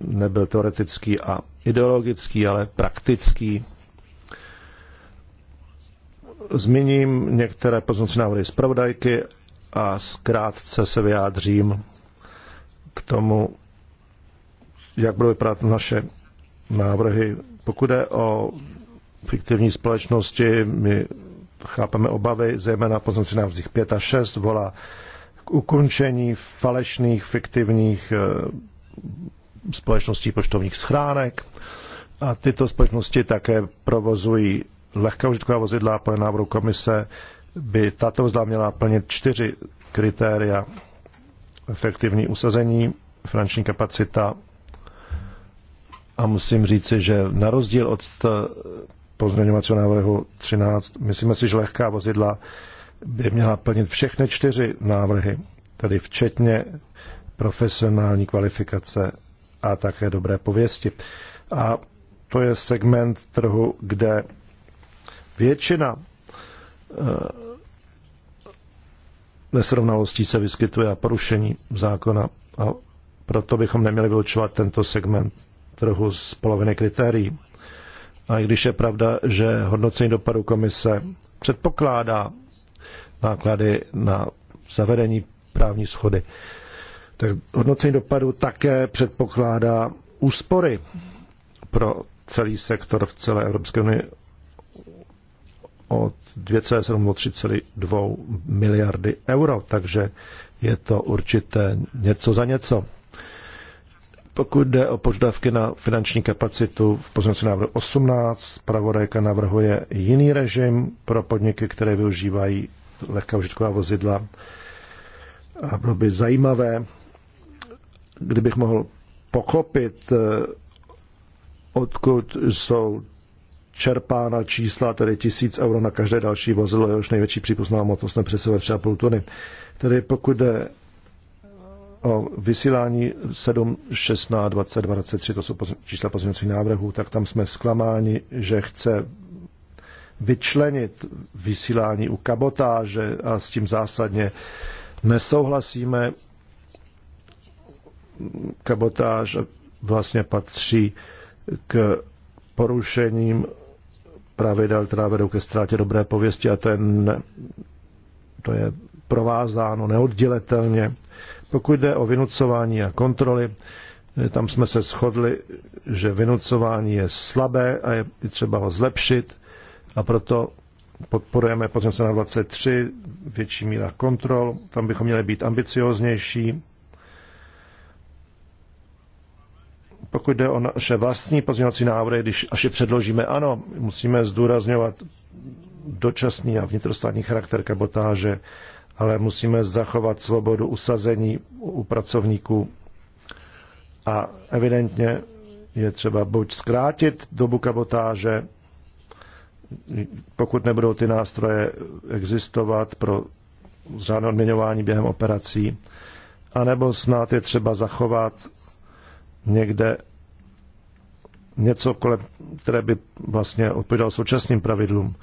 nebyl teoretický a ideologický, ale praktický. Zmíním některé pozornosti návrhy pravodajky a zkrátce se vyjádřím k tomu, jak budou vypadat naše návrhy. Pokud je o fiktivní společnosti. My chápeme obavy, zejména pozornosti návzích 5 a 6 volá k ukončení falešných, fiktivních eh, společností poštovních schránek. A tyto společnosti také provozují lehká užitková vozidla. Podle návrhu komise by tato vozidla měla plnit čtyři kritéria. Efektivní usazení, finanční kapacita, a musím říci, že na rozdíl od eh, pozměňovacího návrhu 13. Myslíme si, že lehká vozidla by měla plnit všechny čtyři návrhy, tedy včetně profesionální kvalifikace a také dobré pověsti. A to je segment trhu, kde většina eh, nesrovnalostí se vyskytuje a porušení zákona. A proto bychom neměli vylučovat tento segment trhu z poloviny kritérií. A i když je pravda, že hodnocení dopadu komise předpokládá náklady na zavedení právní schody, tak hodnocení dopadu také předpokládá úspory pro celý sektor v celé Evropské unii od 2,7 do 3,2 miliardy euro, takže je to určité něco za něco. Pokud jde o požadavky na finanční kapacitu v pozměnce návrhu 18, pravodajka navrhuje jiný režim pro podniky, které využívají lehká užitková vozidla. A bylo by zajímavé, kdybych mohl pochopit, eh, odkud jsou čerpána čísla, tedy tisíc euro na každé další vozidlo, jehož největší přípustná hmotnost nepřesahuje třeba půl tuny. Tedy pokud jde o vysílání 7, 16, 20, 23, to jsou čísla pozměňovacích návrhů, tak tam jsme zklamáni, že chce vyčlenit vysílání u kabotáže a s tím zásadně nesouhlasíme. Kabotáž vlastně patří k porušením pravidel, která vedou ke ztrátě dobré pověsti a ten, to je provázáno neoddělitelně pokud jde o vynucování a kontroly, eh, tam jsme se shodli, že vynucování je slabé a je třeba ho zlepšit a proto podporujeme se na 23, větší míra kontrol, tam bychom měli být ambicioznější. Pokud jde o naše vlastní pozměňovací návrhy, když až je předložíme, ano, musíme zdůrazňovat dočasný a vnitrostátní charakter kabotáže ale musíme zachovat svobodu usazení u pracovníků. A evidentně je třeba buď zkrátit dobu kabotáže, pokud nebudou ty nástroje existovat pro řádné odměňování během operací, anebo snad je třeba zachovat někde něco, kolem, které by vlastně odpovídalo současným pravidlům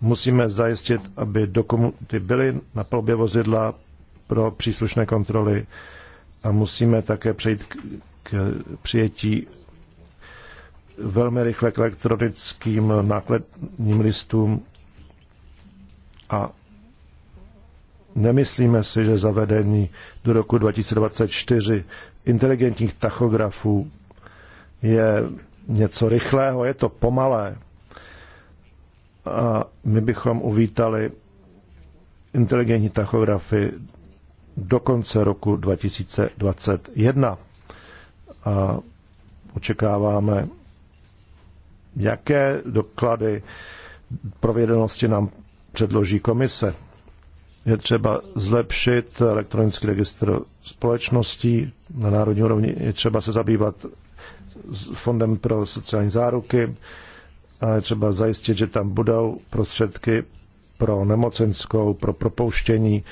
musíme zajistit, aby dokumenty byly na palubě vozidla pro příslušné kontroly a musíme také přejít k, k přijetí velmi rychle k elektronickým nákladním listům a nemyslíme si, že zavedení do roku 2024 inteligentních tachografů je něco rychlého, je to pomalé, a my bychom uvítali inteligentní tachografy do konce roku 2021. A očekáváme, jaké doklady provědenosti nám předloží komise. Je třeba zlepšit elektronický registr společností na národní úrovni, je třeba se zabývat fondem pro sociální záruky, ale třeba zajistit, že tam budou prostředky pro nemocenskou, pro propouštění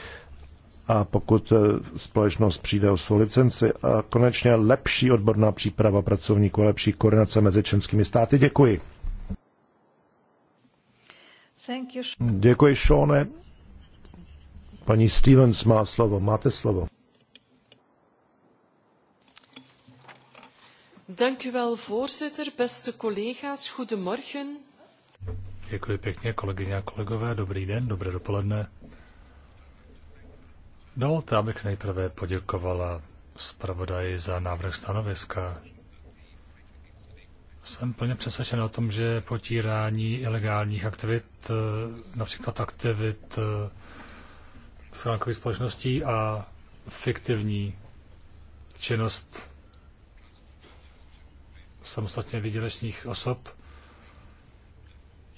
a pokud eh, společnost přijde o svou licenci a konečně lepší odborná příprava pracovníků a lepší koordinace mezi členskými státy. Děkuji. Děkuji, Šone. Paní Stevens má slovo. Máte slovo. Dank u wel, voorzitter. Beste collega's, goedemorgen. Děkuji pěkně, kolegyně a kolegové. Dobrý den, dobré dopoledne. Dovolte, abych nejprve poděkovala zpravodaji za návrh stanoviska. Jsem plně přesvědčen o tom, že potírání ilegálních aktivit, eh, například aktivit eh, schránkových společností a fiktivní činnost samostatně vydělečných osob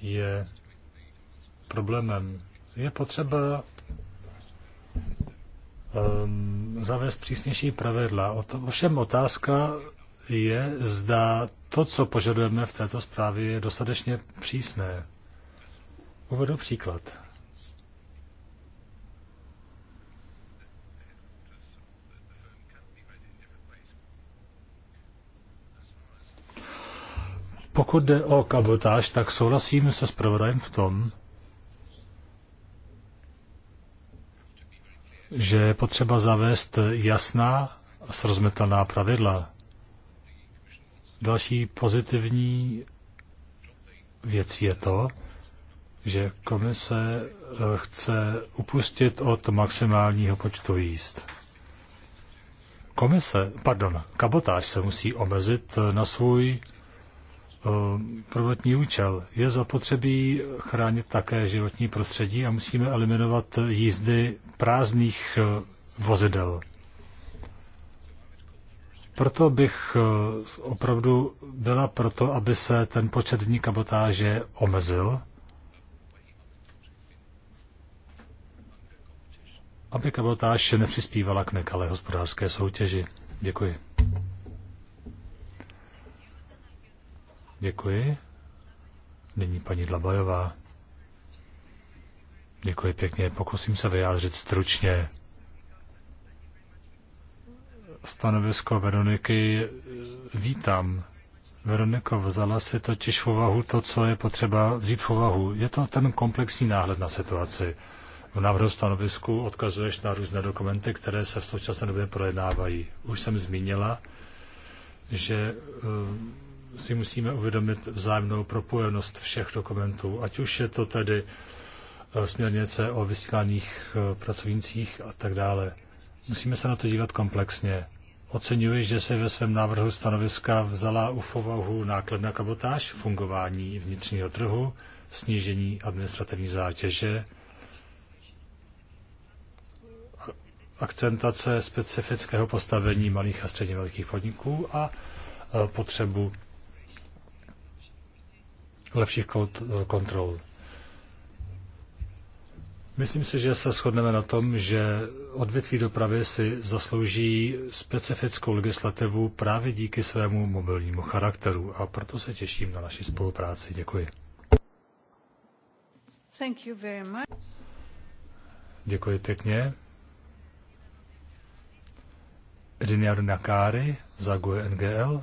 je problémem. Je potřeba um, zavést přísnější pravidla. O to, ovšem otázka je, zda to, co požadujeme v této zprávě, je dostatečně přísné. Uvedu příklad. Pokud jde o kabotáž, tak souhlasím se zpravodajem v tom, že je potřeba zavést jasná a srozmetelná pravidla. Další pozitivní věc je to, že komise eh, chce upustit od maximálního počtu jíst. Komise, pardon, kabotáž se musí omezit na svůj Eh, prvotní účel. Je zapotřebí chránit také životní prostředí a musíme eliminovat jízdy prázdných eh, vozidel. Proto bych eh, opravdu byla proto, aby se ten počet dní kabotáže omezil, aby kabotáž nepřispívala k nekalé hospodářské soutěži. Děkuji. Děkuji. Nyní paní Dlabajová. Děkuji pěkně. Pokusím se vyjádřit stručně. Stanovisko Veroniky vítám. Veroniko, vzala si totiž v úvahu to, co je potřeba vzít v úvahu. Je to ten komplexní náhled na situaci. V návrhu stanovisku odkazuješ na různé dokumenty, které se v současné době projednávají. Už jsem zmínila, že si musíme uvědomit vzájemnou propojenost všech dokumentů, ať už je to tedy eh, směrnice o vysílaných eh, pracovnících a tak dále. Musíme se na to dívat komplexně. Oceňuji, že se ve svém návrhu stanoviska vzala ufovahu náklad na kabotáž, fungování vnitřního trhu, snížení administrativní zátěže, akcentace specifického postavení malých a středně velkých podniků a eh, potřebu lepších kontrol. Myslím si, že se shodneme na tom, že odvětví dopravy si zaslouží specifickou legislativu právě díky svému mobilnímu charakteru a proto se těším na naši spolupráci. Děkuji. Thank you very much. Děkuji pěkně. Rinyar Nakari za GUE NGL.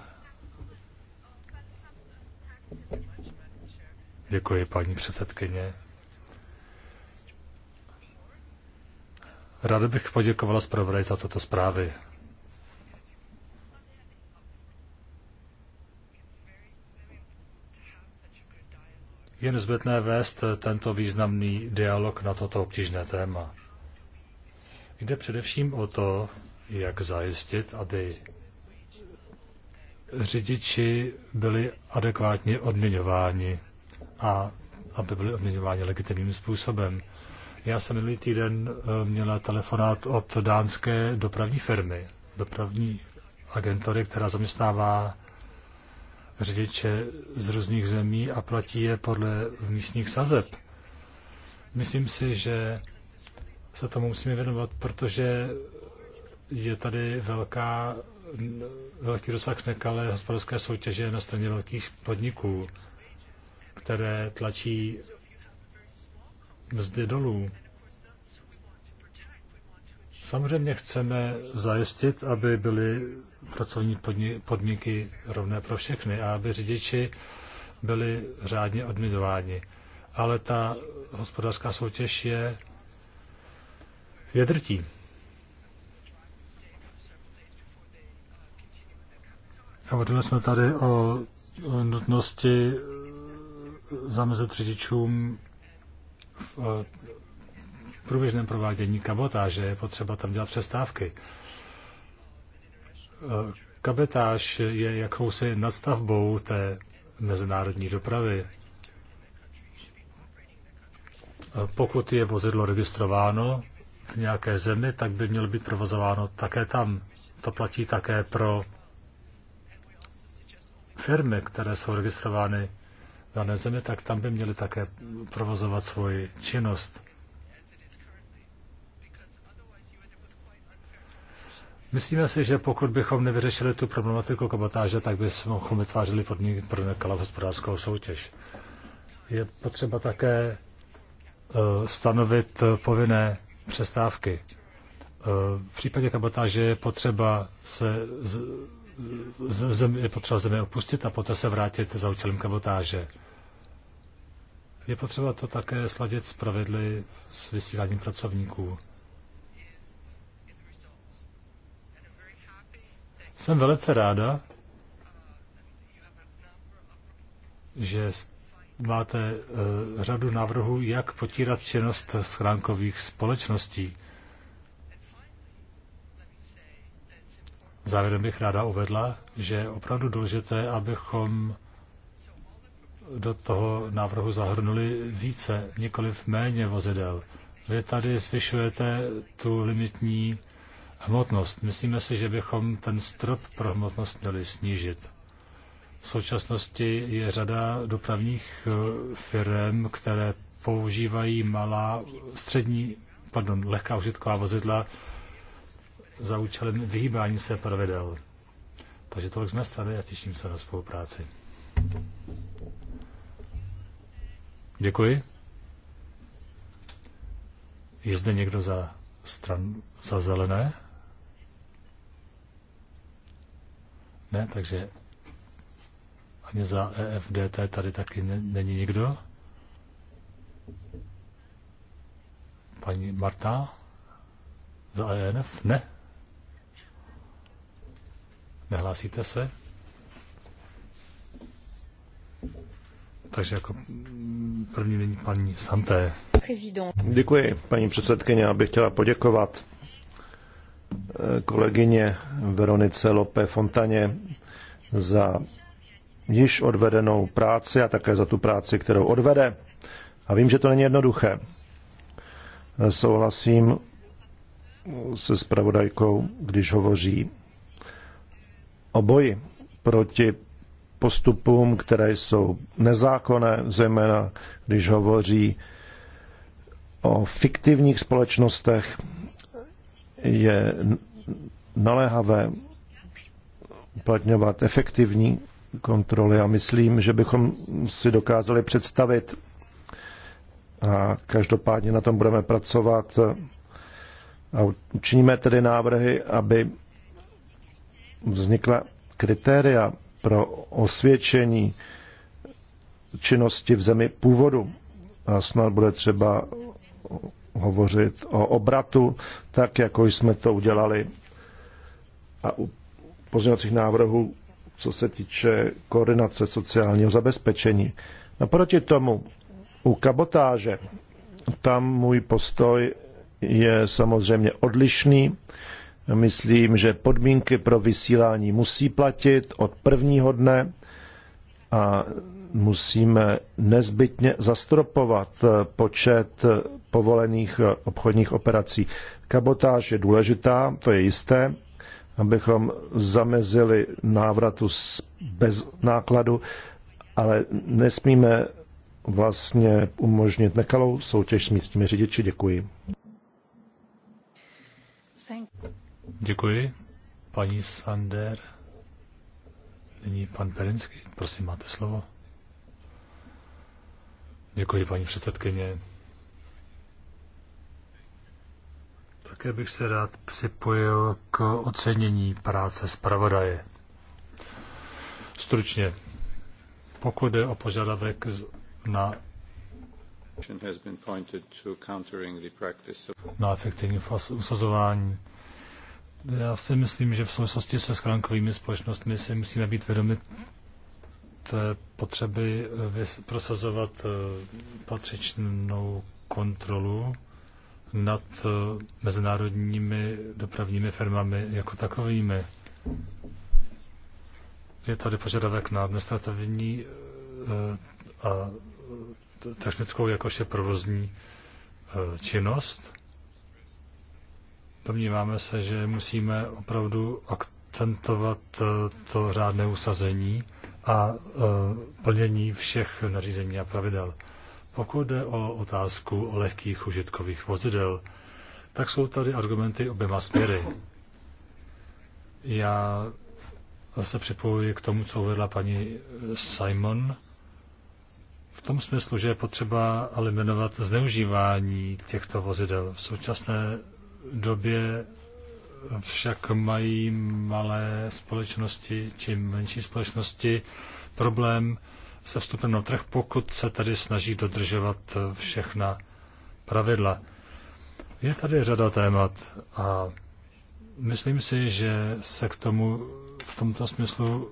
Děkuji, paní předsedkyně. Ráda bych poděkovala zpravodaj za toto zprávy. Je nezbytné vést tento významný dialog na toto obtížné téma. Jde především o to, jak zajistit, aby řidiči byli adekvátně odměňováni a aby byly odměňováni legitimním způsobem. Já jsem minulý týden eh, měla telefonát od dánské dopravní firmy, dopravní agentury, která zaměstnává řidiče z různých zemí a platí je podle místních sazeb. Myslím si, že se tomu musíme věnovat, protože je tady velká, velký rozsah nekalé hospodářské soutěže na straně velkých podniků které tlačí mzdy dolů. Samozřejmě chceme zajistit, aby byly pracovní podmínky rovné pro všechny a aby řidiči byli řádně odměňováni. Ale ta hospodářská soutěž je, je drtí. Hovořili jsme tady o nutnosti zamezit řidičům v eh, průběžném provádění kabotáže. Je potřeba tam dělat přestávky. Eh, Kabetáž je jakousi nadstavbou té mezinárodní dopravy. Eh, pokud je vozidlo registrováno v nějaké zemi, tak by mělo být provozováno také tam. To platí také pro firmy, které jsou registrovány dané zemi, tak tam by měli také provozovat svoji činnost. Myslíme si, že pokud bychom nevyřešili tu problematiku kabotáže, tak bychom vytvářeli podmínky pro nekalou hospodářskou soutěž. Je potřeba také eh, stanovit povinné přestávky. Eh, v případě kabotáže je potřeba se je potřeba zemi opustit a poté se vrátit za účelem kabotáže. Je potřeba to také sladit s pravidly s vysíláním pracovníků. Jsem velice ráda, že máte eh, řadu návrhů, jak potírat činnost schránkových společností. Závěrem bych ráda uvedla, že je opravdu důležité, abychom do toho návrhu zahrnuli více, nikoliv méně vozidel. Vy tady zvyšujete tu limitní hmotnost. Myslíme si, že bychom ten strop pro hmotnost měli snížit. V současnosti je řada dopravních eh, firm, které používají malá, střední, pardon, lehká užitková vozidla za účelem vyhýbání se pravidel. Takže tolik z mé strany a těším se na spolupráci. Děkuji. Je zde někdo za, stran, za zelené? Ne, takže ani za EFDT tady taky není nikdo. Paní Marta? Za ENF? Ne. Nehlásíte se? Takže jako první není paní Santé. Děkuji, paní předsedkyně. Já bych chtěla poděkovat eh, kolegyně Veronice Lope Fontaně za již odvedenou práci a také za tu práci, kterou odvede. A vím, že to není jednoduché. Eh, souhlasím se spravodajkou, když hovoří o boji proti postupům, které jsou nezákonné, zejména když hovoří o fiktivních společnostech, je naléhavé uplatňovat efektivní kontroly a myslím, že bychom si dokázali představit a každopádně na tom budeme pracovat a učiníme tedy návrhy, aby vznikla kritéria pro osvědčení činnosti v zemi původu. A snad bude třeba hovořit o obratu, tak jako jsme to udělali a u pozměňovacích návrhů, co se týče koordinace sociálního zabezpečení. Naproti tomu, u kabotáže, tam můj postoj je samozřejmě odlišný. Myslím, že podmínky pro vysílání musí platit od prvního dne a musíme nezbytně zastropovat počet povolených obchodních operací. Kabotáž je důležitá, to je jisté, abychom zamezili návratu bez nákladu, ale nesmíme vlastně umožnit nekalou soutěž s místními řidiči. Děkuji. Děkuji. Paní Sander, nyní pan Perinsky, prosím, máte slovo. Děkuji, paní předsedkyně. Také bych se rád připojil k ocenění práce zpravodaje. Stručně, pokud je o požadavek na na efektivní usazování já si myslím, že v souvislosti se schránkovými společnostmi si musíme být vědomi té potřeby eh, prosazovat eh, patřičnou kontrolu nad eh, mezinárodními dopravními firmami jako takovými. Je tady požadavek na administrativní a technickou, jakož je provozní činnost. Domníváme se, že musíme opravdu akcentovat eh, to řádné usazení a eh, plnění všech nařízení a pravidel. Pokud jde o otázku o lehkých užitkových vozidel, tak jsou tady argumenty oběma směry. Já se připojuji k tomu, co uvedla paní Simon, v tom smyslu, že je potřeba eliminovat zneužívání těchto vozidel. V současné době však mají malé společnosti či menší společnosti problém se vstupem na trh, pokud se tady snaží dodržovat všechna pravidla. Je tady řada témat a myslím si, že se k tomu v tomto smyslu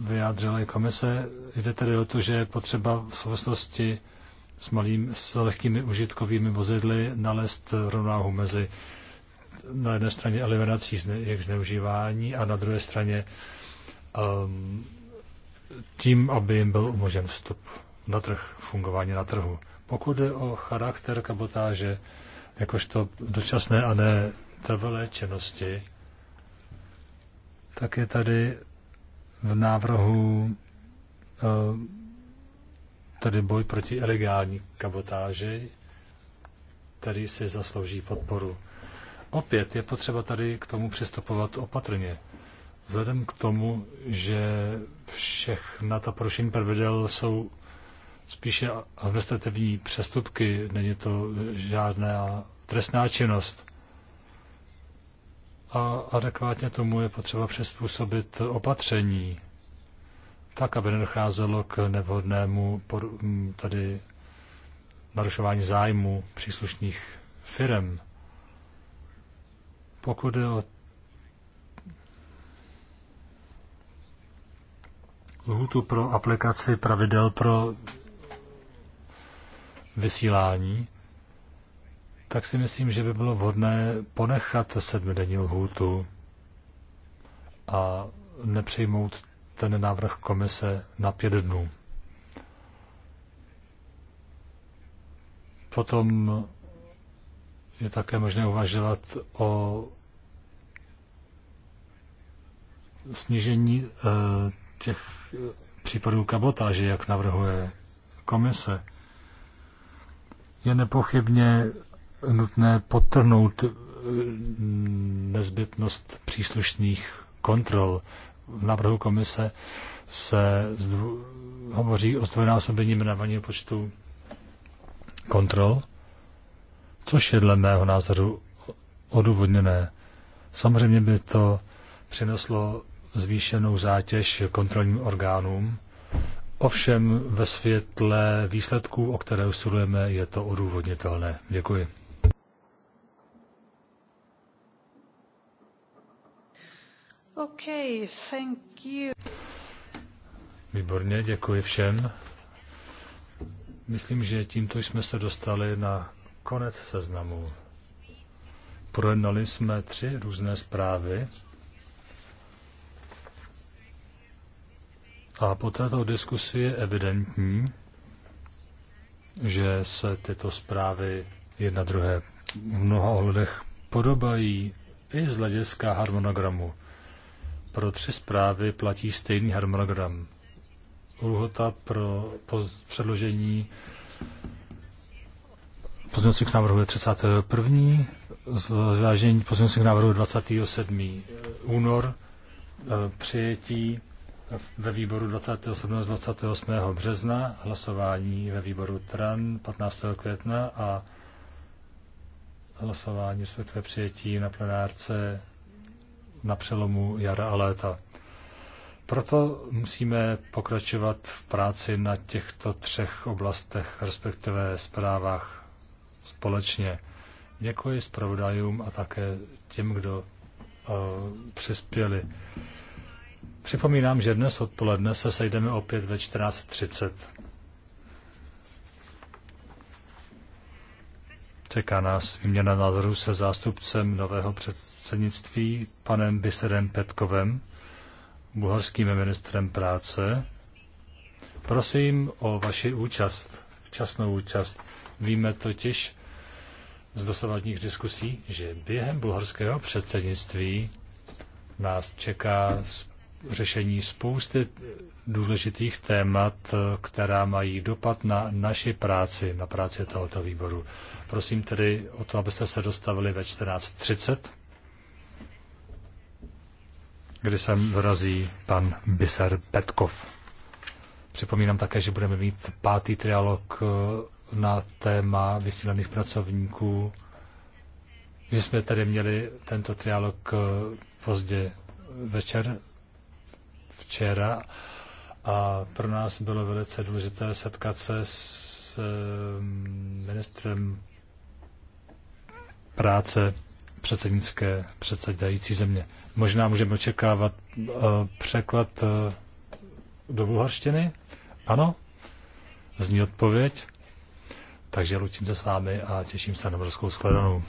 vyjádřila i komise. Jde tedy o to, že je potřeba v souvislosti s, malým, s lehkými užitkovými vozidly nalézt rovnáhu mezi na jedné straně eliminací jejich zneužívání a na druhé straně um, tím, aby jim byl umožen vstup na trh, fungování na trhu. Pokud je o charakter kabotáže, jakožto dočasné a ne trvalé činnosti, tak je tady v návrhu um, tedy boj proti ilegální kabotáži, který si zaslouží podporu. Opět je potřeba tady k tomu přistupovat opatrně. Vzhledem k tomu, že všechna ta porušení pravidel jsou spíše administrativní přestupky, není to žádná trestná činnost. A adekvátně tomu je potřeba přizpůsobit opatření tak, aby nedocházelo k nevhodnému tady narušování zájmu příslušných firm. Pokud je o lhutu pro aplikaci pravidel pro vysílání, tak si myslím, že by bylo vhodné ponechat sedmidenní lhůtu a nepřijmout ten návrh komise na pět dnů. Potom je také možné uvažovat o snížení eh, těch eh, případů kabotáže, jak navrhuje komise. Je nepochybně nutné potrhnout eh, nezbytnost příslušných kontrol v návrhu komise se zdvů, hovoří o zdvojnásobení jmenovaného počtu kontrol, což je dle mého názoru odůvodněné. Samozřejmě by to přineslo zvýšenou zátěž kontrolním orgánům, ovšem ve světle výsledků, o které usilujeme, je to odůvodnitelné. Děkuji. Okay, thank you. Výborně, děkuji všem. Myslím, že tímto jsme se dostali na konec seznamu. Projednali jsme tři různé zprávy a po této diskusi je evidentní, že se tyto zprávy jedna druhé v mnoha ohledech podobají i z hlediska harmonogramu. Pro tři zprávy platí stejný harmonogram. Lhota pro předložení pozměňovacích návrhů je 31. Zvážení pozměňovacích návrhů 27. únor. E, přijetí ve výboru 27. 28. března, hlasování ve výboru TRAN 15. května a hlasování světové přijetí na plenárce na přelomu jara a léta. Proto musíme pokračovat v práci na těchto třech oblastech, respektive zprávách společně. Děkuji zpravodajům a také těm, kdo uh, přispěli. Připomínám, že dnes odpoledne se sejdeme opět ve 14.30. Čeká nás výměna názorů se zástupcem nového předsednictví, panem Biserem Petkovem, bulharským ministrem práce. Prosím o vaši účast, včasnou účast. Víme totiž z dosavadních diskusí, že během bulharského předsednictví nás čeká řešení spousty důležitých témat, která mají dopad na naši práci, na práci tohoto výboru. Prosím tedy o to, abyste se dostavili ve 14.30, kdy sem dorazí pan Biser Petkov. Připomínám také, že budeme mít pátý trialog eh, na téma vysílených pracovníků, že jsme tady měli tento trialog eh, pozdě večer, včera, a pro nás bylo velice důležité setkat se s eh, ministrem práce předsednické předsedající země. Možná můžeme očekávat uh, překlad uh, do bulharštiny? Ano? Zní odpověď. Takže lučím se s vámi a těším se na brzkou shledanou.